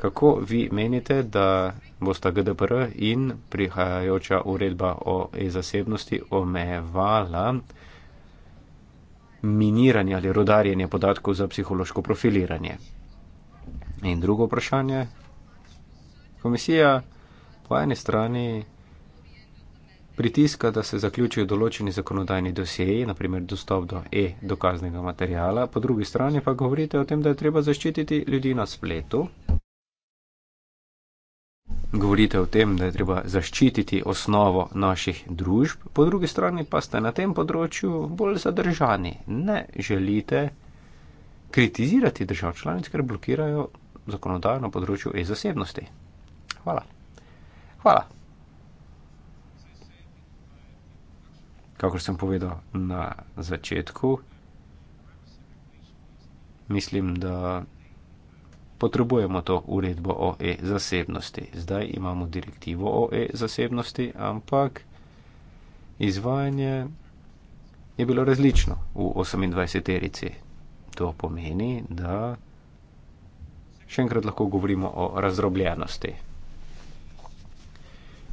Kako vi menite, da bosta GDPR in prihajajoča uredba o e-zasebnosti omejevala miniranje ali rodarjenje podatkov za psihološko profiliranje? In drugo vprašanje. Komisija po eni strani pritiska, da se zaključijo določeni zakonodajni dosjeji, naprimer dostop do e-dokaznega materijala, po drugi strani pa govorite o tem, da je treba zaščititi ljudi na spletu govorite o tem, da je treba zaščititi osnovo naših družb, po drugi strani pa ste na tem področju bolj zadržani. Ne želite kritizirati držav članic, ker blokirajo zakonodajo na področju e-zasebnosti. Hvala. Hvala. Kakor sem povedal na začetku, mislim, da potrebujemo to uredbo o e-zasebnosti. Zdaj imamo direktivo o e-zasebnosti, ampak izvajanje je bilo različno v 28-terici. To pomeni, da še enkrat lahko govorimo o razdrobljenosti.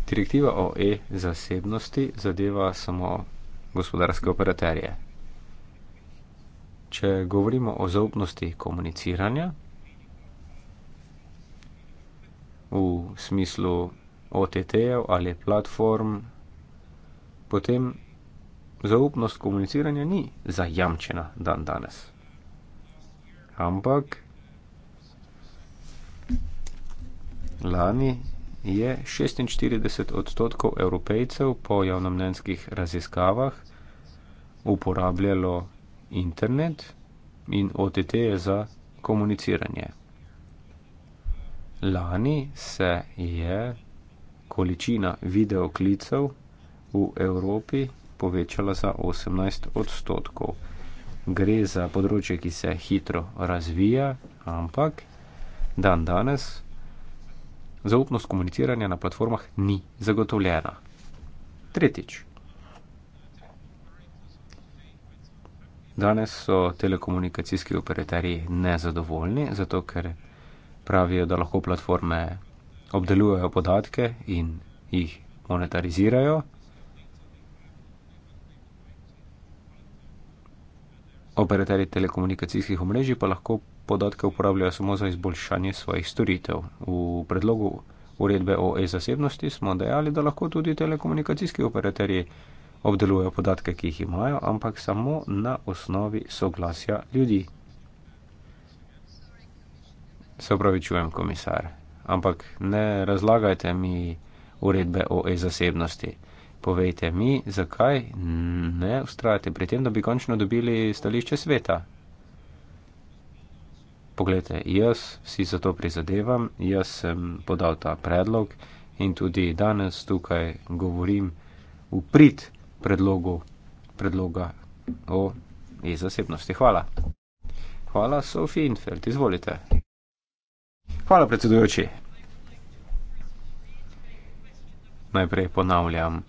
Direktiva o e-zasebnosti zadeva samo gospodarske operaterje. Če govorimo o zaupnosti komuniciranja, v smislu OTT-jev ali platform, potem zaupnost komuniciranja ni zajamčena dan danes. Ampak lani je 46 odstotkov evropejcev po javnomnenskih raziskavah uporabljalo internet in OTT-je za komuniciranje lani se je količina videoklicev v Evropi povečala za 18 odstotkov. Gre za področje, ki se hitro razvija, ampak dan danes zaupnost komuniciranja na platformah ni zagotovljena. Tretjič. Danes so telekomunikacijski operatari nezadovoljni, zato ker pravijo, da lahko platforme obdelujejo podatke in jih monetarizirajo. Operaterji telekomunikacijskih omrežij pa lahko podatke uporabljajo samo za izboljšanje svojih storitev. V predlogu uredbe o e-zasebnosti smo dejali, da lahko tudi telekomunikacijski operaterji obdelujejo podatke, ki jih imajo, ampak samo na osnovi soglasja ljudi. Se upravičujem, komisar, ampak ne razlagajte mi uredbe o e-zasebnosti. Povejte mi, zakaj ne ustrajate pri tem, da bi končno dobili stališče sveta. Poglejte, jaz si za to prizadevam, jaz sem podal ta predlog in tudi danes tukaj govorim v prid predlogu predloga o e-zasebnosti. Hvala. Hvala, Sofi Infeld, izvolite. Hvala, predsedujoči. Najprej ponavljam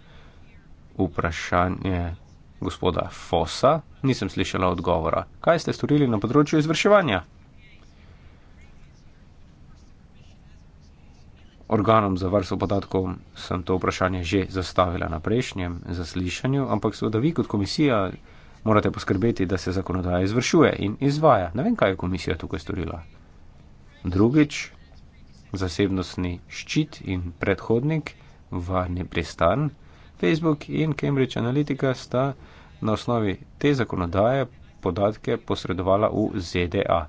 vprašanje gospoda Fosa. Nisem slišala odgovora. Kaj ste storili na področju izvrševanja? Organom za varstvo podatkov sem to vprašanje že zastavila na prejšnjem zaslišanju, ampak seveda vi kot komisija morate poskrbeti, da se zakonodaja izvršuje in izvaja. Ne vem, kaj je komisija tukaj storila drugič, zasebnostni ščit in predhodnik, varni pristan, Facebook in Cambridge Analytica sta na osnovi te zakonodaje podatke posredovala v ZDA.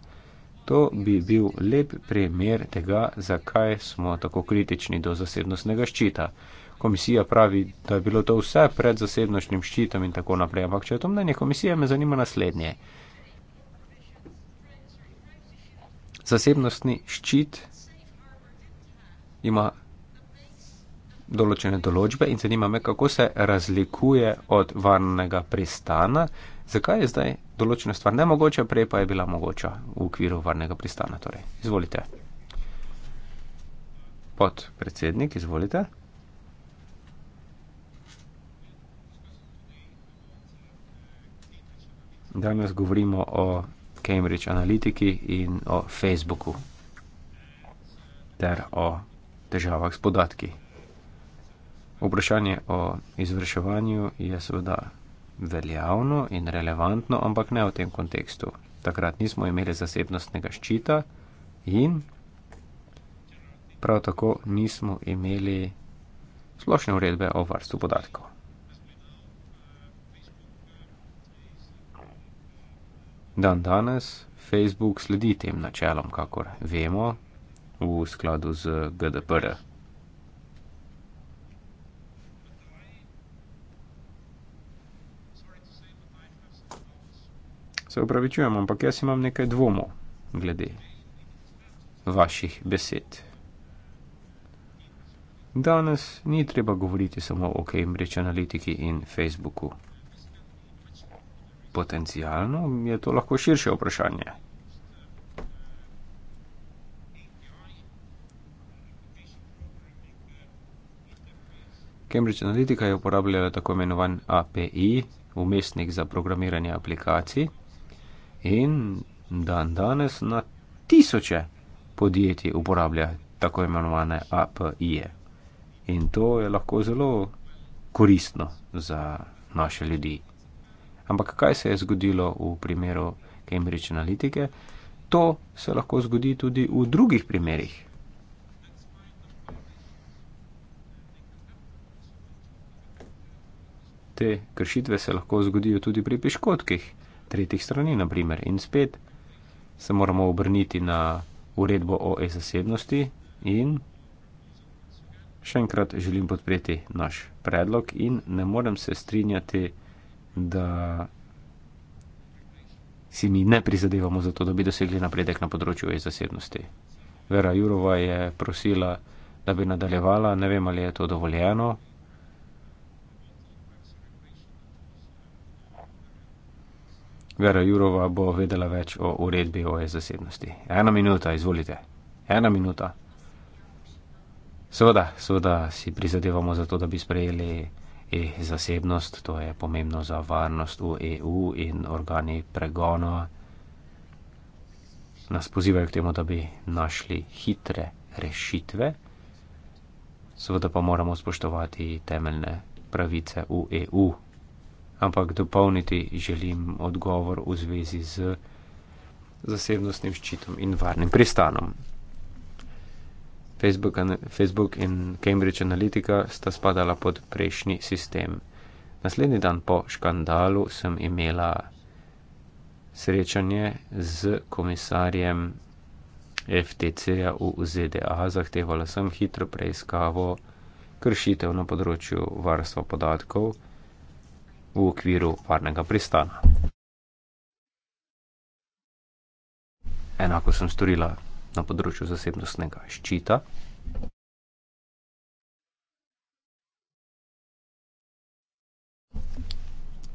To bi bil lep primer tega, zakaj smo tako kritični do zasebnostnega ščita. Komisija pravi, da je bilo to vse pred zasebnostnim ščitom in tako naprej, ampak če je to mnenje komisije, me zanima naslednje. zasebnostni ščit ima določene določbe in zanima me, kako se razlikuje od varnega pristana. Zakaj je zdaj določena stvar nemogoča, prej pa je bila mogoča v okviru varnega pristana? Torej, izvolite. Podpredsednik, izvolite. Danes govorimo o Cambridge Analytica in o Facebooku ter o težavah s podatki. Vprašanje o izvrševanju je seveda veljavno in relevantno, ampak ne v tem kontekstu. Takrat nismo imeli zasebnostnega ščita in prav tako nismo imeli splošne uredbe o varstvu podatkov. Dan danes Facebook sledi tem načelom, kakor vemo, v skladu z GDPR. Se upravičujem, ampak jaz imam nekaj dvomov glede vaših besed. Danes ni treba govoriti samo o Cambridge Analytici in Facebooku potencijalno, je to lahko širše vprašanje. Cambridge Analytica je uporabljala tako imenovan API, umestnik za programiranje aplikacij in dan danes na tisoče podjetij uporablja tako imenovane API-je. In to je lahko zelo koristno za naše ljudi. Ampak kaj se je zgodilo v primeru Cambridge Analytica? To se lahko zgodi tudi v drugih primerih. Te kršitve se lahko zgodijo tudi pri piškotkih tretjih strani, naprimer. In spet se moramo obrniti na uredbo o e-zasebnosti in še enkrat želim podpreti naš predlog in ne morem se strinjati da si mi ne prizadevamo za to, da bi dosegli napredek na področju e-zasebnosti. Vera Jurova je prosila, da bi nadaljevala, ne vem, ali je to dovoljeno. Vera Jurova bo vedela več o uredbi o e-zasebnosti. Ena minuta, izvolite. Ena minuta. Seveda, seveda si prizadevamo za to, da bi sprejeli e-zasebnost, to je pomembno za varnost v EU in organi pregona nas pozivajo k temu, da bi našli hitre rešitve. Seveda pa moramo spoštovati temeljne pravice v EU. Ampak dopolniti želim odgovor v zvezi z zasebnostnim ščitom in varnim pristanom. Facebook, Facebook in Cambridge Analytica sta spadala pod prejšnji sistem. Naslednji dan po škandalu sem imela srečanje z komisarjem FTC-ja v ZDA. Zahtevala sem hitro preiskavo kršitev na področju varstva podatkov v okviru varnega pristana. Enako sem storila na področju zasebnostnega ščita.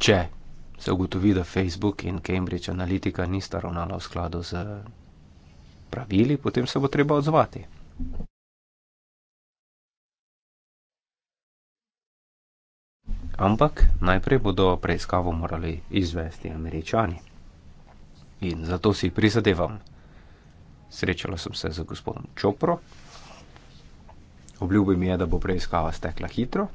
Če se ugotovi, da Facebook in Cambridge Analytica nista ravnala v skladu z pravili, potem se bo treba odzvati. Ampak najprej bodo preiskavo morali izvesti američani. In zato si prizadevam, Srečala sem se z gospodom Čopro. Obljubil mi je, da bo preiskava stekla hitro.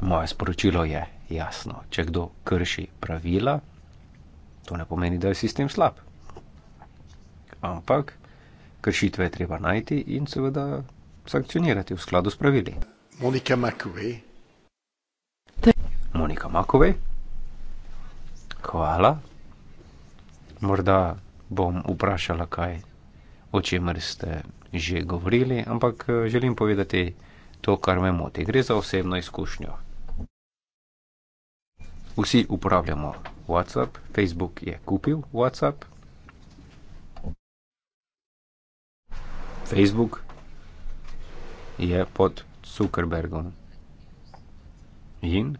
Moje sporočilo je jasno. Če kdo krši pravila, to ne pomeni, da je sistem slab. Ampak kršitve je treba najti in seveda sankcionirati v skladu s pravili. Monika Makovej. Monika Makovej. Hvala. Morda bom vprašala, kaj o čemer ste že govorili, ampak eh, želim povedati to, kar me moti. Gre za osebno izkušnjo. Vsi uporabljamo WhatsApp, Facebook je kupil WhatsApp. Facebook je pod Zuckerbergom in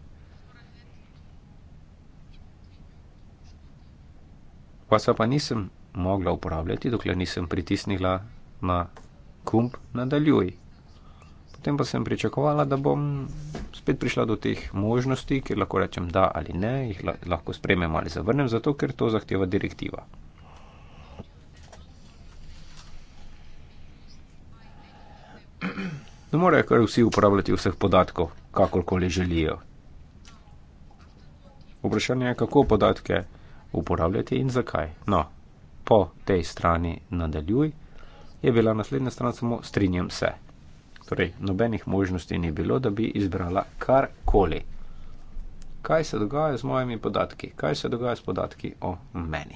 Vasa pa nisem mogla uporabljati, dokler nisem pritisnila na kump nadaljuj. Potem pa sem pričakovala, da bom spet prišla do teh možnosti, kjer lahko rečem da ali ne, jih lahko sprejmem ali zavrnem, zato ker to zahteva direktiva. Ne morejo kar vsi uporabljati vseh podatkov, kakorkoli želijo. Vprašanje je, kako podatke uporabljati in zakaj. No, po tej strani nadaljuj, je bila naslednja stran samo strinjam se. Torej, nobenih možnosti ni bilo, da bi izbrala karkoli. Kaj se dogaja z mojimi podatki? Kaj se dogaja s podatki o meni?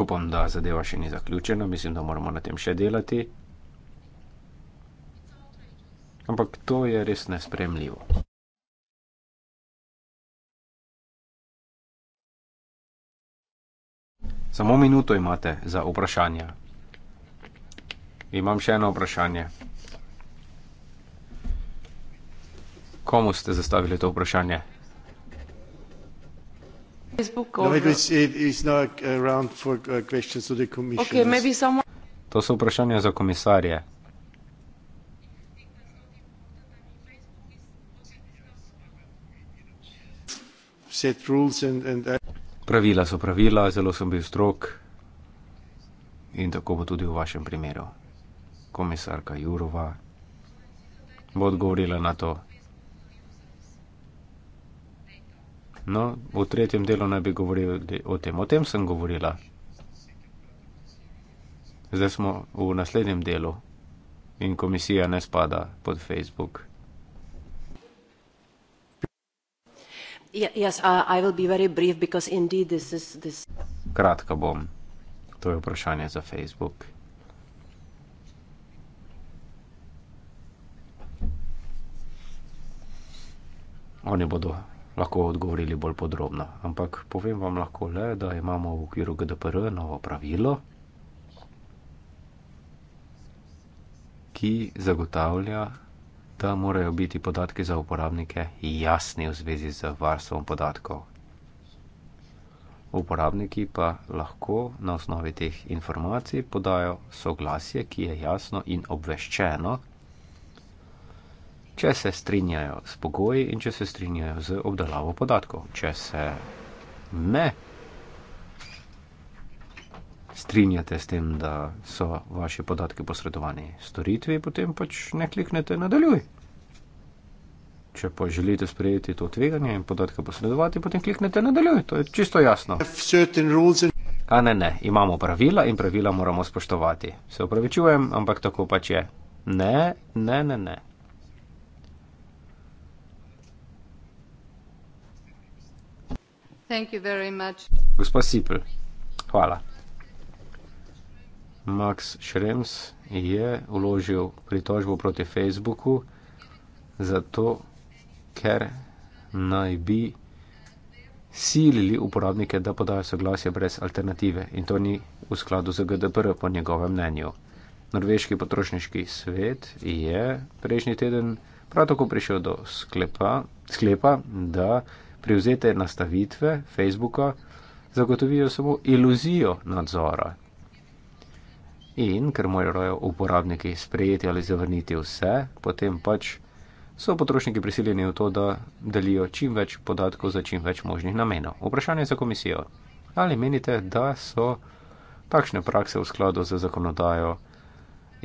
Upam, da zadeva še ni zaključena, mislim, da moramo na tem še delati. Ampak to je res nespremljivo. Samo minuto imate za vprašanje. Imam še eno vprašanje. Komu ste zastavili to vprašanje? No, it is, it is for, uh, okay, to so vprašanja za komisarje. Uh, pravila so pravila, zelo sem bil strok in tako bo tudi v vašem primeru. Komisarka Jurova bo odgovorila na to. No, v tretjem delu naj bi govoril o tem. O tem sem govorila. Zdaj smo v naslednjem delu in komisija ne spada pod Facebook. Yes, uh, brief, this is, this... Kratka bom. To je vprašanje za Facebook. Oni bodo lahko odgovorili bolj podrobno, ampak povem vam lahko le, da imamo v okviru GDPR novo pravilo, ki zagotavlja da morajo biti podatki za uporabnike jasni v zvezi z varstvom podatkov. Uporabniki pa lahko na osnovi teh informacij podajo soglasje, ki je jasno in obveščeno, če se strinjajo s pogoji in če se strinjajo z obdelavo podatkov. Če se ne strinjate s tem, da so vaše podatke posredovani storitvi, potem pač ne kliknete nadaljuj. Če pa želite sprejeti to tveganje in podatke posredovati, potem kliknete nadaljuj. To je čisto jasno. A ne, ne, imamo pravila in pravila moramo spoštovati. Se upravičujem, ampak tako pač je. Ne, ne, ne, ne. Gospod Sipl, hvala. Max Schrems je uložil pritožbo proti Facebooku, zato ker naj bi silili uporabnike, da podajo soglasje brez alternative in to ni v skladu z GDPR po njegovem mnenju. Norveški potrošniški svet je prejšnji teden prav tako prišel do sklepa, sklepa da privzete nastavitve Facebooka zagotovijo samo iluzijo nadzora in ker morajo uporabniki sprejeti ali zavrniti vse, potem pač so potrošniki prisiljeni v to, da delijo čim več podatkov za čim več možnih namenov. Vprašanje za komisijo. Ali menite, da so takšne prakse v skladu z zakonodajo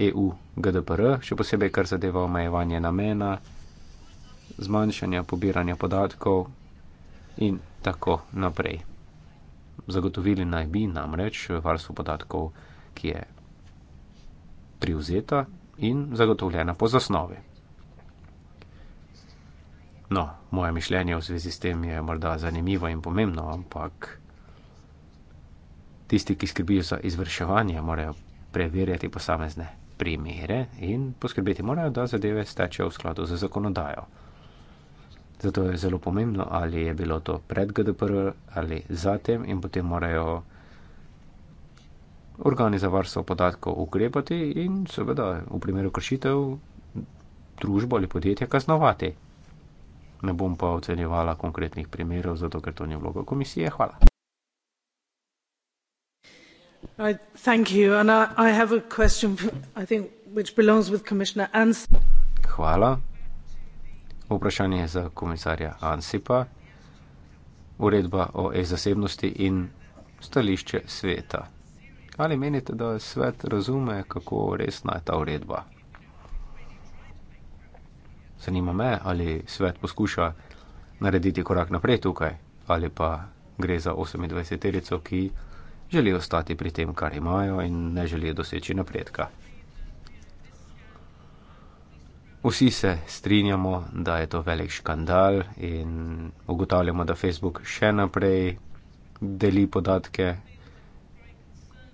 EU GDPR, še posebej kar zadeva omejevanje namena, zmanjšanja pobiranja podatkov in tako naprej. Zagotovili naj bi namreč varstvo podatkov, ki je privzeta in zagotovljena po zasnovi. No, moje mišljenje v zvezi s tem je morda zanimivo in pomembno, ampak tisti, ki skrbijo za izvrševanje, morajo preverjati posamezne primere in poskrbeti morajo, da zadeve stečejo v skladu z zakonodajo. Zato je zelo pomembno, ali je bilo to pred GDPR ali zatem in potem morajo organi za varstvo podatkov ukrepati in seveda v primeru kršitev družbo ali podjetje kaznovati. Ne bom pa ocenjevala konkretnih primerov, zato ker to ni vloga komisije. Hvala. I thank you and I, I have a question I think which belongs with Commissioner Ansip. Hvala. Vprašanje je za komisarja Ansipa. Uredba o e-zasebnosti in stališče sveta. Ali menite, da svet razume, kako resna je ta uredba? Zanima me, ali svet poskuša narediti korak naprej tukaj, ali pa gre za 28-terico, ki želi ostati pri tem, kar imajo in ne želi doseči napredka. Vsi se strinjamo, da je to velik škandal in ugotavljamo, da Facebook še naprej deli podatke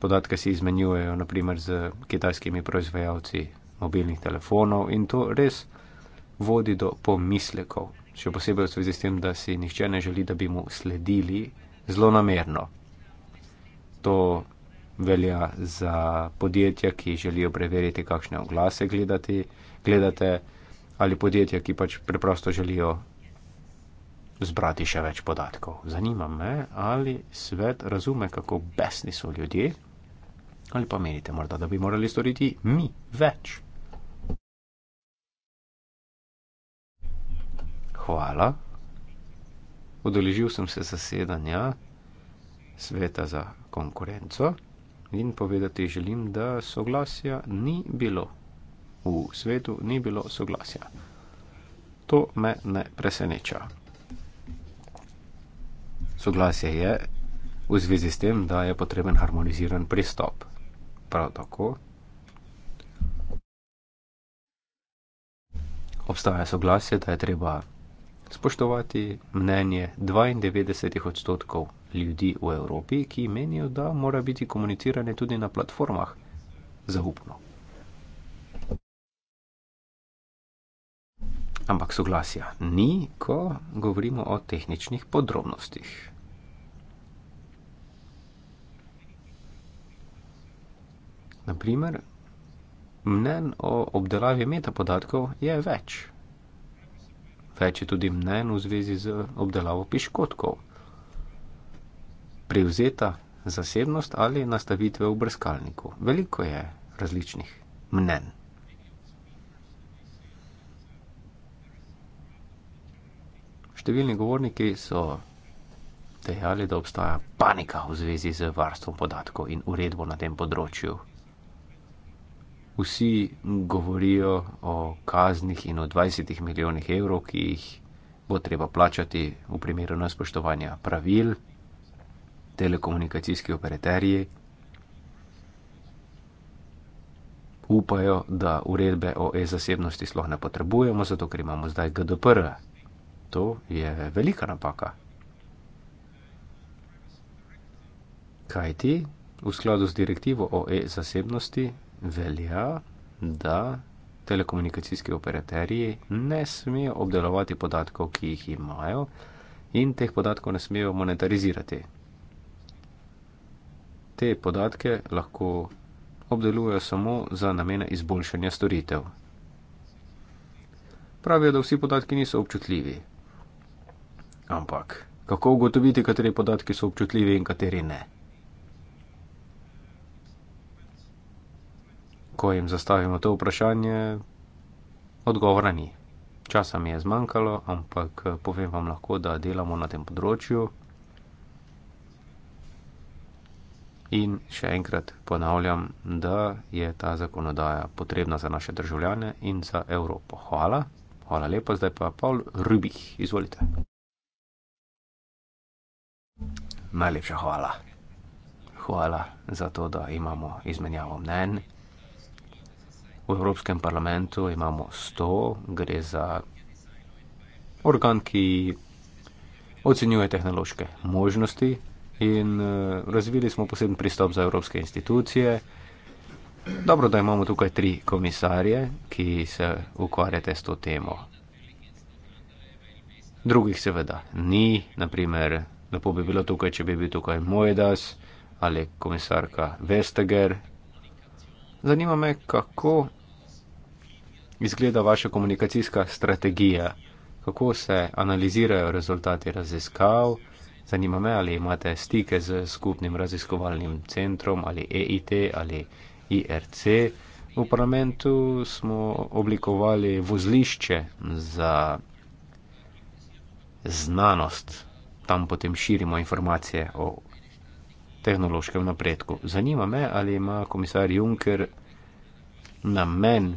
podatke si izmenjujejo, naprimer z kitajskimi proizvajalci mobilnih telefonov in to res vodi do pomislekov, še posebej v zvezi s tem, da si nihče ne želi, da bi mu sledili zelo namerno. To velja za podjetja, ki želijo preveriti, kakšne oglase gledati, gledate, ali podjetja, ki pač preprosto želijo zbrati še več podatkov. Zanima me, ali svet razume, kako besni so ljudje ali pa menite morda, da bi morali storiti mi več. Hvala. Odeležil sem se zasedanja sveta za konkurenco in povedati želim, da soglasja ni bilo. V svetu ni bilo soglasja. To me ne preseneča. Soglasje je v zvezi s tem, da je potreben harmoniziran pristop prav tako. Obstaja soglasje, da je treba spoštovati mnenje 92 odstotkov ljudi v Evropi, ki menijo, da mora biti komuniciranje tudi na platformah zahupno. Ampak soglasja ni, ko govorimo o tehničnih podrobnostih. Naprimer, mnen o obdelavi metapodatkov je več. Več je tudi mnen v zvezi z obdelavo piškotkov. Privzeta zasebnost ali nastavitve v brskalniku. Veliko je različnih mnen. Številni govorniki so dejali, da obstaja panika v zvezi z varstvom podatkov in uredbo na tem področju. Vsi govorijo o kaznih in o 20 milijonih evrov, ki jih bo treba plačati v primeru nespoštovanja pravil telekomunikacijski operaterji. Upajo, da uredbe o e-zasebnosti sloh ne potrebujemo, zato ker imamo zdaj GDPR. To je velika napaka. Kaj ti? V skladu z direktivo o e-zasebnosti velja, da telekomunikacijski operaterji ne smejo obdelovati podatkov, ki jih imajo, in teh podatkov ne smejo monetarizirati. Te podatke lahko obdelujejo samo za namene izboljšanja storitev. Pravijo, da vsi podatki niso občutljivi. Ampak kako ugotoviti, kateri podatki so občutljivi in kateri ne? ko jim zastavimo to vprašanje, odgovora ni. Časa mi je zmanjkalo, ampak eh, povem vam lahko, da delamo na tem področju. In še enkrat ponavljam, da je ta zakonodaja potrebna za naše državljane in za Evropo. Hvala, hvala lepa, zdaj pa Paul Rubih, izvolite. Najlepša hvala. Hvala za to, da imamo izmenjavo mnenj. V Evropskem parlamentu imamo 100, gre za organ, ki ocenjuje tehnološke možnosti in eh, razvili smo poseben pristop za evropske institucije. Dobro, da imamo tukaj tri komisarje, ki se ukvarjate s to temo. Drugih seveda ni, naprimer, lepo bi bilo tukaj, če bi bil tukaj Mojdas ali komisarka Vesteger, Zanima me, kako izgleda vaša komunikacijska strategija, kako se analizirajo rezultati raziskav. Zanima me, ali imate stike z skupnim raziskovalnim centrom ali EIT ali IRC. V parlamentu smo oblikovali vozlišče za znanost. Tam potem širimo informacije o tehnološkem napredku. Zanima me, ali ima komisar Juncker namen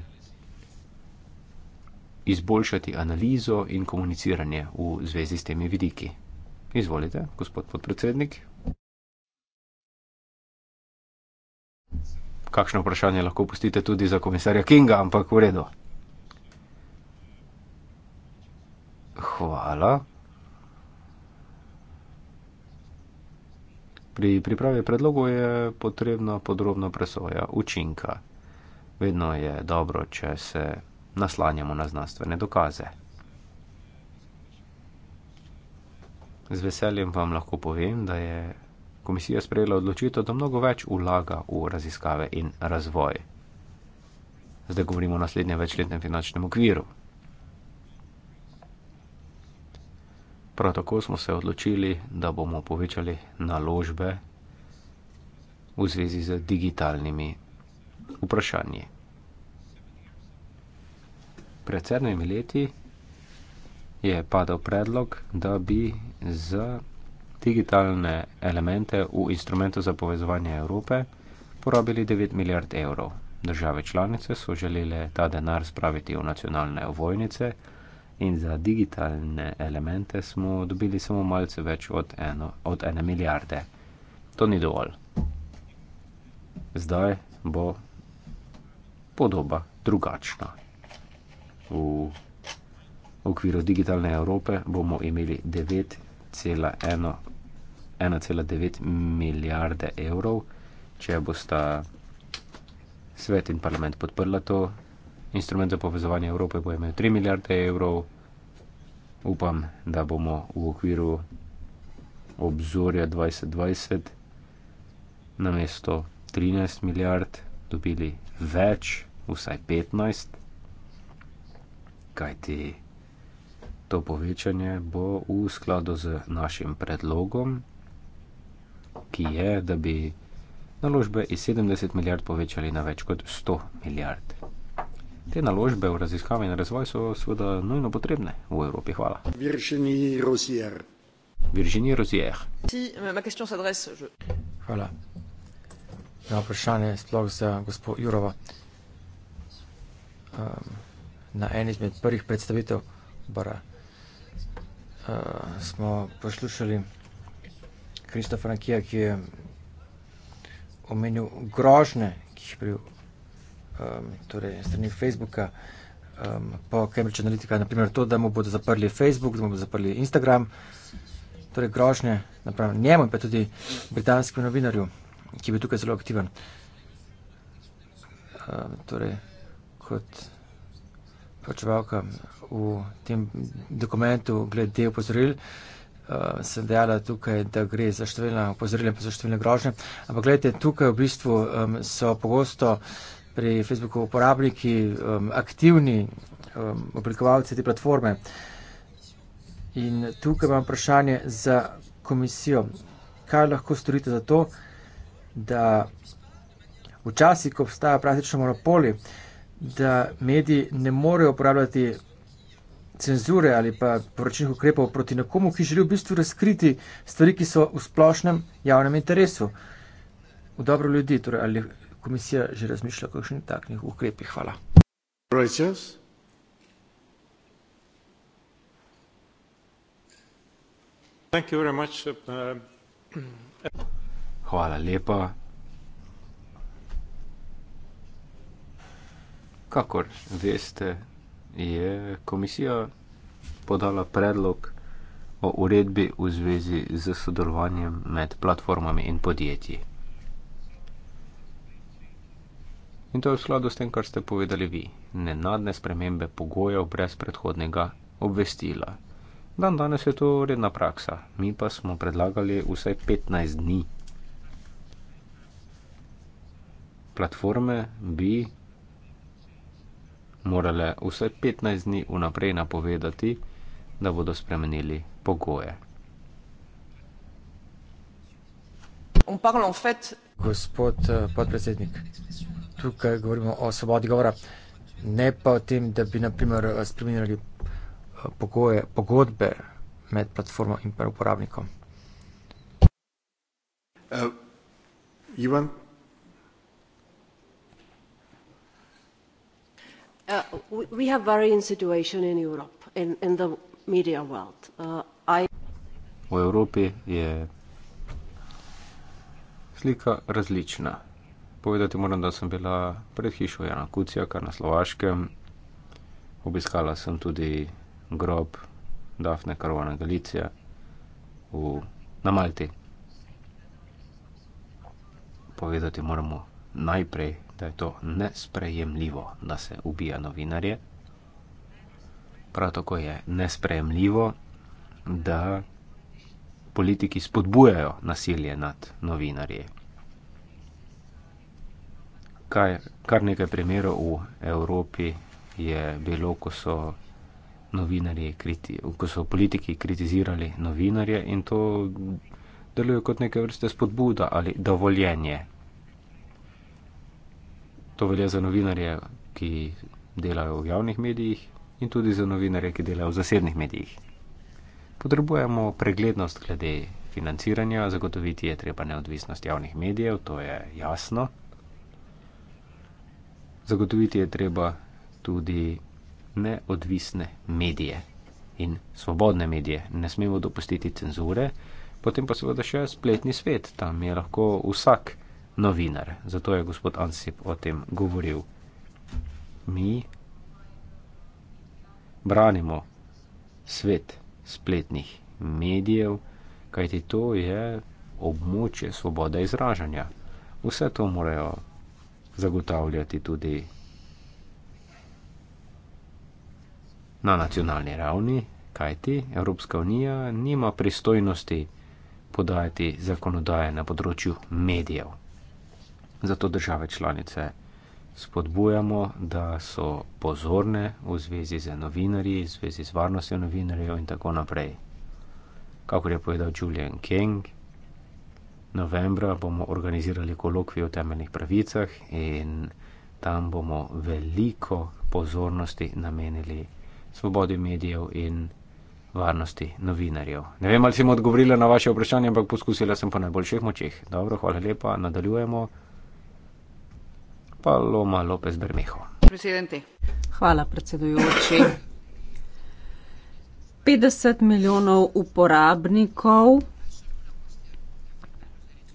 izboljšati analizo in komuniciranje v zvezi s temi vidiki. Izvolite, gospod podpredsednik. Kakšno vprašanje lahko pustite tudi za komisarja Kinga, ampak v redu. Hvala. Pri pripravi predlogov je potrebna podrobna presoja učinka. Vedno je dobro, če se naslanjamo na znanstvene dokaze. Z veseljem vam lahko povem, da je komisija sprejela odločitev, da mnogo več vlaga v raziskave in razvoj. Zdaj govorimo o naslednjem večletnem finančnem okviru. Prav tako smo se odločili, da bomo povečali naložbe v zvezi z digitalnimi vprašanji. Pred sedmimi leti je padal predlog, da bi za digitalne elemente v instrumentu za povezovanje Evrope porabili 9 milijard evrov. Države članice so želele ta denar spraviti v nacionalne vojnice in za digitalne elemente smo dobili samo malce več od, eno, od ene milijarde. To ni dovolj. Zdaj bo podoba drugačna. V okviru digitalne Evrope bomo imeli 9,1,9 milijarde evrov, če bosta svet in parlament podprla to Instrument za povezovanje Evrope bo imel 3 milijarde evrov. Upam, da bomo v okviru obzorja 2020 na mesto 13 milijard dobili več, vsaj 15, kajti to povečanje bo v skladu z našim predlogom, ki je, da bi naložbe iz 70 milijard povečali na več kot 100 milijard. Te naložbe v raziskave in razvoj so seveda nujno potrebne v Evropi. Hvala. Virginie Rozier. Hvala. Na vprašanje sploh za gospod Jurova. Um, na eni izmed prvih predstavitev Bara uh, ehm, smo poslušali Kristofa Frankija, ki je omenil grožne, ki jih pri um, torej strani Facebooka, um, po Cambridge Analytica, naprimer to, da mu bodo zaprli Facebook, da mu bodo zaprli Instagram, torej grožnje naprav njemu in pa tudi britanskemu novinarju, ki je bil tukaj zelo aktiven. Um, torej, kot pročevalka v tem dokumentu glede upozoril, uh, sem dejala tukaj, da gre za številne upozorile in pa za številne grožnje. Ampak gledajte, tukaj v bistvu um, so pogosto pri Facebooku uporabniki, um, aktivni um, oblikovalci te platforme. In tukaj imam vprašanje za komisijo. Kaj lahko storite za to, da včasih, ko obstaja praktično monopoli, da mediji ne morejo uporabljati cenzure ali pa poročnih ukrepov proti nekomu, ki želi v bistvu razkriti stvari, ki so v splošnem javnem interesu, v dobro ljudi. Torej, ali komisija že razmišlja o kakšnih takšnih ukrepih. Hvala. Reuters. Uh, Hvala lepa. Kakor veste, je komisija podala predlog o uredbi v zvezi z sodelovanjem med platformami in podjetji. In to je v skladu s tem, kar ste povedali vi. Nenadne spremembe pogojev brez predhodnega obvestila. Dan danes je to redna praksa, mi pa smo predlagali vsaj 15 dni. Platforme bi morale vsaj 15 dni vnaprej napovedati, da bodo spremenili pogoje. Gospod eh, podpredsednik, tukaj govorimo o svobodi govora, ne pa o tem, da bi naprimer spremenili eh, pogoje, pogodbe med platformo in pa uporabnikom. Uh, Ivan? Uh, we, we have varying situation in Europe, in, in the media world. Uh, I... V Evropi je slika različna povedati moram, da sem bila pred hišo Jana Kucija, kar na Slovaškem. Obiskala sem tudi grob Dafne Karovana Galicija v, na Malti. Povedati moramo najprej, da je to nesprejemljivo, da se ubija novinarje. Prav tako je nesprejemljivo, da politiki spodbujajo nasilje nad novinarji kaj, kar nekaj primerov v Evropi je bilo, ko so, kriti, ko so politiki kritizirali novinarje in to deluje kot neke vrste spodbuda ali dovoljenje. To velja za novinarje, ki delajo v javnih medijih in tudi za novinarje, ki delajo v zasebnih medijih. Potrebujemo preglednost glede financiranja, zagotoviti je treba neodvisnost javnih medijev, to je jasno zagotoviti je treba tudi neodvisne medije in svobodne medije. Ne smemo dopustiti cenzure, potem pa seveda še spletni svet, tam je lahko vsak novinar. Zato je gospod Ansip o tem govoril. Mi branimo svet spletnih medijev, kajti to je območje svobode izražanja. Vse to morajo zagotavljati tudi na nacionalni ravni, kajti Evropska unija nima pristojnosti podajati zakonodaje na področju medijev. Zato države članice spodbujamo, da so pozorne v zvezi z novinarji, v zvezi z varnostjo novinarjev in tako naprej. Kakor je povedal Julian King, novembra bomo organizirali kolokvij o temeljnih pravicah in tam bomo veliko pozornosti namenili svobodi medijev in varnosti novinarjev. Ne vem, ali sem odgovorila na vaše vprašanje, ampak poskusila sem po najboljših močeh. Dobro, hvala lepa, nadaljujemo. Paloma López Bermejo. Hvala, predsedujoči. 50 milijonov uporabnikov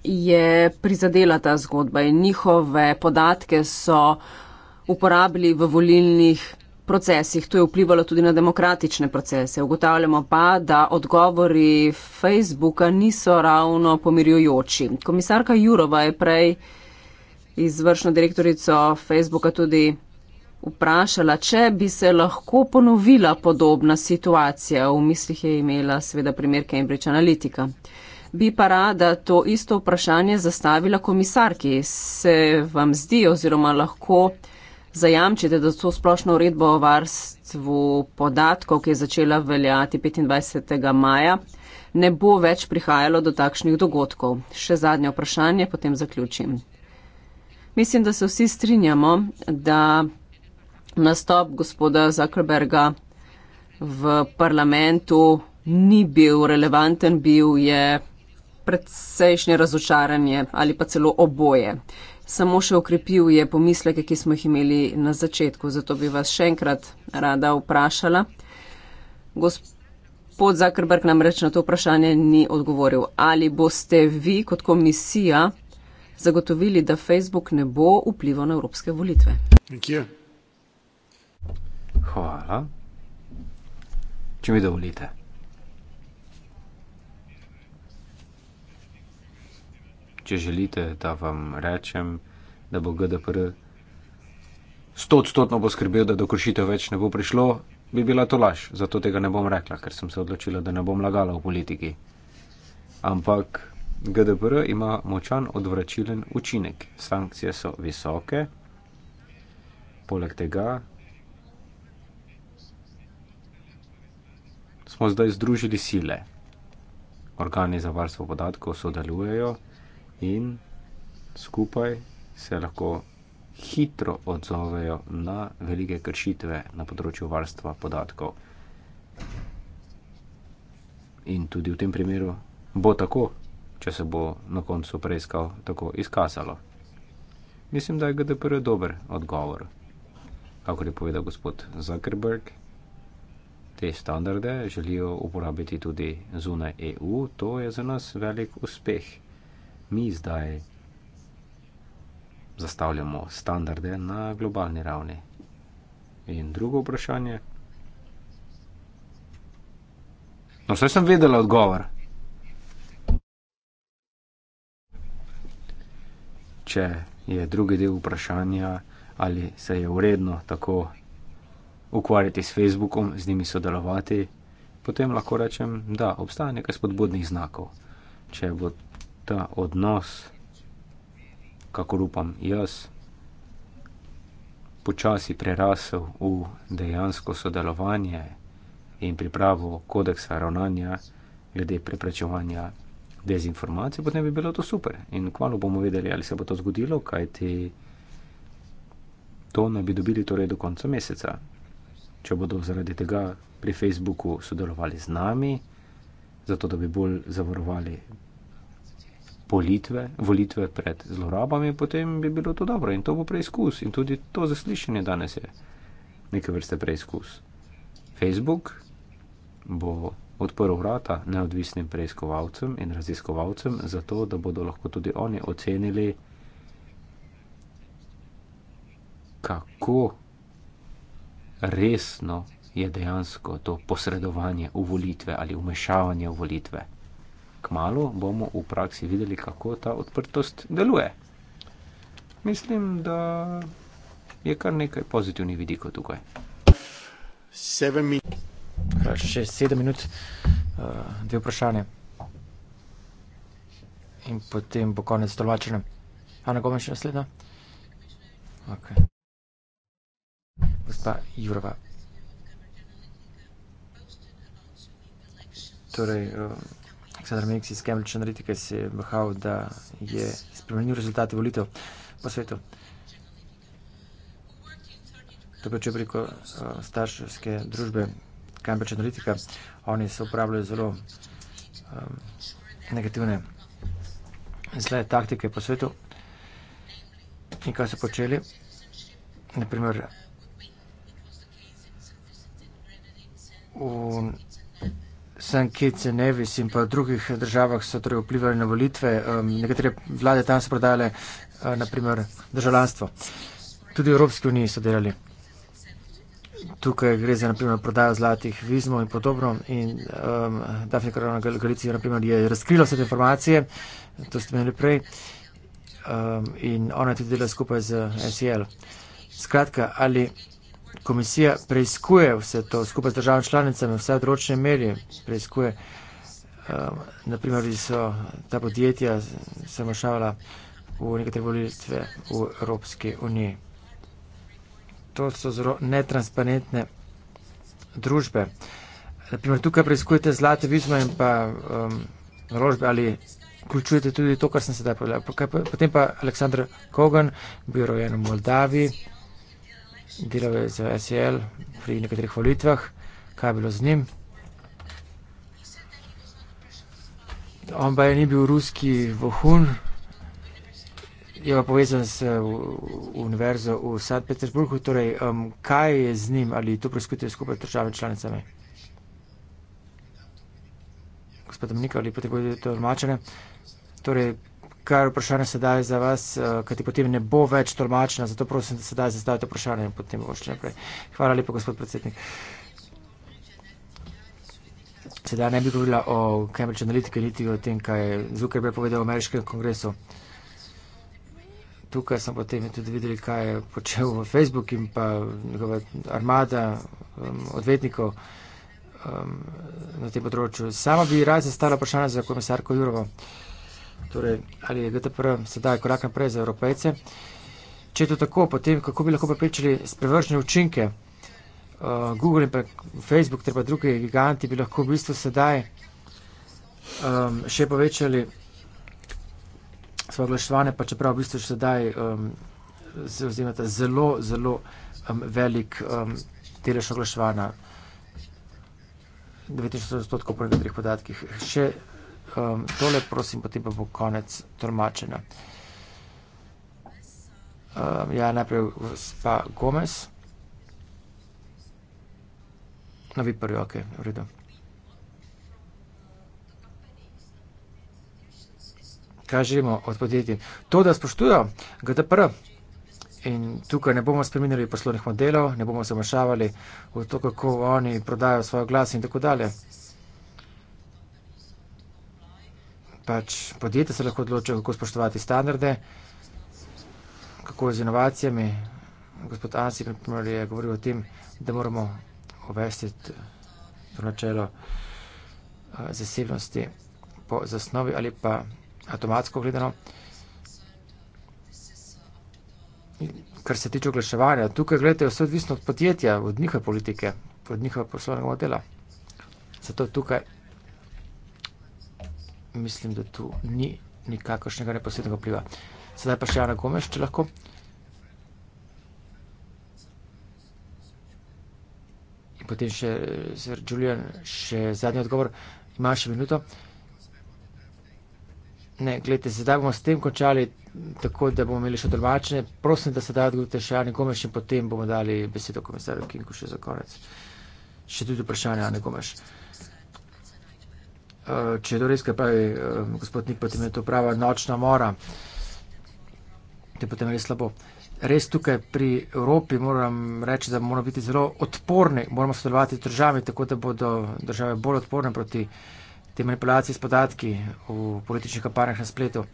je prizadela ta zgodba in njihove podatke so uporabili v volilnih procesih. To je vplivalo tudi na demokratične procese. Ugotavljamo pa, da odgovori Facebooka niso ravno pomirjujoči. Komisarka Jurova je prej izvršno direktorico Facebooka tudi vprašala, če bi se lahko ponovila podobna situacija. V mislih je imela seveda primer Cambridge Analytica. Bi pa rada to isto vprašanje zastavila komisarki. Se vam zdi oziroma lahko zajamčite, da to splošno uredbo o varstvu podatkov, ki je začela veljati 25. maja, ne bo več prihajalo do takšnih dogodkov? Še zadnje vprašanje, potem zaključim. Mislim, da se vsi strinjamo, da nastop gospoda Zuckerberga v parlamentu ni bil relevanten, bil je precejšnje razočaranje ali pa celo oboje. Samo še okrepil je pomisleke, ki smo jih imeli na začetku, zato bi vas še enkrat rada vprašala. Gospod Zakrbrk nam reč na to vprašanje ni odgovoril. Ali boste vi kot komisija zagotovili, da Facebook ne bo vplival na evropske volitve? Nikje. Hvala. Če mi dovolite. če želite, da vam rečem, da bo GDPR stotstotno poskrbel, da do kršitev več ne bo prišlo, bi bila to laž. Zato tega ne bom rekla, ker sem se odločila, da ne bom lagala v politiki. Ampak GDPR ima močan odvračilen učinek. Sankcije so visoke. Poleg tega smo zdaj združili sile. Organi za varstvo podatkov sodelujejo in skupaj se lahko hitro odzovejo na velike kršitve na področju varstva podatkov. In tudi v tem primeru bo tako, če se bo na koncu preiskav tako izkazalo. Mislim, da je GDPR dober odgovor. Kako je povedal gospod Zuckerberg, te standarde želijo uporabiti tudi zunaj EU, to je za nas velik uspeh mi zdaj zastavljamo standarde na globalni ravni. In drugo vprašanje. No, vse sem vedela odgovor. Če je drugi del vprašanja, ali se je uredno tako ukvarjati s Facebookom, z njimi sodelovati, potem lahko rečem, da obstaja nekaj spodbudnih znakov. Če bo ta odnos, kako upam jaz, počasi prerasel v dejansko sodelovanje in pripravo kodeksa ravnanja glede preprečevanja dezinformacije, potem bi bilo to super. In kmalo bomo vedeli, ali se bo to zgodilo, kajti to naj bi dobili torej do konca meseca. Če bodo zaradi tega pri Facebooku sodelovali z nami, zato da bi bolj zavarovali politve, volitve pred zlorabami, potem bi bilo to dobro in to bo preizkus. In tudi to zaslišanje danes je neke vrste preizkus. Facebook bo odprl vrata neodvisnim preiskovalcem in raziskovalcem, zato da bodo lahko tudi oni ocenili, kako resno je dejansko to posredovanje v volitve ali umešavanje v volitve kmalo bomo v praksi videli, kako ta odprtost deluje. Mislim, da je kar nekaj pozitivnih vidikov tukaj. Pač še sedem minut, eh, dve vprašanje. In potem bo konec tolvačenja. Ana Gomes še naslednja? Ok. Gospa Jurova. Torej, uh, Aleksandar Meksi iz Cambridge Analytica se je bahal, da je spremenil rezultate volitev po svetu. To pa če preko uh, starševske družbe Cambridge Analytica, oni se uporabljajo zelo um, negativne zle taktike po svetu. In kaj so počeli? Naprimer, v Sankice, Nevis in pa v drugih državah so torej vplivali na volitve. Um, nekatere vlade tam so prodajale, uh, eh, naprimer, državljanstvo. Tudi v Evropski uniji so delali. Tukaj gre za, naprimer, prodajo zlatih vizmov in podobno. In um, Dafne Karona Galicija, naprimer, je razkrila vse te informacije, to ste menili prej. Um, in ona je tudi delala skupaj z SEL. Skratka, ali komisija preizkuje vse to, skupaj z državami članicami, vse v ročni meri preizkuje. Um, naprimer, da so ta podjetja se mašavala v nekatere volitve v Evropski uniji. To so zelo netransparentne družbe. Naprimer, tukaj preizkujete zlate vizme in pa um, naložbe ali vključujete tudi to, kar sem sedaj povedal. Potem pa Aleksandr Kogan, bil rojen v Moldaviji delal je za SEL pri nekaterih volitvah, kaj je bilo z njim. On pa je ni bil ruski vohun, je pa povezan s eh, univerzo v St. Petersburgu. Torej, um, kaj je z njim ali to preskutite skupaj s državami članicami? Gospod Dominika, ali potrebujete to tolmačenje? Torej, kar vprašanje sedaj za vas, uh, kajti potem ne bo več tolmačena, zato prosim, da sedaj zastavite vprašanje in potem bo še naprej. Hvala lepa, gospod predsednik. Sedaj ne bi govorila o Cambridge Analytica, niti o tem, kaj je Zuckerberg povedal v ameriškem kongresu. Tukaj smo potem tudi videli, kaj je počel Facebook in pa njegova armada um, odvetnikov um, na tem področju. Sama bi raje zastala vprašanje za komisarko Jurovo. Uh, torej, ali je GDPR sedaj korak naprej za evropejce. Če je to tako, potem kako bi lahko pripričali sprevržene učinke? Uh, Google in pa Facebook ter pa drugi giganti bi lahko v bistvu sedaj um, še povečali svoje oglaševanje, pa čeprav v bistvu še sedaj um, se vzimata zelo, zelo um, velik um, delež oglaševanja. 90% po nekaterih podatkih. Še, Um, tole prosim, potem pa bo konec tolmačenja. Uh, ja, najprej gospa Gomez. Na no, vi prvi, ok, v redu. Kaj želimo od podjetij? To, da spoštujo GDPR in tukaj ne bomo spremenili poslovnih modelov, ne bomo se vmešavali v to, kako oni prodajo svoj glas in tako dalje. pač podjetja se lahko odločajo, kako spoštovati standarde, kako z inovacijami. Gospod Ansi je govoril o tem, da moramo uvesti to načelo eh, zasebnosti po zasnovi ali pa avtomatsko gledano. Kar se tiče oglaševanja, tukaj gledajte vse odvisno od podjetja, od njihove politike, od njihove poslovnega modela. Zato tukaj mislim, da tu ni nikakršnega neposrednega vpliva. Sedaj pa še Ana Gomes, če lahko. In potem še Sir Julian, še zadnji odgovor. Imam še minuto. Ne, gledajte, sedaj bomo s tem končali, tako da bomo imeli še odrvačne. Prosim, da sedaj odgovorite še Ani Gomes in potem bomo dali besedo komisarju Kinku še za konec. Še tudi vprašanje Ani Gomes. Eh, če je to res, kaj pravi eh, gospod Nik, potem je to prava nočna mora, te potem je res slabo. Res tukaj pri Evropi moram reči, da moramo biti zelo odporni, moramo sodelovati z državami, tako da bodo države bolj odporne proti te manipulacije s podatki v političnih kampanjah na spletu.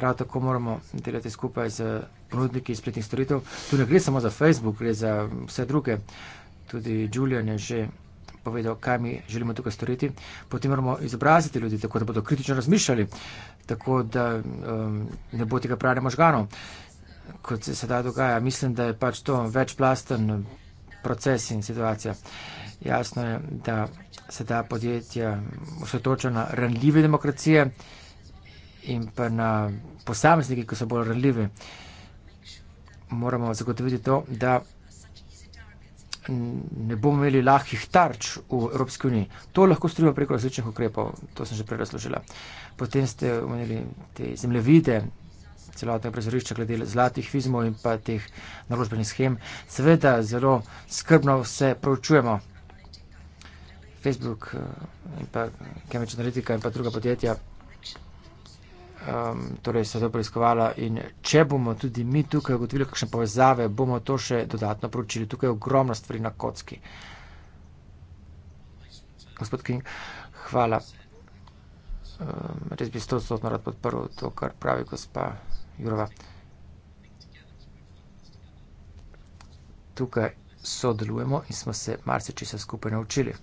Prav tako moramo delati skupaj z ponudniki spletnih storitev. Tu ne gre samo za Facebook, gre za vse druge. Tudi Julian je že povedal, kaj mi želimo tukaj storiti. Potem moramo izobraziti ljudi, tako da bodo kritično razmišljali, tako da um, ne bo tega pranja možganov, kot se sedaj dogaja. Mislim, da je pač to večplasten proces in situacija. Jasno je, da se da podjetja osotoča na ranljive demokracije in pa na posameznike, ki so bolj ranljivi. Moramo zagotoviti to, da ne bomo imeli lahkih tarč v Evropski uniji. To lahko storimo preko različnih ukrepov, to sem že prej razložila. Potem ste omenili te zemljevide, celotne prizorišča glede zlatih fizmov in pa teh naložbenih schem. Seveda zelo skrbno vse proučujemo. Facebook eh, in pa Cambridge Analytica in pa druga podjetja um, torej se to preiskovala in če bomo tudi mi tukaj ugotovili kakšne povezave, bomo to še dodatno proučili. Tukaj je ogromno stvari na kocki. Gospod King, hvala. Um, res bi stotno rad podprl to, kar pravi gospa Jurova. Tukaj sodelujemo in smo se marsičesa skupaj naučili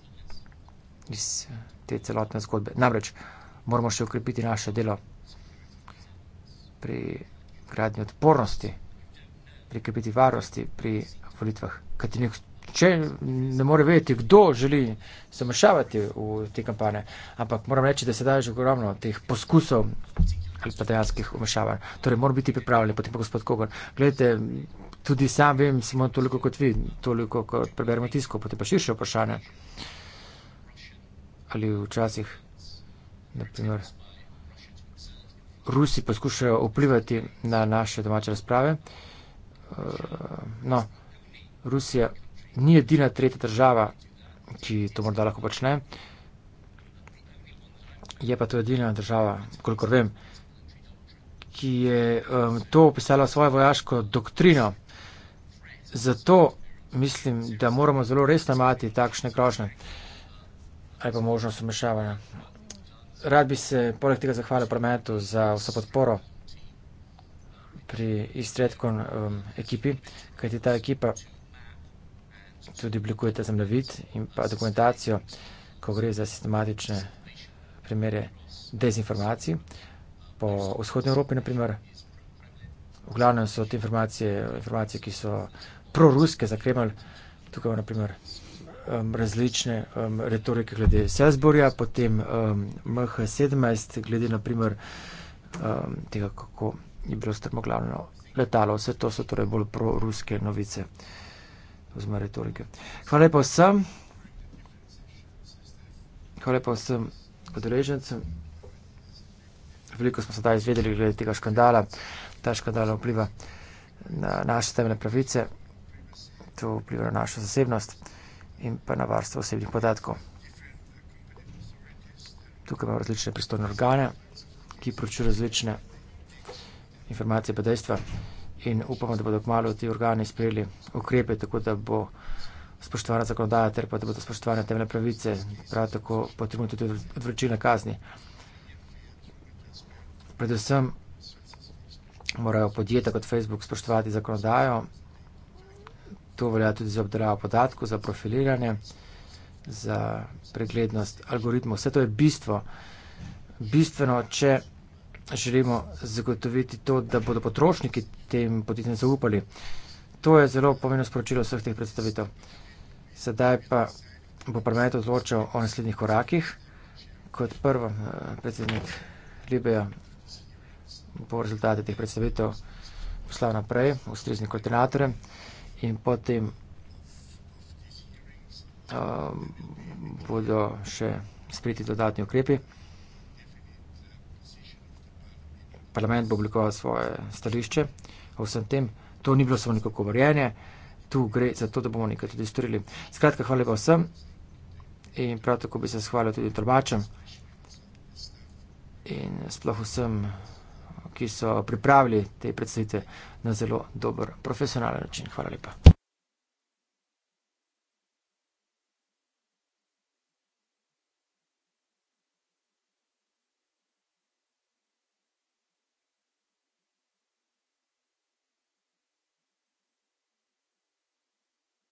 iz te celotne zgodbe. Namreč moramo še ukrepiti naše delo pri gradnji odpornosti, pri krepitvi varnosti pri volitvah. Kajti nihče ne more vedeti, kdo želi se mešavati v te kampanje, ampak moram reči, da se da že ogromno teh poskusov ali pa dejanskih umešavanj. Torej, moram biti pripravljen, potem pa gospod Kogan. Gledajte, tudi sam vem samo toliko kot vi, toliko kot preberemo tisko, potem pa širše vprašanje. Ali včasih, na primer, Rusi poskušajo vplivati na naše domače razprave. Eh, no, Rusija ni edina tretja država, ki to morda lahko počne. Je pa to edina država, kolikor vem, ki je um, to opisala svojo vojaško doktrino. Zato mislim, da moramo zelo resno imati takšne krošne ali pa možnost umešavanja rad bi se poleg tega zahvalil prometu za vso podporo pri Istretkon um, ekipi, kajti ta ekipa tudi oblikuje ta zemljevid in pa dokumentacijo, ko gre za sistematične primere dezinformacij po vzhodnji Evropi, naprimer. V glavnem so te informacije, informacije ki so proruske za Kreml, tukaj je naprimer um, različne um, retorike glede Salzburja, potem um, MH17, glede na primer um, tega, kako je bilo strmoglavno letalo. Vse to so torej bolj proruske novice oziroma retorike. Hvala lepa vsem. Hvala lepa vsem udeležencem. Veliko smo sedaj izvedeli glede tega škandala. Ta škandal vpliva na naše temne pravice, to vpliva na našo zasebnost in pa na varstvo osebnih podatkov. Tukaj imamo različne pristojne organe, ki pročujo različne informacije pa dejstva in upamo, da bodo kmalo ti organi sprejeli ukrepe, tako da bo spoštovana zakonodaja ter pa da bodo spoštovane temeljne pravice, prav tako potrebno tudi odvrčilne kazni. Predvsem morajo podjetja kot Facebook spoštovati zakonodajo To velja tudi za obdelavo podatkov, za profiliranje, za preglednost algoritmov. Vse to je bistvo. Bistveno, če želimo zagotoviti to, da bodo potrošniki tem podjetjem zaupali. To je zelo pomembno sporočilo vseh teh predstavitev. Sedaj pa bo parlament odločal o naslednjih korakih. Kot prvo, eh, predsednik Libija bo rezultate teh predstavitev poslal naprej, ustrezni koordinatorje in potem bodo še spriti dodatni ukrepi. Parlament bo oblikoval svoje stališče o vsem tem. To ni bilo samo neko govorjenje, tu gre za to, da bomo nekaj tudi storili. Skratka, hvala pa vsem in prav tako bi se zahvalil tudi trbačem in sploh vsem ki so pripravili te predstavitve na zelo dober, profesionalen način. Hvala lepa.